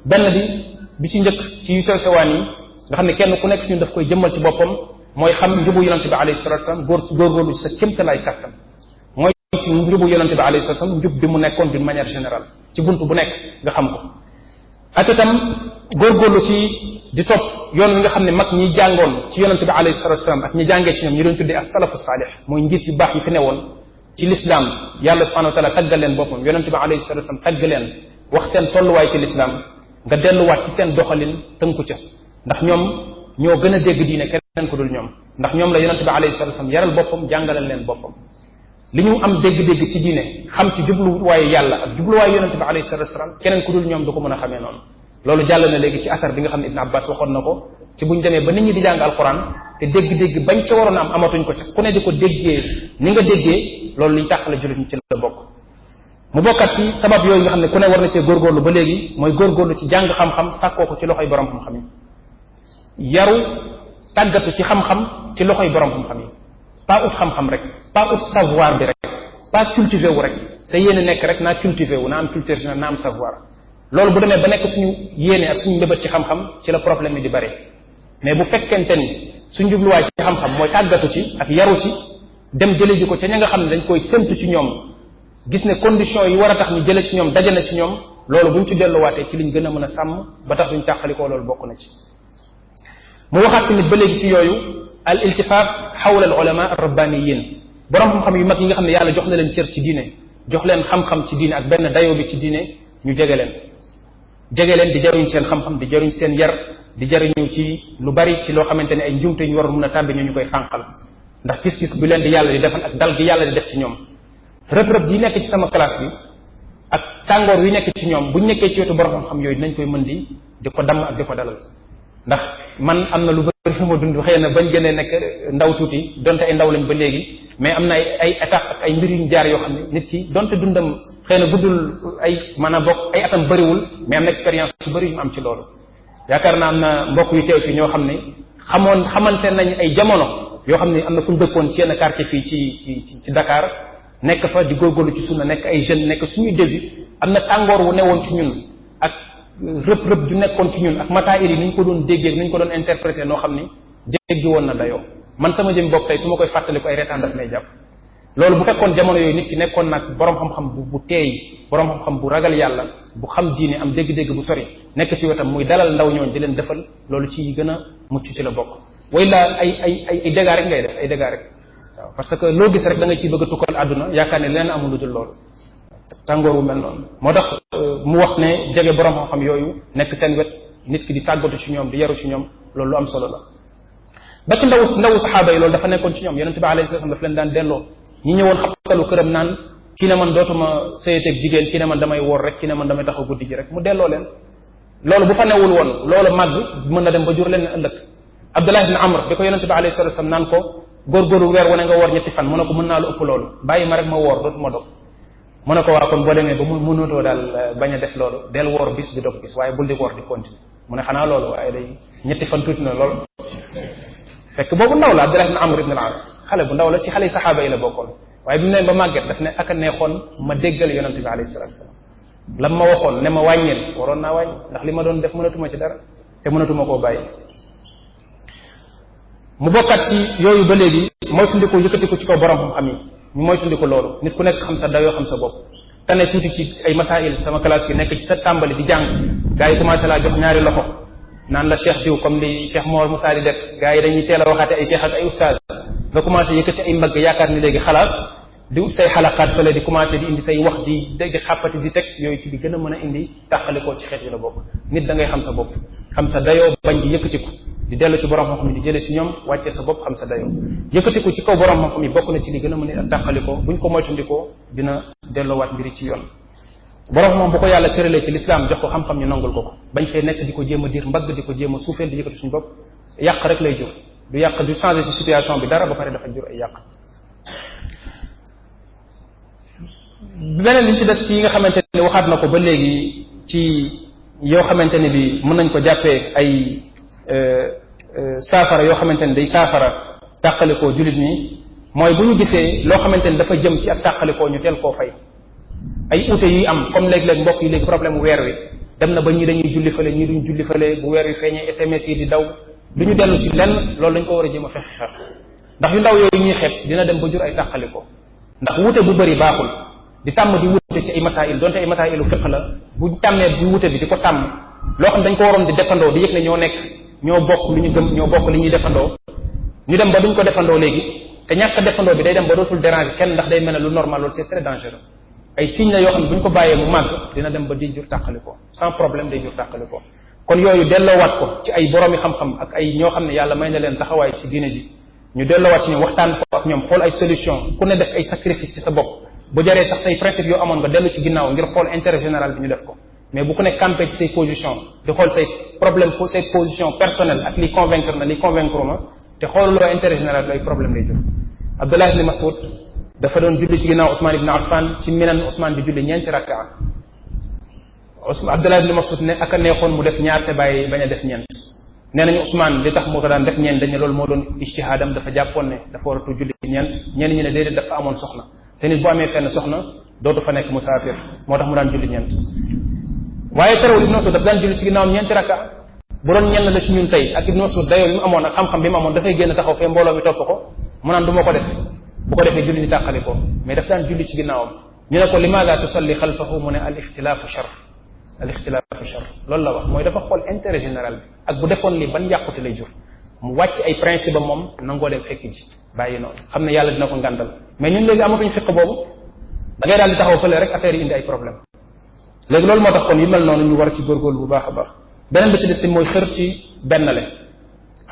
benn bi bi ci njëkk ci yu sew sewaan yi nga xam ne kenn ku nekk suñu daf koy jëmmal ci boppam mooy xam njubu yonante bi alayhi salatu wasalam góor góorgóorlu ci sa kémtalaay kàttan mooy ci njubu yonante bi alayhi salatu wasalam njub bi mu nekkoon d'une manière générale ci bunt bu nekk nga xam ko ak di yoon wi nga xam ne mag ñi jàngoon ci yonente bi alayhi salatu wasalaam ak ñi jàngee ci ñoom ñu doon tuddee as salafu saalih mooy njiit yu baax yi fi woon ci lislaam yàlla subhanahu wa taala taggal leen boppam yonente bi alayhi salatu wasalaam tagg leen wax seen tolluwaay ci lislaam nga delluwaat seen doxalin tënku ca ndax ñoom ñoo gën a dégg diine keneen ko dul ñoom ndax ñoom la yonente bi alayhi salatu boppam jàngalal leen boppam li ñu am dégg-dégg ci diine xam ci jubluwaayu yàlla ak jubluwaayu yonente bi alayhi salatu wasalaam keneen ko dul ñoom du ko mën a xamee noonu loolu jàll na léegi ci asar bi nga xam ne Ibn Abbas waxoon na ko ci buñ demee ba nit ñi di jàng alquran te dégg-dégg bañ ca waroon am amatuñ ko ca ku ne di ko déggee ni nga déggee loolu ñu liñ la jullit ñi ci la bokk mu bokkat ci sabab yooyu nga xam ne ku ne war na cee góorgóorlu ba léegi mooy góorlu ci jàng xam-xam sàkkoo ko ci loxoy borom xam-xam yi yaru tàggatu ci xam-xam ci loxoy borom xam-xam yi pas ut xam-xam rek pas ut savoir bi rek pas cultivé wu rek sa yéene nekk rek naa cultivé wu naa am culture naa am savoir loolu bu demee ba nekk suñu yéene ak suñu mbébét ci xam-xam ci la problème yi di bari mais bu fekkente ni suñu jubluwaay ci xam-xam mooy tàggatu ci ak yaru ci dem jële ji ko ca ña nga xam ne dañ koy séntu ci ñoom gis ne condition yi war a tax ñu jële ci ñoom daje na ci ñoom loolu buñ ci delluwaatee ci liñ gën a mën a sàmm ba tax duñ tàqalikoo loolu bokk na ci mu waxaat tamit ba léegi ci yooyu al iltifaat xawla al ulama ar rabbaniyin borom xam yu mag yi nga xam ne yàlla jox na leen cër ci jox leen xam-xam ci diine ak benn dayo bi ci diine ñu jege leen jege leen di jariñ seen xam-xam di jariñ seen yar di jariñu ci lu bari ci loo xamante ne ay njumte ñu war mun a tàbbi ñu ñu koy xànqal ndax gis-gis bi leen di yàlla di defal ak dal gi yàlla di def ci ñoom rëb-rëb yi nekk ci sama classe bi ak tàngoor yu nekk ci ñoom bu ñu nekkee ci wetu borom xam yooyu nañ koy mën di di ko damm ak di ko dalal ndax man am na lu bëri lu ma dund xëy na bañ gënee nekk ndaw tuuti donte ay ndaw lañ ba léegi mais am na ay ay étape jaar yoo xam ne nit xëy na guddul ay man a bokk ay atam bariwul mais am na expérience yu bëri yu am ci loolu yaakaar naa am na mbokk yu teew fi ñoo xam ne xamoon xamante nañu ay jamono yoo xam ne am na fu ñu dëkkoon ci yenn quartier fii ci ci ci nekk fa di góorgóorlu ci sunna nekk ay jeunes nekk suñuy début am na tàngoor wu newoon ci ñun ak rëb rëb ju nekkoon ci ñun ak masaayil yi ni ñu ko doon déggee ni ñu ko doon interpréter noo xam ni jéggi woon na dayoo man sama jëm bopp tey su ma koy fàttaliku ay retaan daf may jàpp loolu bu fekkoon jamono yooyu nit ki nekkoon nag borom xam-xam bu bu teey borom xam-xam bu ragal yàlla bu xam diine am dégg-dégg bu sori nekk ci wetam muy dalal ndaw ñooñ di leen defal loolu ci gën a mucc ci la bokk way la ay ay ay ay rek ngay def ay dégâts rek waaw parce que loo gis rek da nga ciy bëgg a tukkal àdduna yaakaar ne leneen amul lu dul loolu tàngoor wu mel noonu moo tax euh, mu wax ne jege borom xam-xam yooyu nekk seen wet nit ki di tàggatu ci ñoom di yaru ci ñoom loolu am solo la ba ci ndaw ndawu saxaaba yi loolu dafa nekkoon ci ñoom daf leen daan delloo ñu ñëwoon xabtalu këram naan ki ne man dootuma sëyeteeg jigéen ki ne man damay woor rek ki ne man damay taxaw guddi ji rek mu delloo leen loolu bu fa newul woon loolu màgg mën na dem ba jur leen ëllëg Abdullah ibn Amr bi ko yonente bi alayhi salatu wasallam naan ko góorgóorlu weer wane nga woor ñetti fan mu ne ko mën naa lu ëpp loolu bàyyi ma rek ma woor dootuma dog mu ne ko waa kon boo demee ba mu mënatoo daal euh, bañ a def loolu del woor bis di dog bis waaye bul di woor di continuer mu ne xanaa loolu waaye day ñetti fan tuuti na loolu fekk boobu ndaw la Abdullah ibn Amr ibn al-As xale bu ndaw la ci xale saxaaba yi la bokkoon waaye bi mu ne ba màgget daf ne ak neexoon ma déggal yonente bi alayhi salatu wasalam ma waxoon ne ma wàññil waroon naa wàññi ndax li ma doon def mënatuma ci dara te mënatuma koo bàyyi mu bokkat ci yooyu ba léegi moytundiku yëkkatiku ci kaw borom xam-xam yi ñu moytundiku loolu nit ku nekk xam sa dayoo xam sa bopp tane tuuti ci ay masail sama classe yi nekk ci sa tàmbali di jàng gars yi laa jox ñaari loxo naan la cheikh diw comme li cheikh Mor Moussa def gars yi dañuy teel a waxaate ay cheikh ak ay oustaz nga commencé yëkkati ay mbagg yaakaar ni léegi xalaas di ut say xalaqaat fële di commencé di indi say wax di di xàppati di teg yooyu ci li gën a mën a indi tàqalikoo ci xeet yi la bokk nit da ngay xam sa bopp xam sa dayoo bañ di yëkkatiku di dellu ci borom xam-xam yi di jëlee ci ñoom wàcce sa bopp xam sa dayoo yëkkatiku ci kaw borom xam-xam bokk na ci li gën a mën a tàqalikoo buñ ko moytandikoo dina delloowaat mbiri ci yoon borom moom bu ko yàlla cëralee ci lislaam jox ko xam-xam ñu nangul ko ko bañ fee nekk di ko jéem a diir mbagg di ko jéem a suufeel di yëkkati suñu bopp yàq rek lay jur du yàq du changé ci situation bi dara ba pare dafa jur ay yàq li ci des yi nga xamante ne waxaat na ko ba léegi ci yoo xamante ne bi mën nañ ko jàppee ay euh, euh, saafara yoo xamante ne day saafara tàqalikoo jullit nii mooy bu ñu gisee loo xamante ne dafa jëm ci ak tàqalikoo ñu teel koo fay ay uute yuy am comme léeg-léeg mbokk yi léegi problème weer wi dem na ba ñii dañuy julli fële ñii duñ julli fële bu weer wi feeñee SMS yi di daw lu ñu dellu ci lenn loolu dañ ko war a jéem a fexe xeex ndax yu ndaw yooyu ñuy xeet dina dem ba jur ay tàqaliko ndax wute bu bëri baaxul di tàmm di wute ci ay masail donte ay masailu fiq la bu tàmmee bu wute bi di ko tàmm loo xam dañ ko waroon di defandoo di yëg ne ñoo nekk ñoo bokk lu ñu gëm ñoo bokk li ñuy defandoo ñu dem ba duñ ko defandoo léegi te ñàkk defandoo bi day dem ba dootul déranger kenn ndax day mel na lu normal loolu c'est très dangereux ay signe la yoo xam ne bu ñu ko bàyyee mu màgg dina dem ba di jur tàqali ko sans problème day jur tàqali kon yooyu delloowaat ko ci ay boroomi xam-xam ak ay ñoo xam ne yàlla may na leen taxawaay ci diine ji ñu delloowaat ci ñoom waxtaan ko ak ñoom xool ay solution ku ne def ay sacrifice ci sa bopp bu jaree sax say principe yoo amoon nga dellu ci ginnaaw ngir xool intérêt général bi ñu def ko mais bu ku ne campé ci say position di xool say problème say position personnelle na li convaincre ma te xooluloo intérêt général bi ay dafa doon julli ci ginnaaw Ousmane ibn Affan ci minan Ousmane di julli ñeenti rakkaa Ousmane Abdallah ibn Mas'ud ne ak a neexoon mu def ñaar te bàyyi bañ def ñeent nee nañu Ousmane li tax moo ko daan def ñeent dañu loolu moo doon ijtihaadam dafa jàppoon ne dafa waratu julli ñeent ñenn ñu ne déedéet dafa amoon soxna te nit bu amee fenn soxna dootu fa nekk musaafir moo tax mu daan julli ñeent waaye terewul Ibn Mas'ud dafa daan julli ci ginnaaw ñeenti rakka bu doon ñenn la ci ñun tey ak Ibn Mas'ud dayoo bi mu amoon ak xam-xam bi mu amoon dafay génn taxaw mbooloo mi topp ko mu naan ma ko def bu ko defee julli ñu tàqali ko mais daf daan julli ci ginnaawam ñu ne ko limaada tusalli xalfahu mu ne al ixtilaafu shar al loolu la wax mooy dafa xool intérêt général bi ak bu defoon lii ban yàqute lay jur mu wàcc ay principe am moom nangoo dem fekk ji bàyyi noonu xam ne yàlla dina ko ngàndal mais ñun léegi amatuñ fiq boobu da ngay taxaw fële rek affaire yi indi ay problème léegi loolu moo tax kon yi mel noonu ñu war ci góorgóorlu bu baax a baax beneen bi ci benn le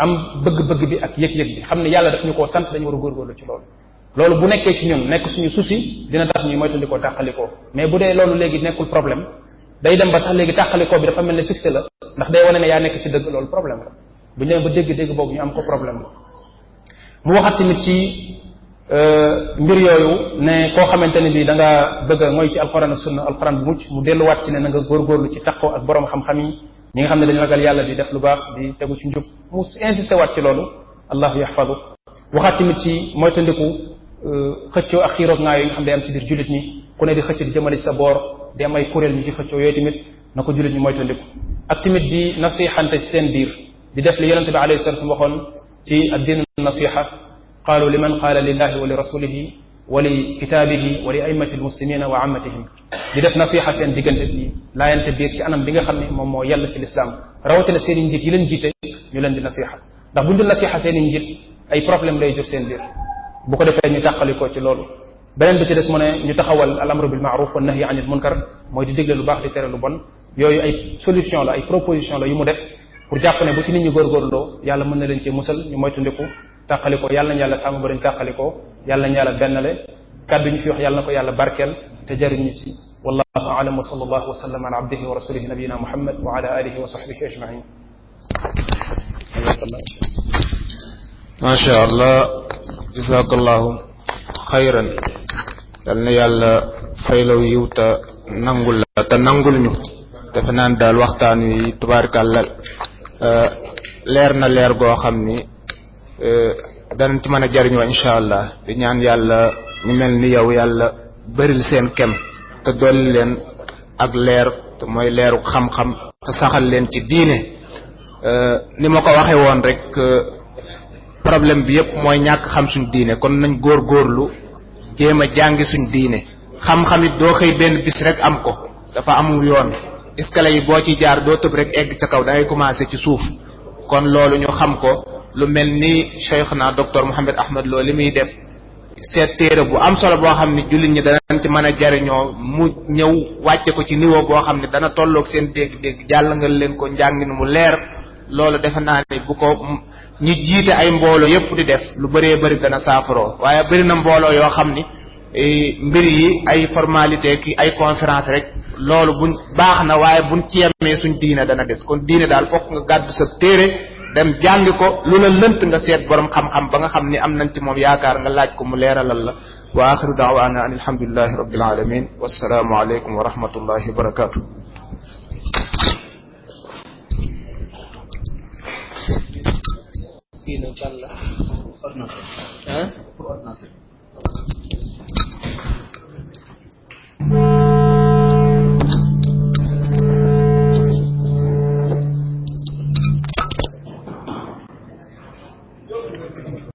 am bëgg bi ak yëg-yëg bi xam ne yàlla ñu koo sant dañu war a góorgóorlu ci loolu loolu bu nekkee ci ñun nekk suñu souci dina tax ñuy moytandikoo tàqalikoo mais bu dee loolu léegi nekkul problème day dem ba sax léegi tàqalikoo bi dafa mel ne succès la ndax day wane ne yaa nekk ci dëgg loolu problème la bu ñëwee ba dégg-dégg boobu ñu am ko problème la mu waxat tamit ci euh, mbir yooyu ne koo xamante ni bi da nga bëgg a mooy ci alxuraan sunna alxuraan bu mucc mu delluwaat ci ne na góor góorgóorlu ci takkoo ak borom xam-xam yi ñi nga xam ne dañu ragal yàlla di def lu baax di tegu ci njub mu insisté waat ci loolu allah yaxfadu waxaat tamit Euh, xëccoo ak xiiroog ngaa yi nga xam day am ci biir jullit ñi ku ne di xëcc di jëmale ci sa boor di am ay kuréel ñu ci xëccoo yooyu tamit na ko jullit ñi moytandiku ak tamit di nasixante ci seen biir di def li yonente bi alayhi salatu waxoon ci addinu nasiha qaalu liman qaala lillahi wa li rasulihi wa li kitaabihi wa li aimati almuslimina wa ammatihim di def nasiha seen diggante bi laayante biir ci anam bi nga xam ne moom moo yàlla ci lislaam rawatina seen i njiit yi leen jiite ñu leen di nasiha ndax buñ dul nasiha seen i njiit ay problème lay jur seen biir bu ko defee ñu tàqalikoo ci loolu beneen bi ci des mu ne ñu taxawal al amru bil maaruf wa nahyi anil munkar mooy di lu baax di tere lu bon yooyu ay solution la ay proposition la yu mu def pour jàpp ne bu ci nit ñi góorgóorloo yàlla mën na leen cee musal ñu moytundiku tàqalikoo yàlla nañu yàlla sàmm ba ñu tàqalikoo yàlla nañu yàlla bennale kàddu ñu fi wax yàlla ko yàlla barkeel te jariñ ñu ci wallahu aalam wa sallallahu wa sallam ala abdihi wa rasulihi nabiyina muhammad wa ala alihi wa sahbihi ajmain macha allah jazakallahu xayran yal na yàlla faylaw yiw te nangul la te nangul ñu dafa naan daal waxtaan wi tubaarkàlla eh, leer na leer goo xam ni eh, danañ ci mën a jariñoo incha allah di ñaan yàlla ñu mel ni yow yàlla baril seen kem te dolli leen ak leer te mooy leeru xam-xam te saxal leen ci diine eh, ni ma ko waxee woon rek problème bi yépp mooy ñàkk xam suñ diine kon nañ góor góorlu jéem a jàngi suñ diine xam-xam it doo xëy benn bis rek am ko dafa amul yoon escalier yi boo ci jaar doo tëb rek egg ca kaw da ngay commencé ci suuf kon loolu ñu xam ko lu mel ni cheikh na docteur Mouhamed Ahmad Lo li muy def seet téere bu am solo boo xam ne jullit ñi danañ ci mën a jariñoo mu ñëw wàcce ko ci niveau boo xam ne dana tollook seen dégg-dégg jàll nga leen ko njàngin mu leer loolu ñu jiite ay mboolo yépp di def lu bëree bari gën a saafaroo waaye bëri na mbooloo yoo xam ni eh, mbir yi ay formalité ki ay conférence rek loolu buñ baax na waaye buñ ci yemee suñ diine dana des kon diine daal fokk nga gàddu sa téere dem jàngi ko lu la lënt nga seet borom xam-xam ba nga xam ni am nañ ci moom yaakaar nga laaj ko mu leeralal la wa axiru daawaana an alhamdulilahi rabbil alamin wasalaamu aleykum wa rahmatullahi wa barakatu kii nag ban la. ordinateur. ah pour ordinateur.